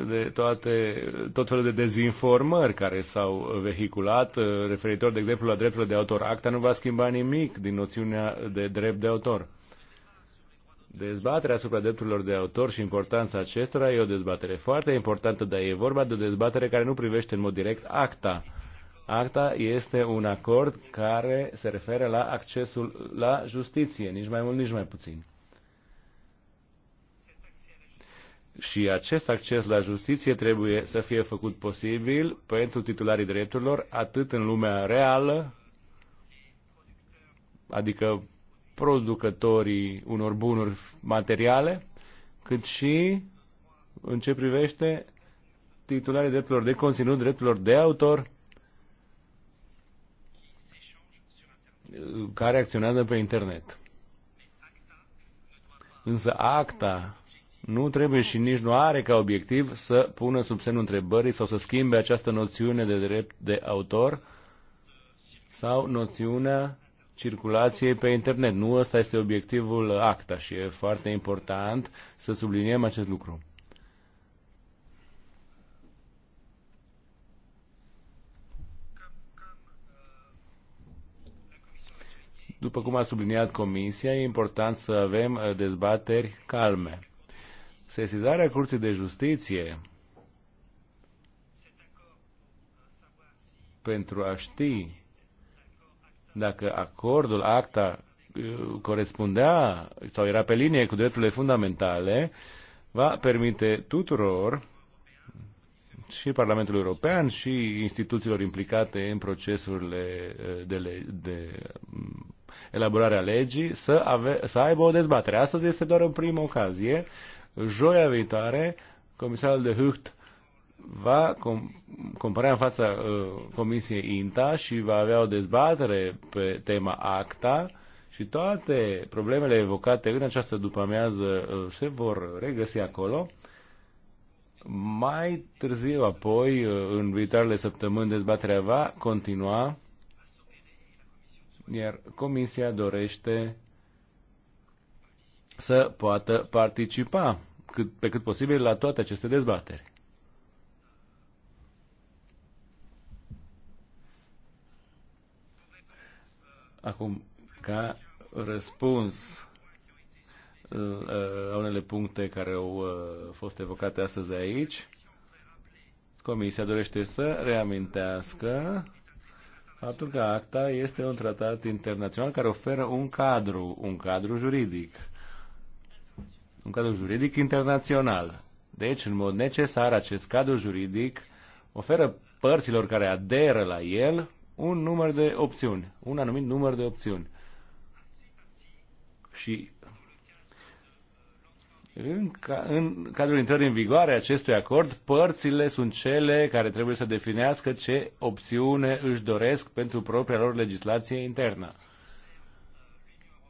de toate, tot felul de dezinformări care s-au vehiculat uh, referitor, de exemplu, la dreptul de autor. Acta nu va schimba nimic din noțiunea de drept de autor. Dezbaterea asupra drepturilor de autor și importanța acestora e o dezbatere foarte importantă, dar e vorba de o dezbatere care nu privește în mod direct acta. Acta este un acord care se referă la accesul la justiție, nici mai mult, nici mai puțin. și acest acces la justiție trebuie să fie făcut posibil pentru titularii drepturilor, atât în lumea reală, adică producătorii unor bunuri materiale, cât și în ce privește titularii drepturilor de conținut, drepturilor de autor, care acționează pe internet. Însă acta nu trebuie și nici nu are ca obiectiv să pună sub semnul întrebării sau să schimbe această noțiune de drept de autor sau noțiunea circulației pe internet. Nu ăsta este obiectivul acta și e foarte important să subliniem acest lucru. După cum a subliniat Comisia, e important să avem uh, dezbateri calme Sesizarea Curții de Justiție pentru a ști dacă acordul, acta, uh, corespundea sau era pe linie cu drepturile fundamentale, va permite tuturor și Parlamentului European și instituțiilor implicate în procesurile uh, de, le, de um, elaborare a legii să, ave, să aibă o dezbatere. Astăzi este doar o primă ocazie Joia viitoare, comisarul de Hucht va com- compara în fața uh, Comisiei INTA și va avea o dezbatere pe tema ACTA și toate problemele evocate în această după-amiază uh, se vor regăsi acolo. Mai târziu, apoi, uh, în viitoarele săptămâni, dezbaterea va continua, iar Comisia dorește să poată participa cât, pe cât posibil la toate aceste dezbateri. Acum, ca răspuns uh, la unele puncte care au uh, fost evocate astăzi de aici, Comisia dorește să reamintească faptul că ACTA este un tratat internațional care oferă un cadru, un cadru juridic un cadru juridic internațional. Deci, în mod necesar, acest cadru juridic oferă părților care aderă la el un număr de opțiuni, un anumit număr de opțiuni. Și în, ca, în cadrul intrării în vigoare acestui acord, părțile sunt cele care trebuie să definească ce opțiune își doresc pentru propria lor legislație internă.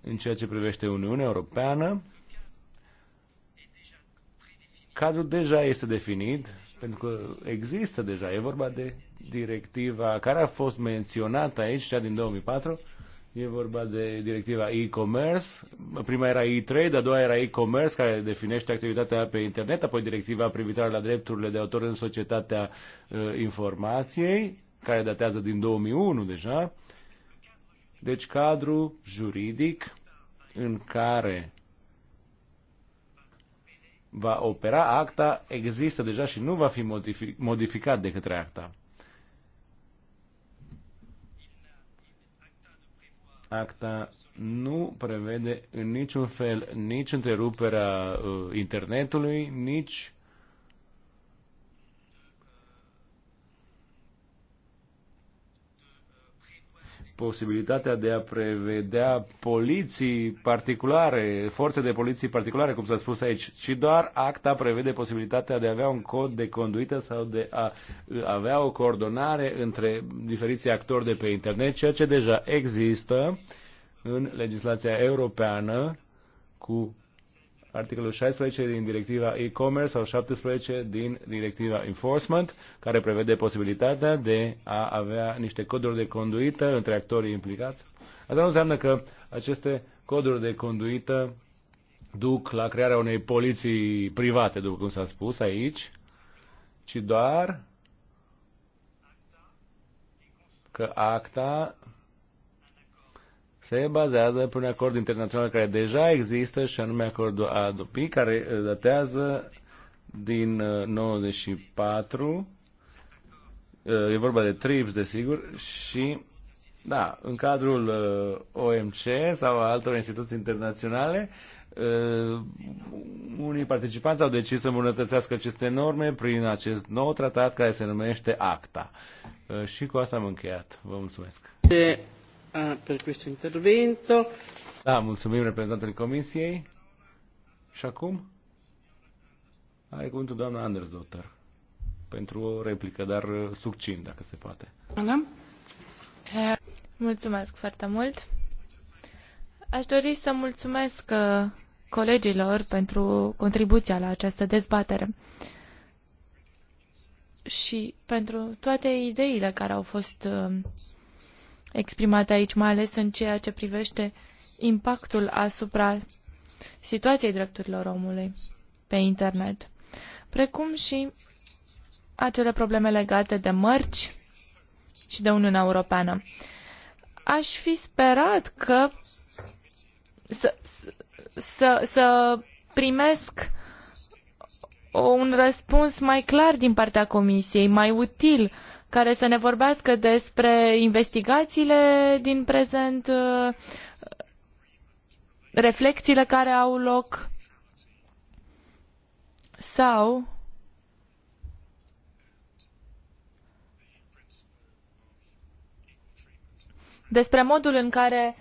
În ceea ce privește Uniunea Europeană, Cadrul deja este definit, pentru că există deja, e vorba de directiva care a fost menționată aici, cea din 2004, e vorba de directiva e-commerce, prima era e-trade, a doua era e-commerce, care definește activitatea pe internet, apoi directiva privitoare la drepturile de autor în societatea uh, informației, care datează din 2001 deja, deci cadru juridic în care va opera acta, există deja și nu va fi modific, modificat de către acta. Acta nu prevede în niciun fel nici întreruperea uh, internetului, nici posibilitatea de a prevedea poliții particulare, forțe de poliții particulare, cum s-a spus aici, ci doar acta prevede posibilitatea de a avea un cod de conduită sau de a avea o coordonare între diferiții actori de pe internet, ceea ce deja există în legislația europeană cu articolul 16 din directiva e-commerce sau 17 din directiva enforcement, care prevede posibilitatea de a avea niște coduri de conduită între actorii implicați. Asta nu înseamnă că aceste coduri de conduită duc la crearea unei poliții private, după cum s-a spus aici, ci doar că acta se bazează pe un acord internațional care deja există și anume acordul ADOPI care uh, datează din 94 uh, uh, e vorba de TRIPS desigur și da, în cadrul OMC sau altor instituții internaționale unii participanți au decis să îmbunătățească aceste norme prin acest nou tratat care se numește ACTA. și cu asta am încheiat. Vă mulțumesc uh, per questo intervento. Da, mulțumim reprezentantului Comisiei. Și acum are cuvântul doamna Andersdotter pentru o replică, dar uh, succint, dacă se poate. Mulțumesc foarte mult. Aș dori să mulțumesc uh, colegilor pentru contribuția la această dezbatere și pentru toate ideile care au fost uh, exprimate aici, mai ales în ceea ce privește impactul asupra situației drepturilor omului pe internet, precum și acele probleme legate de mărci și de Uniunea Europeană. Aș fi sperat că să, să, să primesc un răspuns mai clar din partea Comisiei, mai util uh, care să ne vorbească despre investigațiile din prezent, uh, reflexiile care au loc sau despre modul în care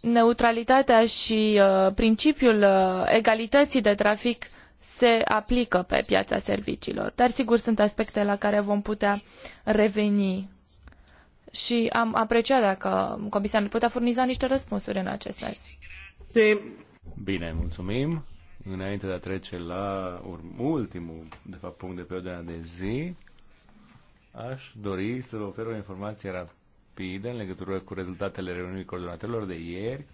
neutralitatea și uh, principiul uh, egalității de trafic se aplică pe piața serviciilor. Dar sigur sunt aspecte la care vom putea reveni și am apreciat dacă ne putea furniza niște răspunsuri în acest sens. Bine, mulțumim. Înainte de a trece la ultimul, de fapt, punct de pe ordinea de zi, aș dori să vă ofer o informație rapidă în legătură cu rezultatele reuniunii coordonatorilor de ieri.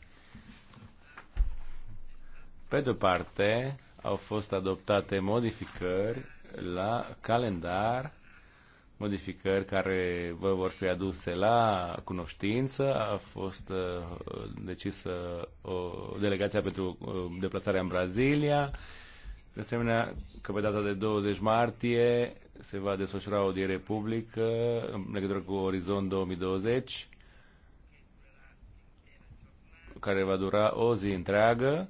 Pe de-o parte, au fost adoptate modificări la calendar, modificări care vă vor fi aduse la cunoștință. A fost uh, decisă o delegația pentru uh, deplasarea în Brazilia. De asemenea, că pe data de 20 martie se va desfășura o diere publică în legătură cu Orizont 2020, care va dura o zi întreagă.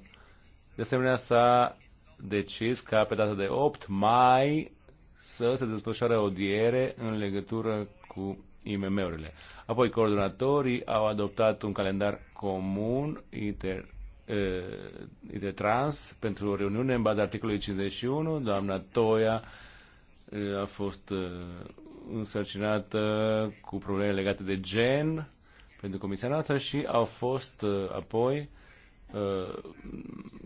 De asemenea, s-a decis ca pe data de 8 mai să se desfășoare audiere în legătură cu IMM-urile. Apoi, coordonatorii au adoptat un calendar comun inter, de eh, trans pentru o reuniune în baza articolului 51. Doamna Toia eh, a fost eh, însărcinată cu probleme legate de gen pentru comisia noastră și au fost apoi Uh,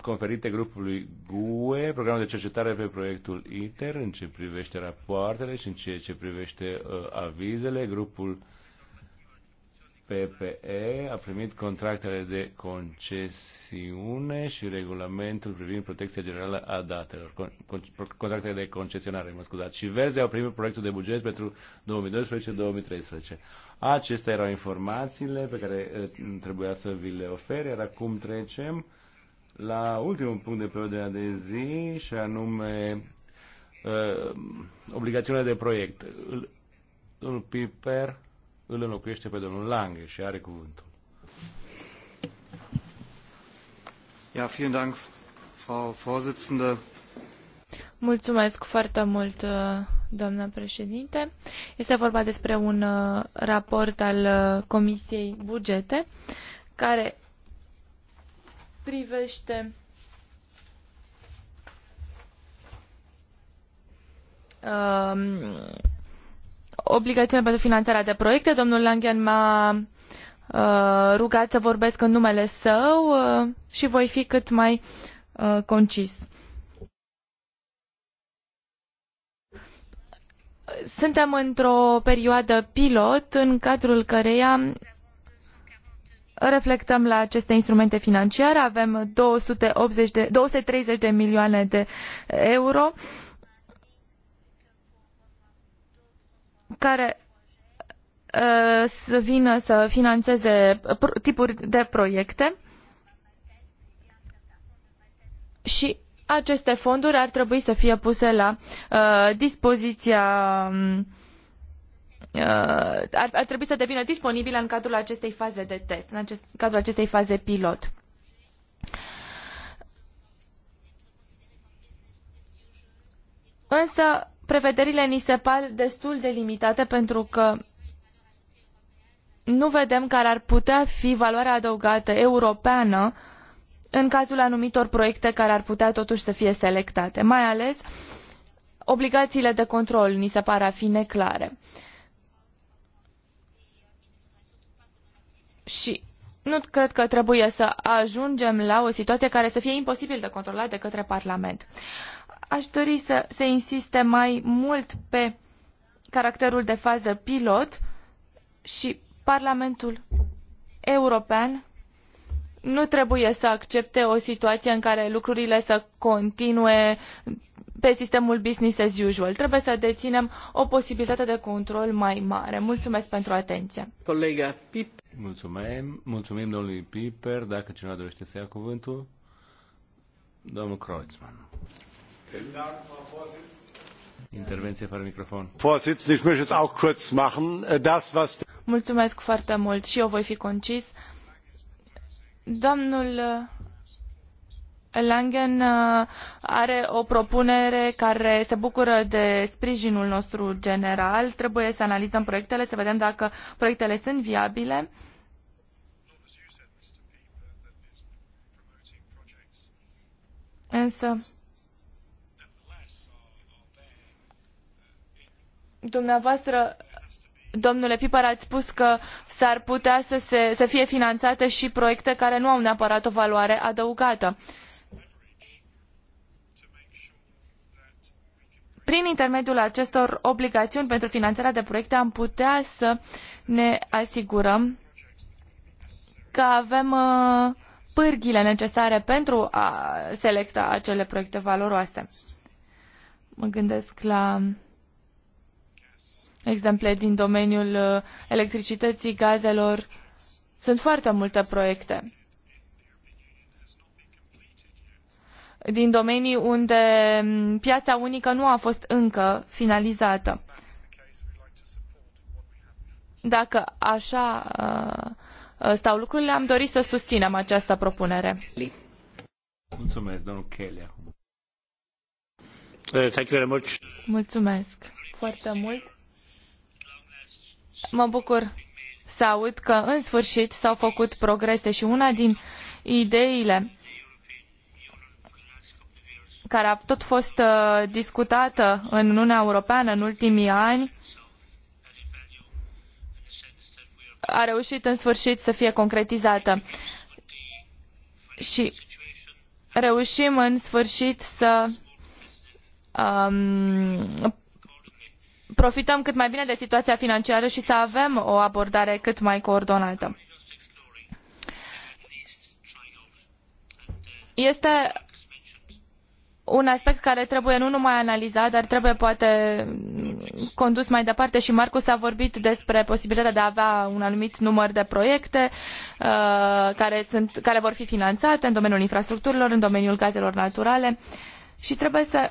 conferite grupului GUE, programul de cercetare pe proiectul ITER în ce privește rapoartele și în ceea ce privește uh, avizele. Grupul PPE a primit contractele de concesiune și regulamentul privind protecția generală a datelor, con, con, contractele de concesionare, mă scuzați. Și Verzi au primit proiectul de buget pentru 2012-2013. Acestea erau informațiile pe care trebuia să vi le ofer, iar acum trecem la ultimul punct de pe ordinea de zi și anume uh, obligațiunea de proiect. Îl, îl Piper îl înlocuiește pe domnul Lange și are cuvântul. Ja, vielen Dank, Frau Vorsitzende. Mulțumesc foarte mult, doamna președinte. Este vorba despre un uh, raport al uh, Comisiei Bugete care privește uh, pentru finanțarea de proiecte. Domnul Langen m-a uh, rugat să vorbesc în numele său uh, și voi fi cât mai uh, concis. Suntem într-o perioadă pilot în cadrul căreia reflectăm la aceste instrumente financiare. Avem 280 de, 230 de milioane de euro care uh, să vină să financeze tipuri de proiecte și aceste fonduri ar trebui să fie puse la uh, dispoziția um, uh, ar, ar trebui să devină disponibile în cadrul acestei faze de test, în acest, cadrul acestei faze pilot. Însă, prevederile ni se par destul de limitate pentru că nu vedem care ar putea fi valoarea adăugată europeană uh, în cazul anumitor proiecte care ar putea totuși să fie selectate. Mai ales obligațiile de control ni se par a fi neclare. Și nu cred că trebuie să ajungem la o situație care să fie imposibil de controlat de către Parlament. Aș dori să se insiste mai mult pe caracterul de fază pilot și Parlamentul European nu trebuie să accepte o situație în care lucrurile să continue pe sistemul business as usual. Trebuie să deținem o posibilitate de control mai mare. Mulțumesc pentru atenție. Colega Pip. Mulțumim, mulțumim domnului Piper. Dacă cineva dorește să ia cuvântul, domnul Kreuzmann. Intervenție fără microfon. Mulțumesc foarte mult și eu voi fi concis. Domnul uh, Langen uh, are o propunere care se bucură de sprijinul nostru general. Trebuie să analizăm proiectele, să vedem dacă proiectele sunt viabile. Însă, dumneavoastră Domnule pieper ai spus că s-ar putea să, fie finanțate și proiecte care nu au neapărat o valoare adăugată. Prin intermediul acestor obligaiuni pentru finanțarea de proiecte am putea să ne asigurăm că avem uh, pârghile necesare pentru a selecta acele proiecte valoroase. Mă gândesc la exemple din domeniul uh, electricității, gazelor. Sunt foarte multe proiecte. din domenii unde piața unică nu a fost încă finalizată. Dacă așa uh, uh, stau lucrurile, am dorit să susținem această propunere. Mulțumesc, domnul Kelly. Mulțumesc foarte mult. Mă bucur să aud că în sfârșit s-au făcut progrese și una din ideile care a tot fost uh, discutată în Uniunea Europeană în ultimii ani a reușit în sfârșit să fie concretizată. Și reușim în sfârșit să um, profităm cât mai bine de situația financiară și să avem o abordare cât mai coordonată. Este un aspect care trebuie nu numai analizat, dar trebuie poate condus mai departe și Marcus a vorbit despre posibilitatea de a avea un anumit număr de proiecte uh, care, sunt, care vor fi finanțate în domeniul infrastructurilor, în domeniul gazelor naturale și trebuie să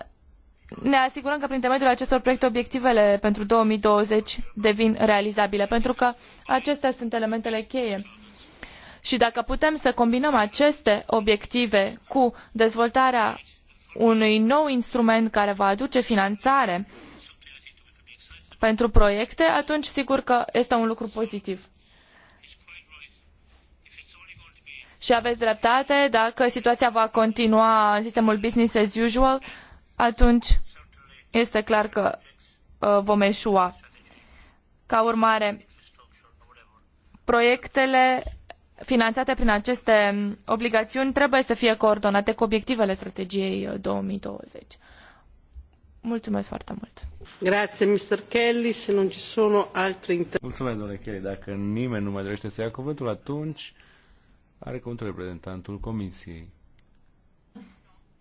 ne asigurăm că prin intermediul acestor proiecte obiectivele pentru 2020 devin realizabile, pentru că acestea sunt elementele cheie. Și dacă putem să combinăm aceste obiective cu dezvoltarea unui nou instrument care va aduce finanțare pentru proiecte, atunci sigur că este un lucru pozitiv. Și aveți dreptate, dacă situația va continua în sistemul business as usual, atunci este clar că uh, vom eșua. Ca urmare, proiectele finanțate prin aceste obligațiuni trebuie să fie coordonate cu obiectivele strategiei 2020. Uh, Mulțumesc foarte mult. Grazie, Mr. Kelly. Se ci sono altri inter... Mulțumesc, domnule Kelly. Dacă nimeni nu mai dorește să ia cuvântul, atunci are cuvântul reprezentantul Comisiei.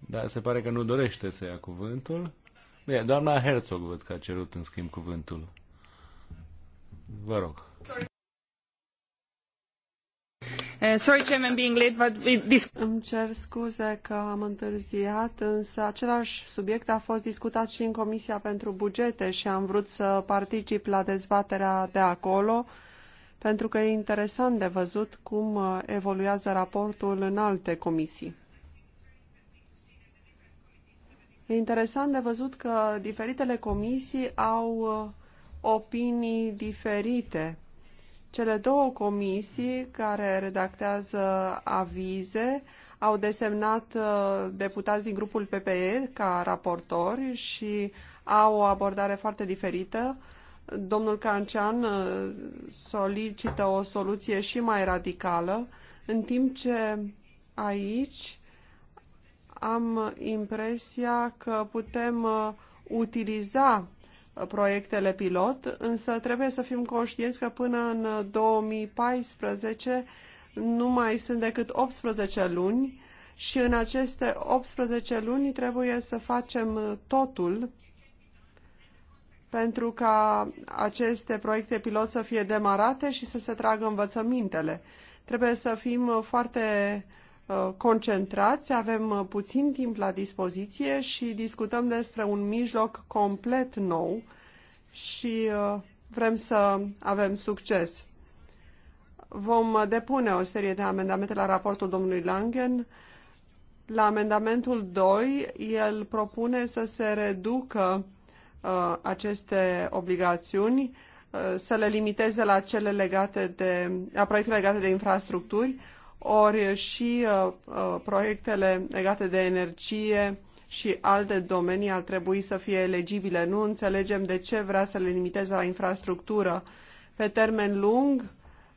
Dar se pare că nu dorește să ia cuvântul. Bine, doamna Herzog văd că a cerut în schimb cuvântul. Vă rog. Uh, sorry. Chairman, being late, but with this... Îmi cer scuze că am întârziat, însă același subiect a fost discutat și în Comisia pentru Bugete și am vrut să particip la dezbaterea de acolo, pentru că e interesant de văzut cum uh, evoluează raportul în alte comisii. E interesant de văzut că diferitele comisii au uh, opinii diferite. Cele două comisii care redactează avize au desemnat uh, deputați din grupul PPE ca raportori și au o abordare foarte diferită. Domnul Cancean uh, solicită o soluție și mai radicală, în timp ce aici am impresia că putem uh, utiliza uh, proiectele pilot, însă trebuie să fim conștienți că până în 2014 uh, nu mai sunt decât 18 luni și în aceste 18 luni trebuie să facem totul pentru ca aceste proiecte pilot să fie demarate și să se tragă învățămintele. Trebuie să fim foarte Uh, concentrați, avem uh, puțin timp la dispoziție și discutăm despre un mijloc complet nou și uh, vrem să avem succes. Vom depune o serie de amendamente la raportul domnului Langen. La amendamentul 2, el propune să se reducă uh, aceste obligațiuni, uh, să le limiteze la cele legate de, la proiecte legate de infrastructuri ori și uh, uh, proiectele legate de energie și alte domenii ar trebui să fie elegibile. Nu înțelegem de ce vrea să le limiteze la infrastructură. Pe termen lung,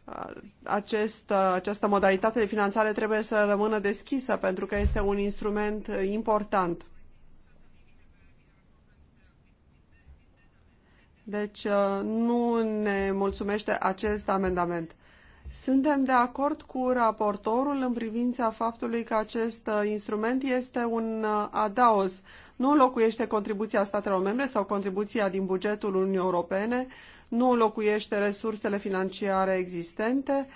uh, acest, această modalitate de finanțare trebuie să rămână deschisă pentru că este un instrument important. Deci nu ne mulțumește acest amendament. Suntem de acord cu raportorul în privința faptului că acest uh, instrument este un uh, adaos. Nu înlocuiește contribuția statelor membre sau contribuția din bugetul Uniunii Europene, nu înlocuiește resursele financiare existente,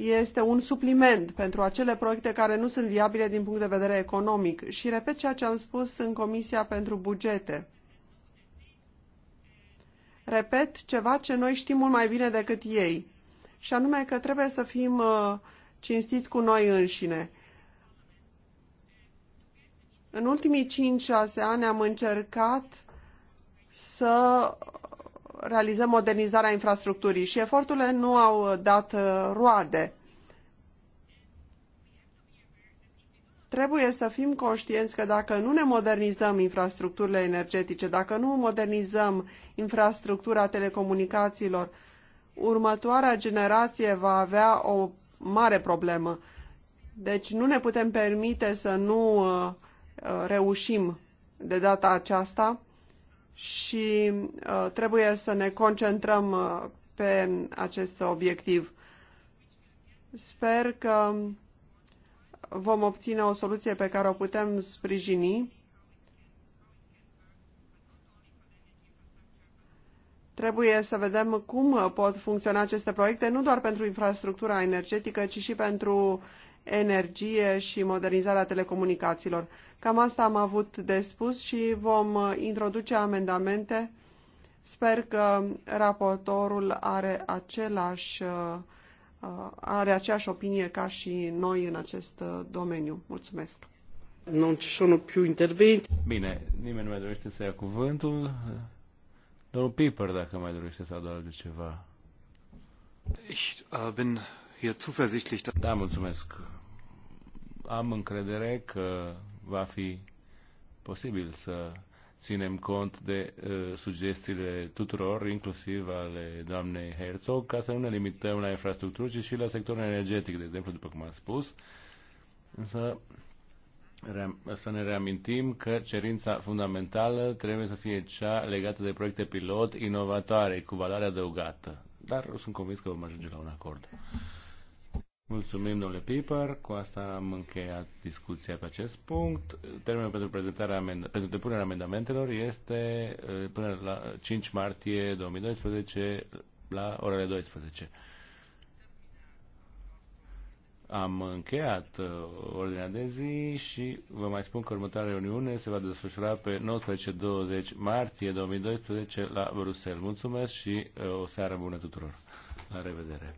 este un supliment pentru acele proiecte care nu sunt viabile din punct de vedere economic. Și repet ceea ce am spus în Comisia pentru Bugete. Repet ceva ce noi știm mult mai bine decât ei și anume că trebuie să fim uh, cinstiți cu noi înșine. În ultimii 5-6 ani am încercat să realizăm modernizarea infrastructurii și eforturile nu au dat uh, roade. Trebuie să fim conștienți că dacă nu ne modernizăm infrastructurile energetice, dacă nu modernizăm infrastructura telecomunicațiilor, următoarea generație va avea o mare problemă. Deci nu ne putem permite să nu uh, reușim de data aceasta și uh, trebuie să ne concentrăm uh, pe acest obiectiv. Sper că vom obține o soluție pe care o putem sprijini Trebuie să vedem cum pot funcționa aceste proiecte, nu doar pentru infrastructura energetică, ci și pentru energie și modernizarea telecomunicațiilor. Cam asta am avut de spus și vom introduce amendamente. Sper că raportorul are același uh, are aceeași opinie ca și noi în acest uh, domeniu. Mulțumesc. Nu ci sono più interventi. Bine, nimeni nu mai dorește să ia cuvântul. Domnul Piper, dacă mai dorește să adauge ceva. Ich uh, bin hier zuversichtlich. Da, mulțumesc. Am încredere că va fi posibil să ținem cont de uh, sugestiile tuturor, inclusiv ale doamnei Herzog, ca să nu ne limităm la infrastructură, ci și la sectorul energetic, de exemplu, după cum am spus. Însă să ne reamintim că cerința fundamentală trebuie să fie cea legată de proiecte pilot inovatoare, cu valoare adăugată. Dar sunt convins că vom ajunge la un acord. Mulțumim, domnule Piper. Cu asta am încheiat discuția pe acest punct. Termenul pentru, prezentarea amend- pentru depunerea amendamentelor este eh, până la 5 martie 2012 la orele 12. Am încheiat uh, ordinea de zi și vă mai spun că următoarea reuniune se va desfășura pe 19-20 martie 2012 la Bruxelles. Mulțumesc și uh, o seară bună tuturor! La revedere!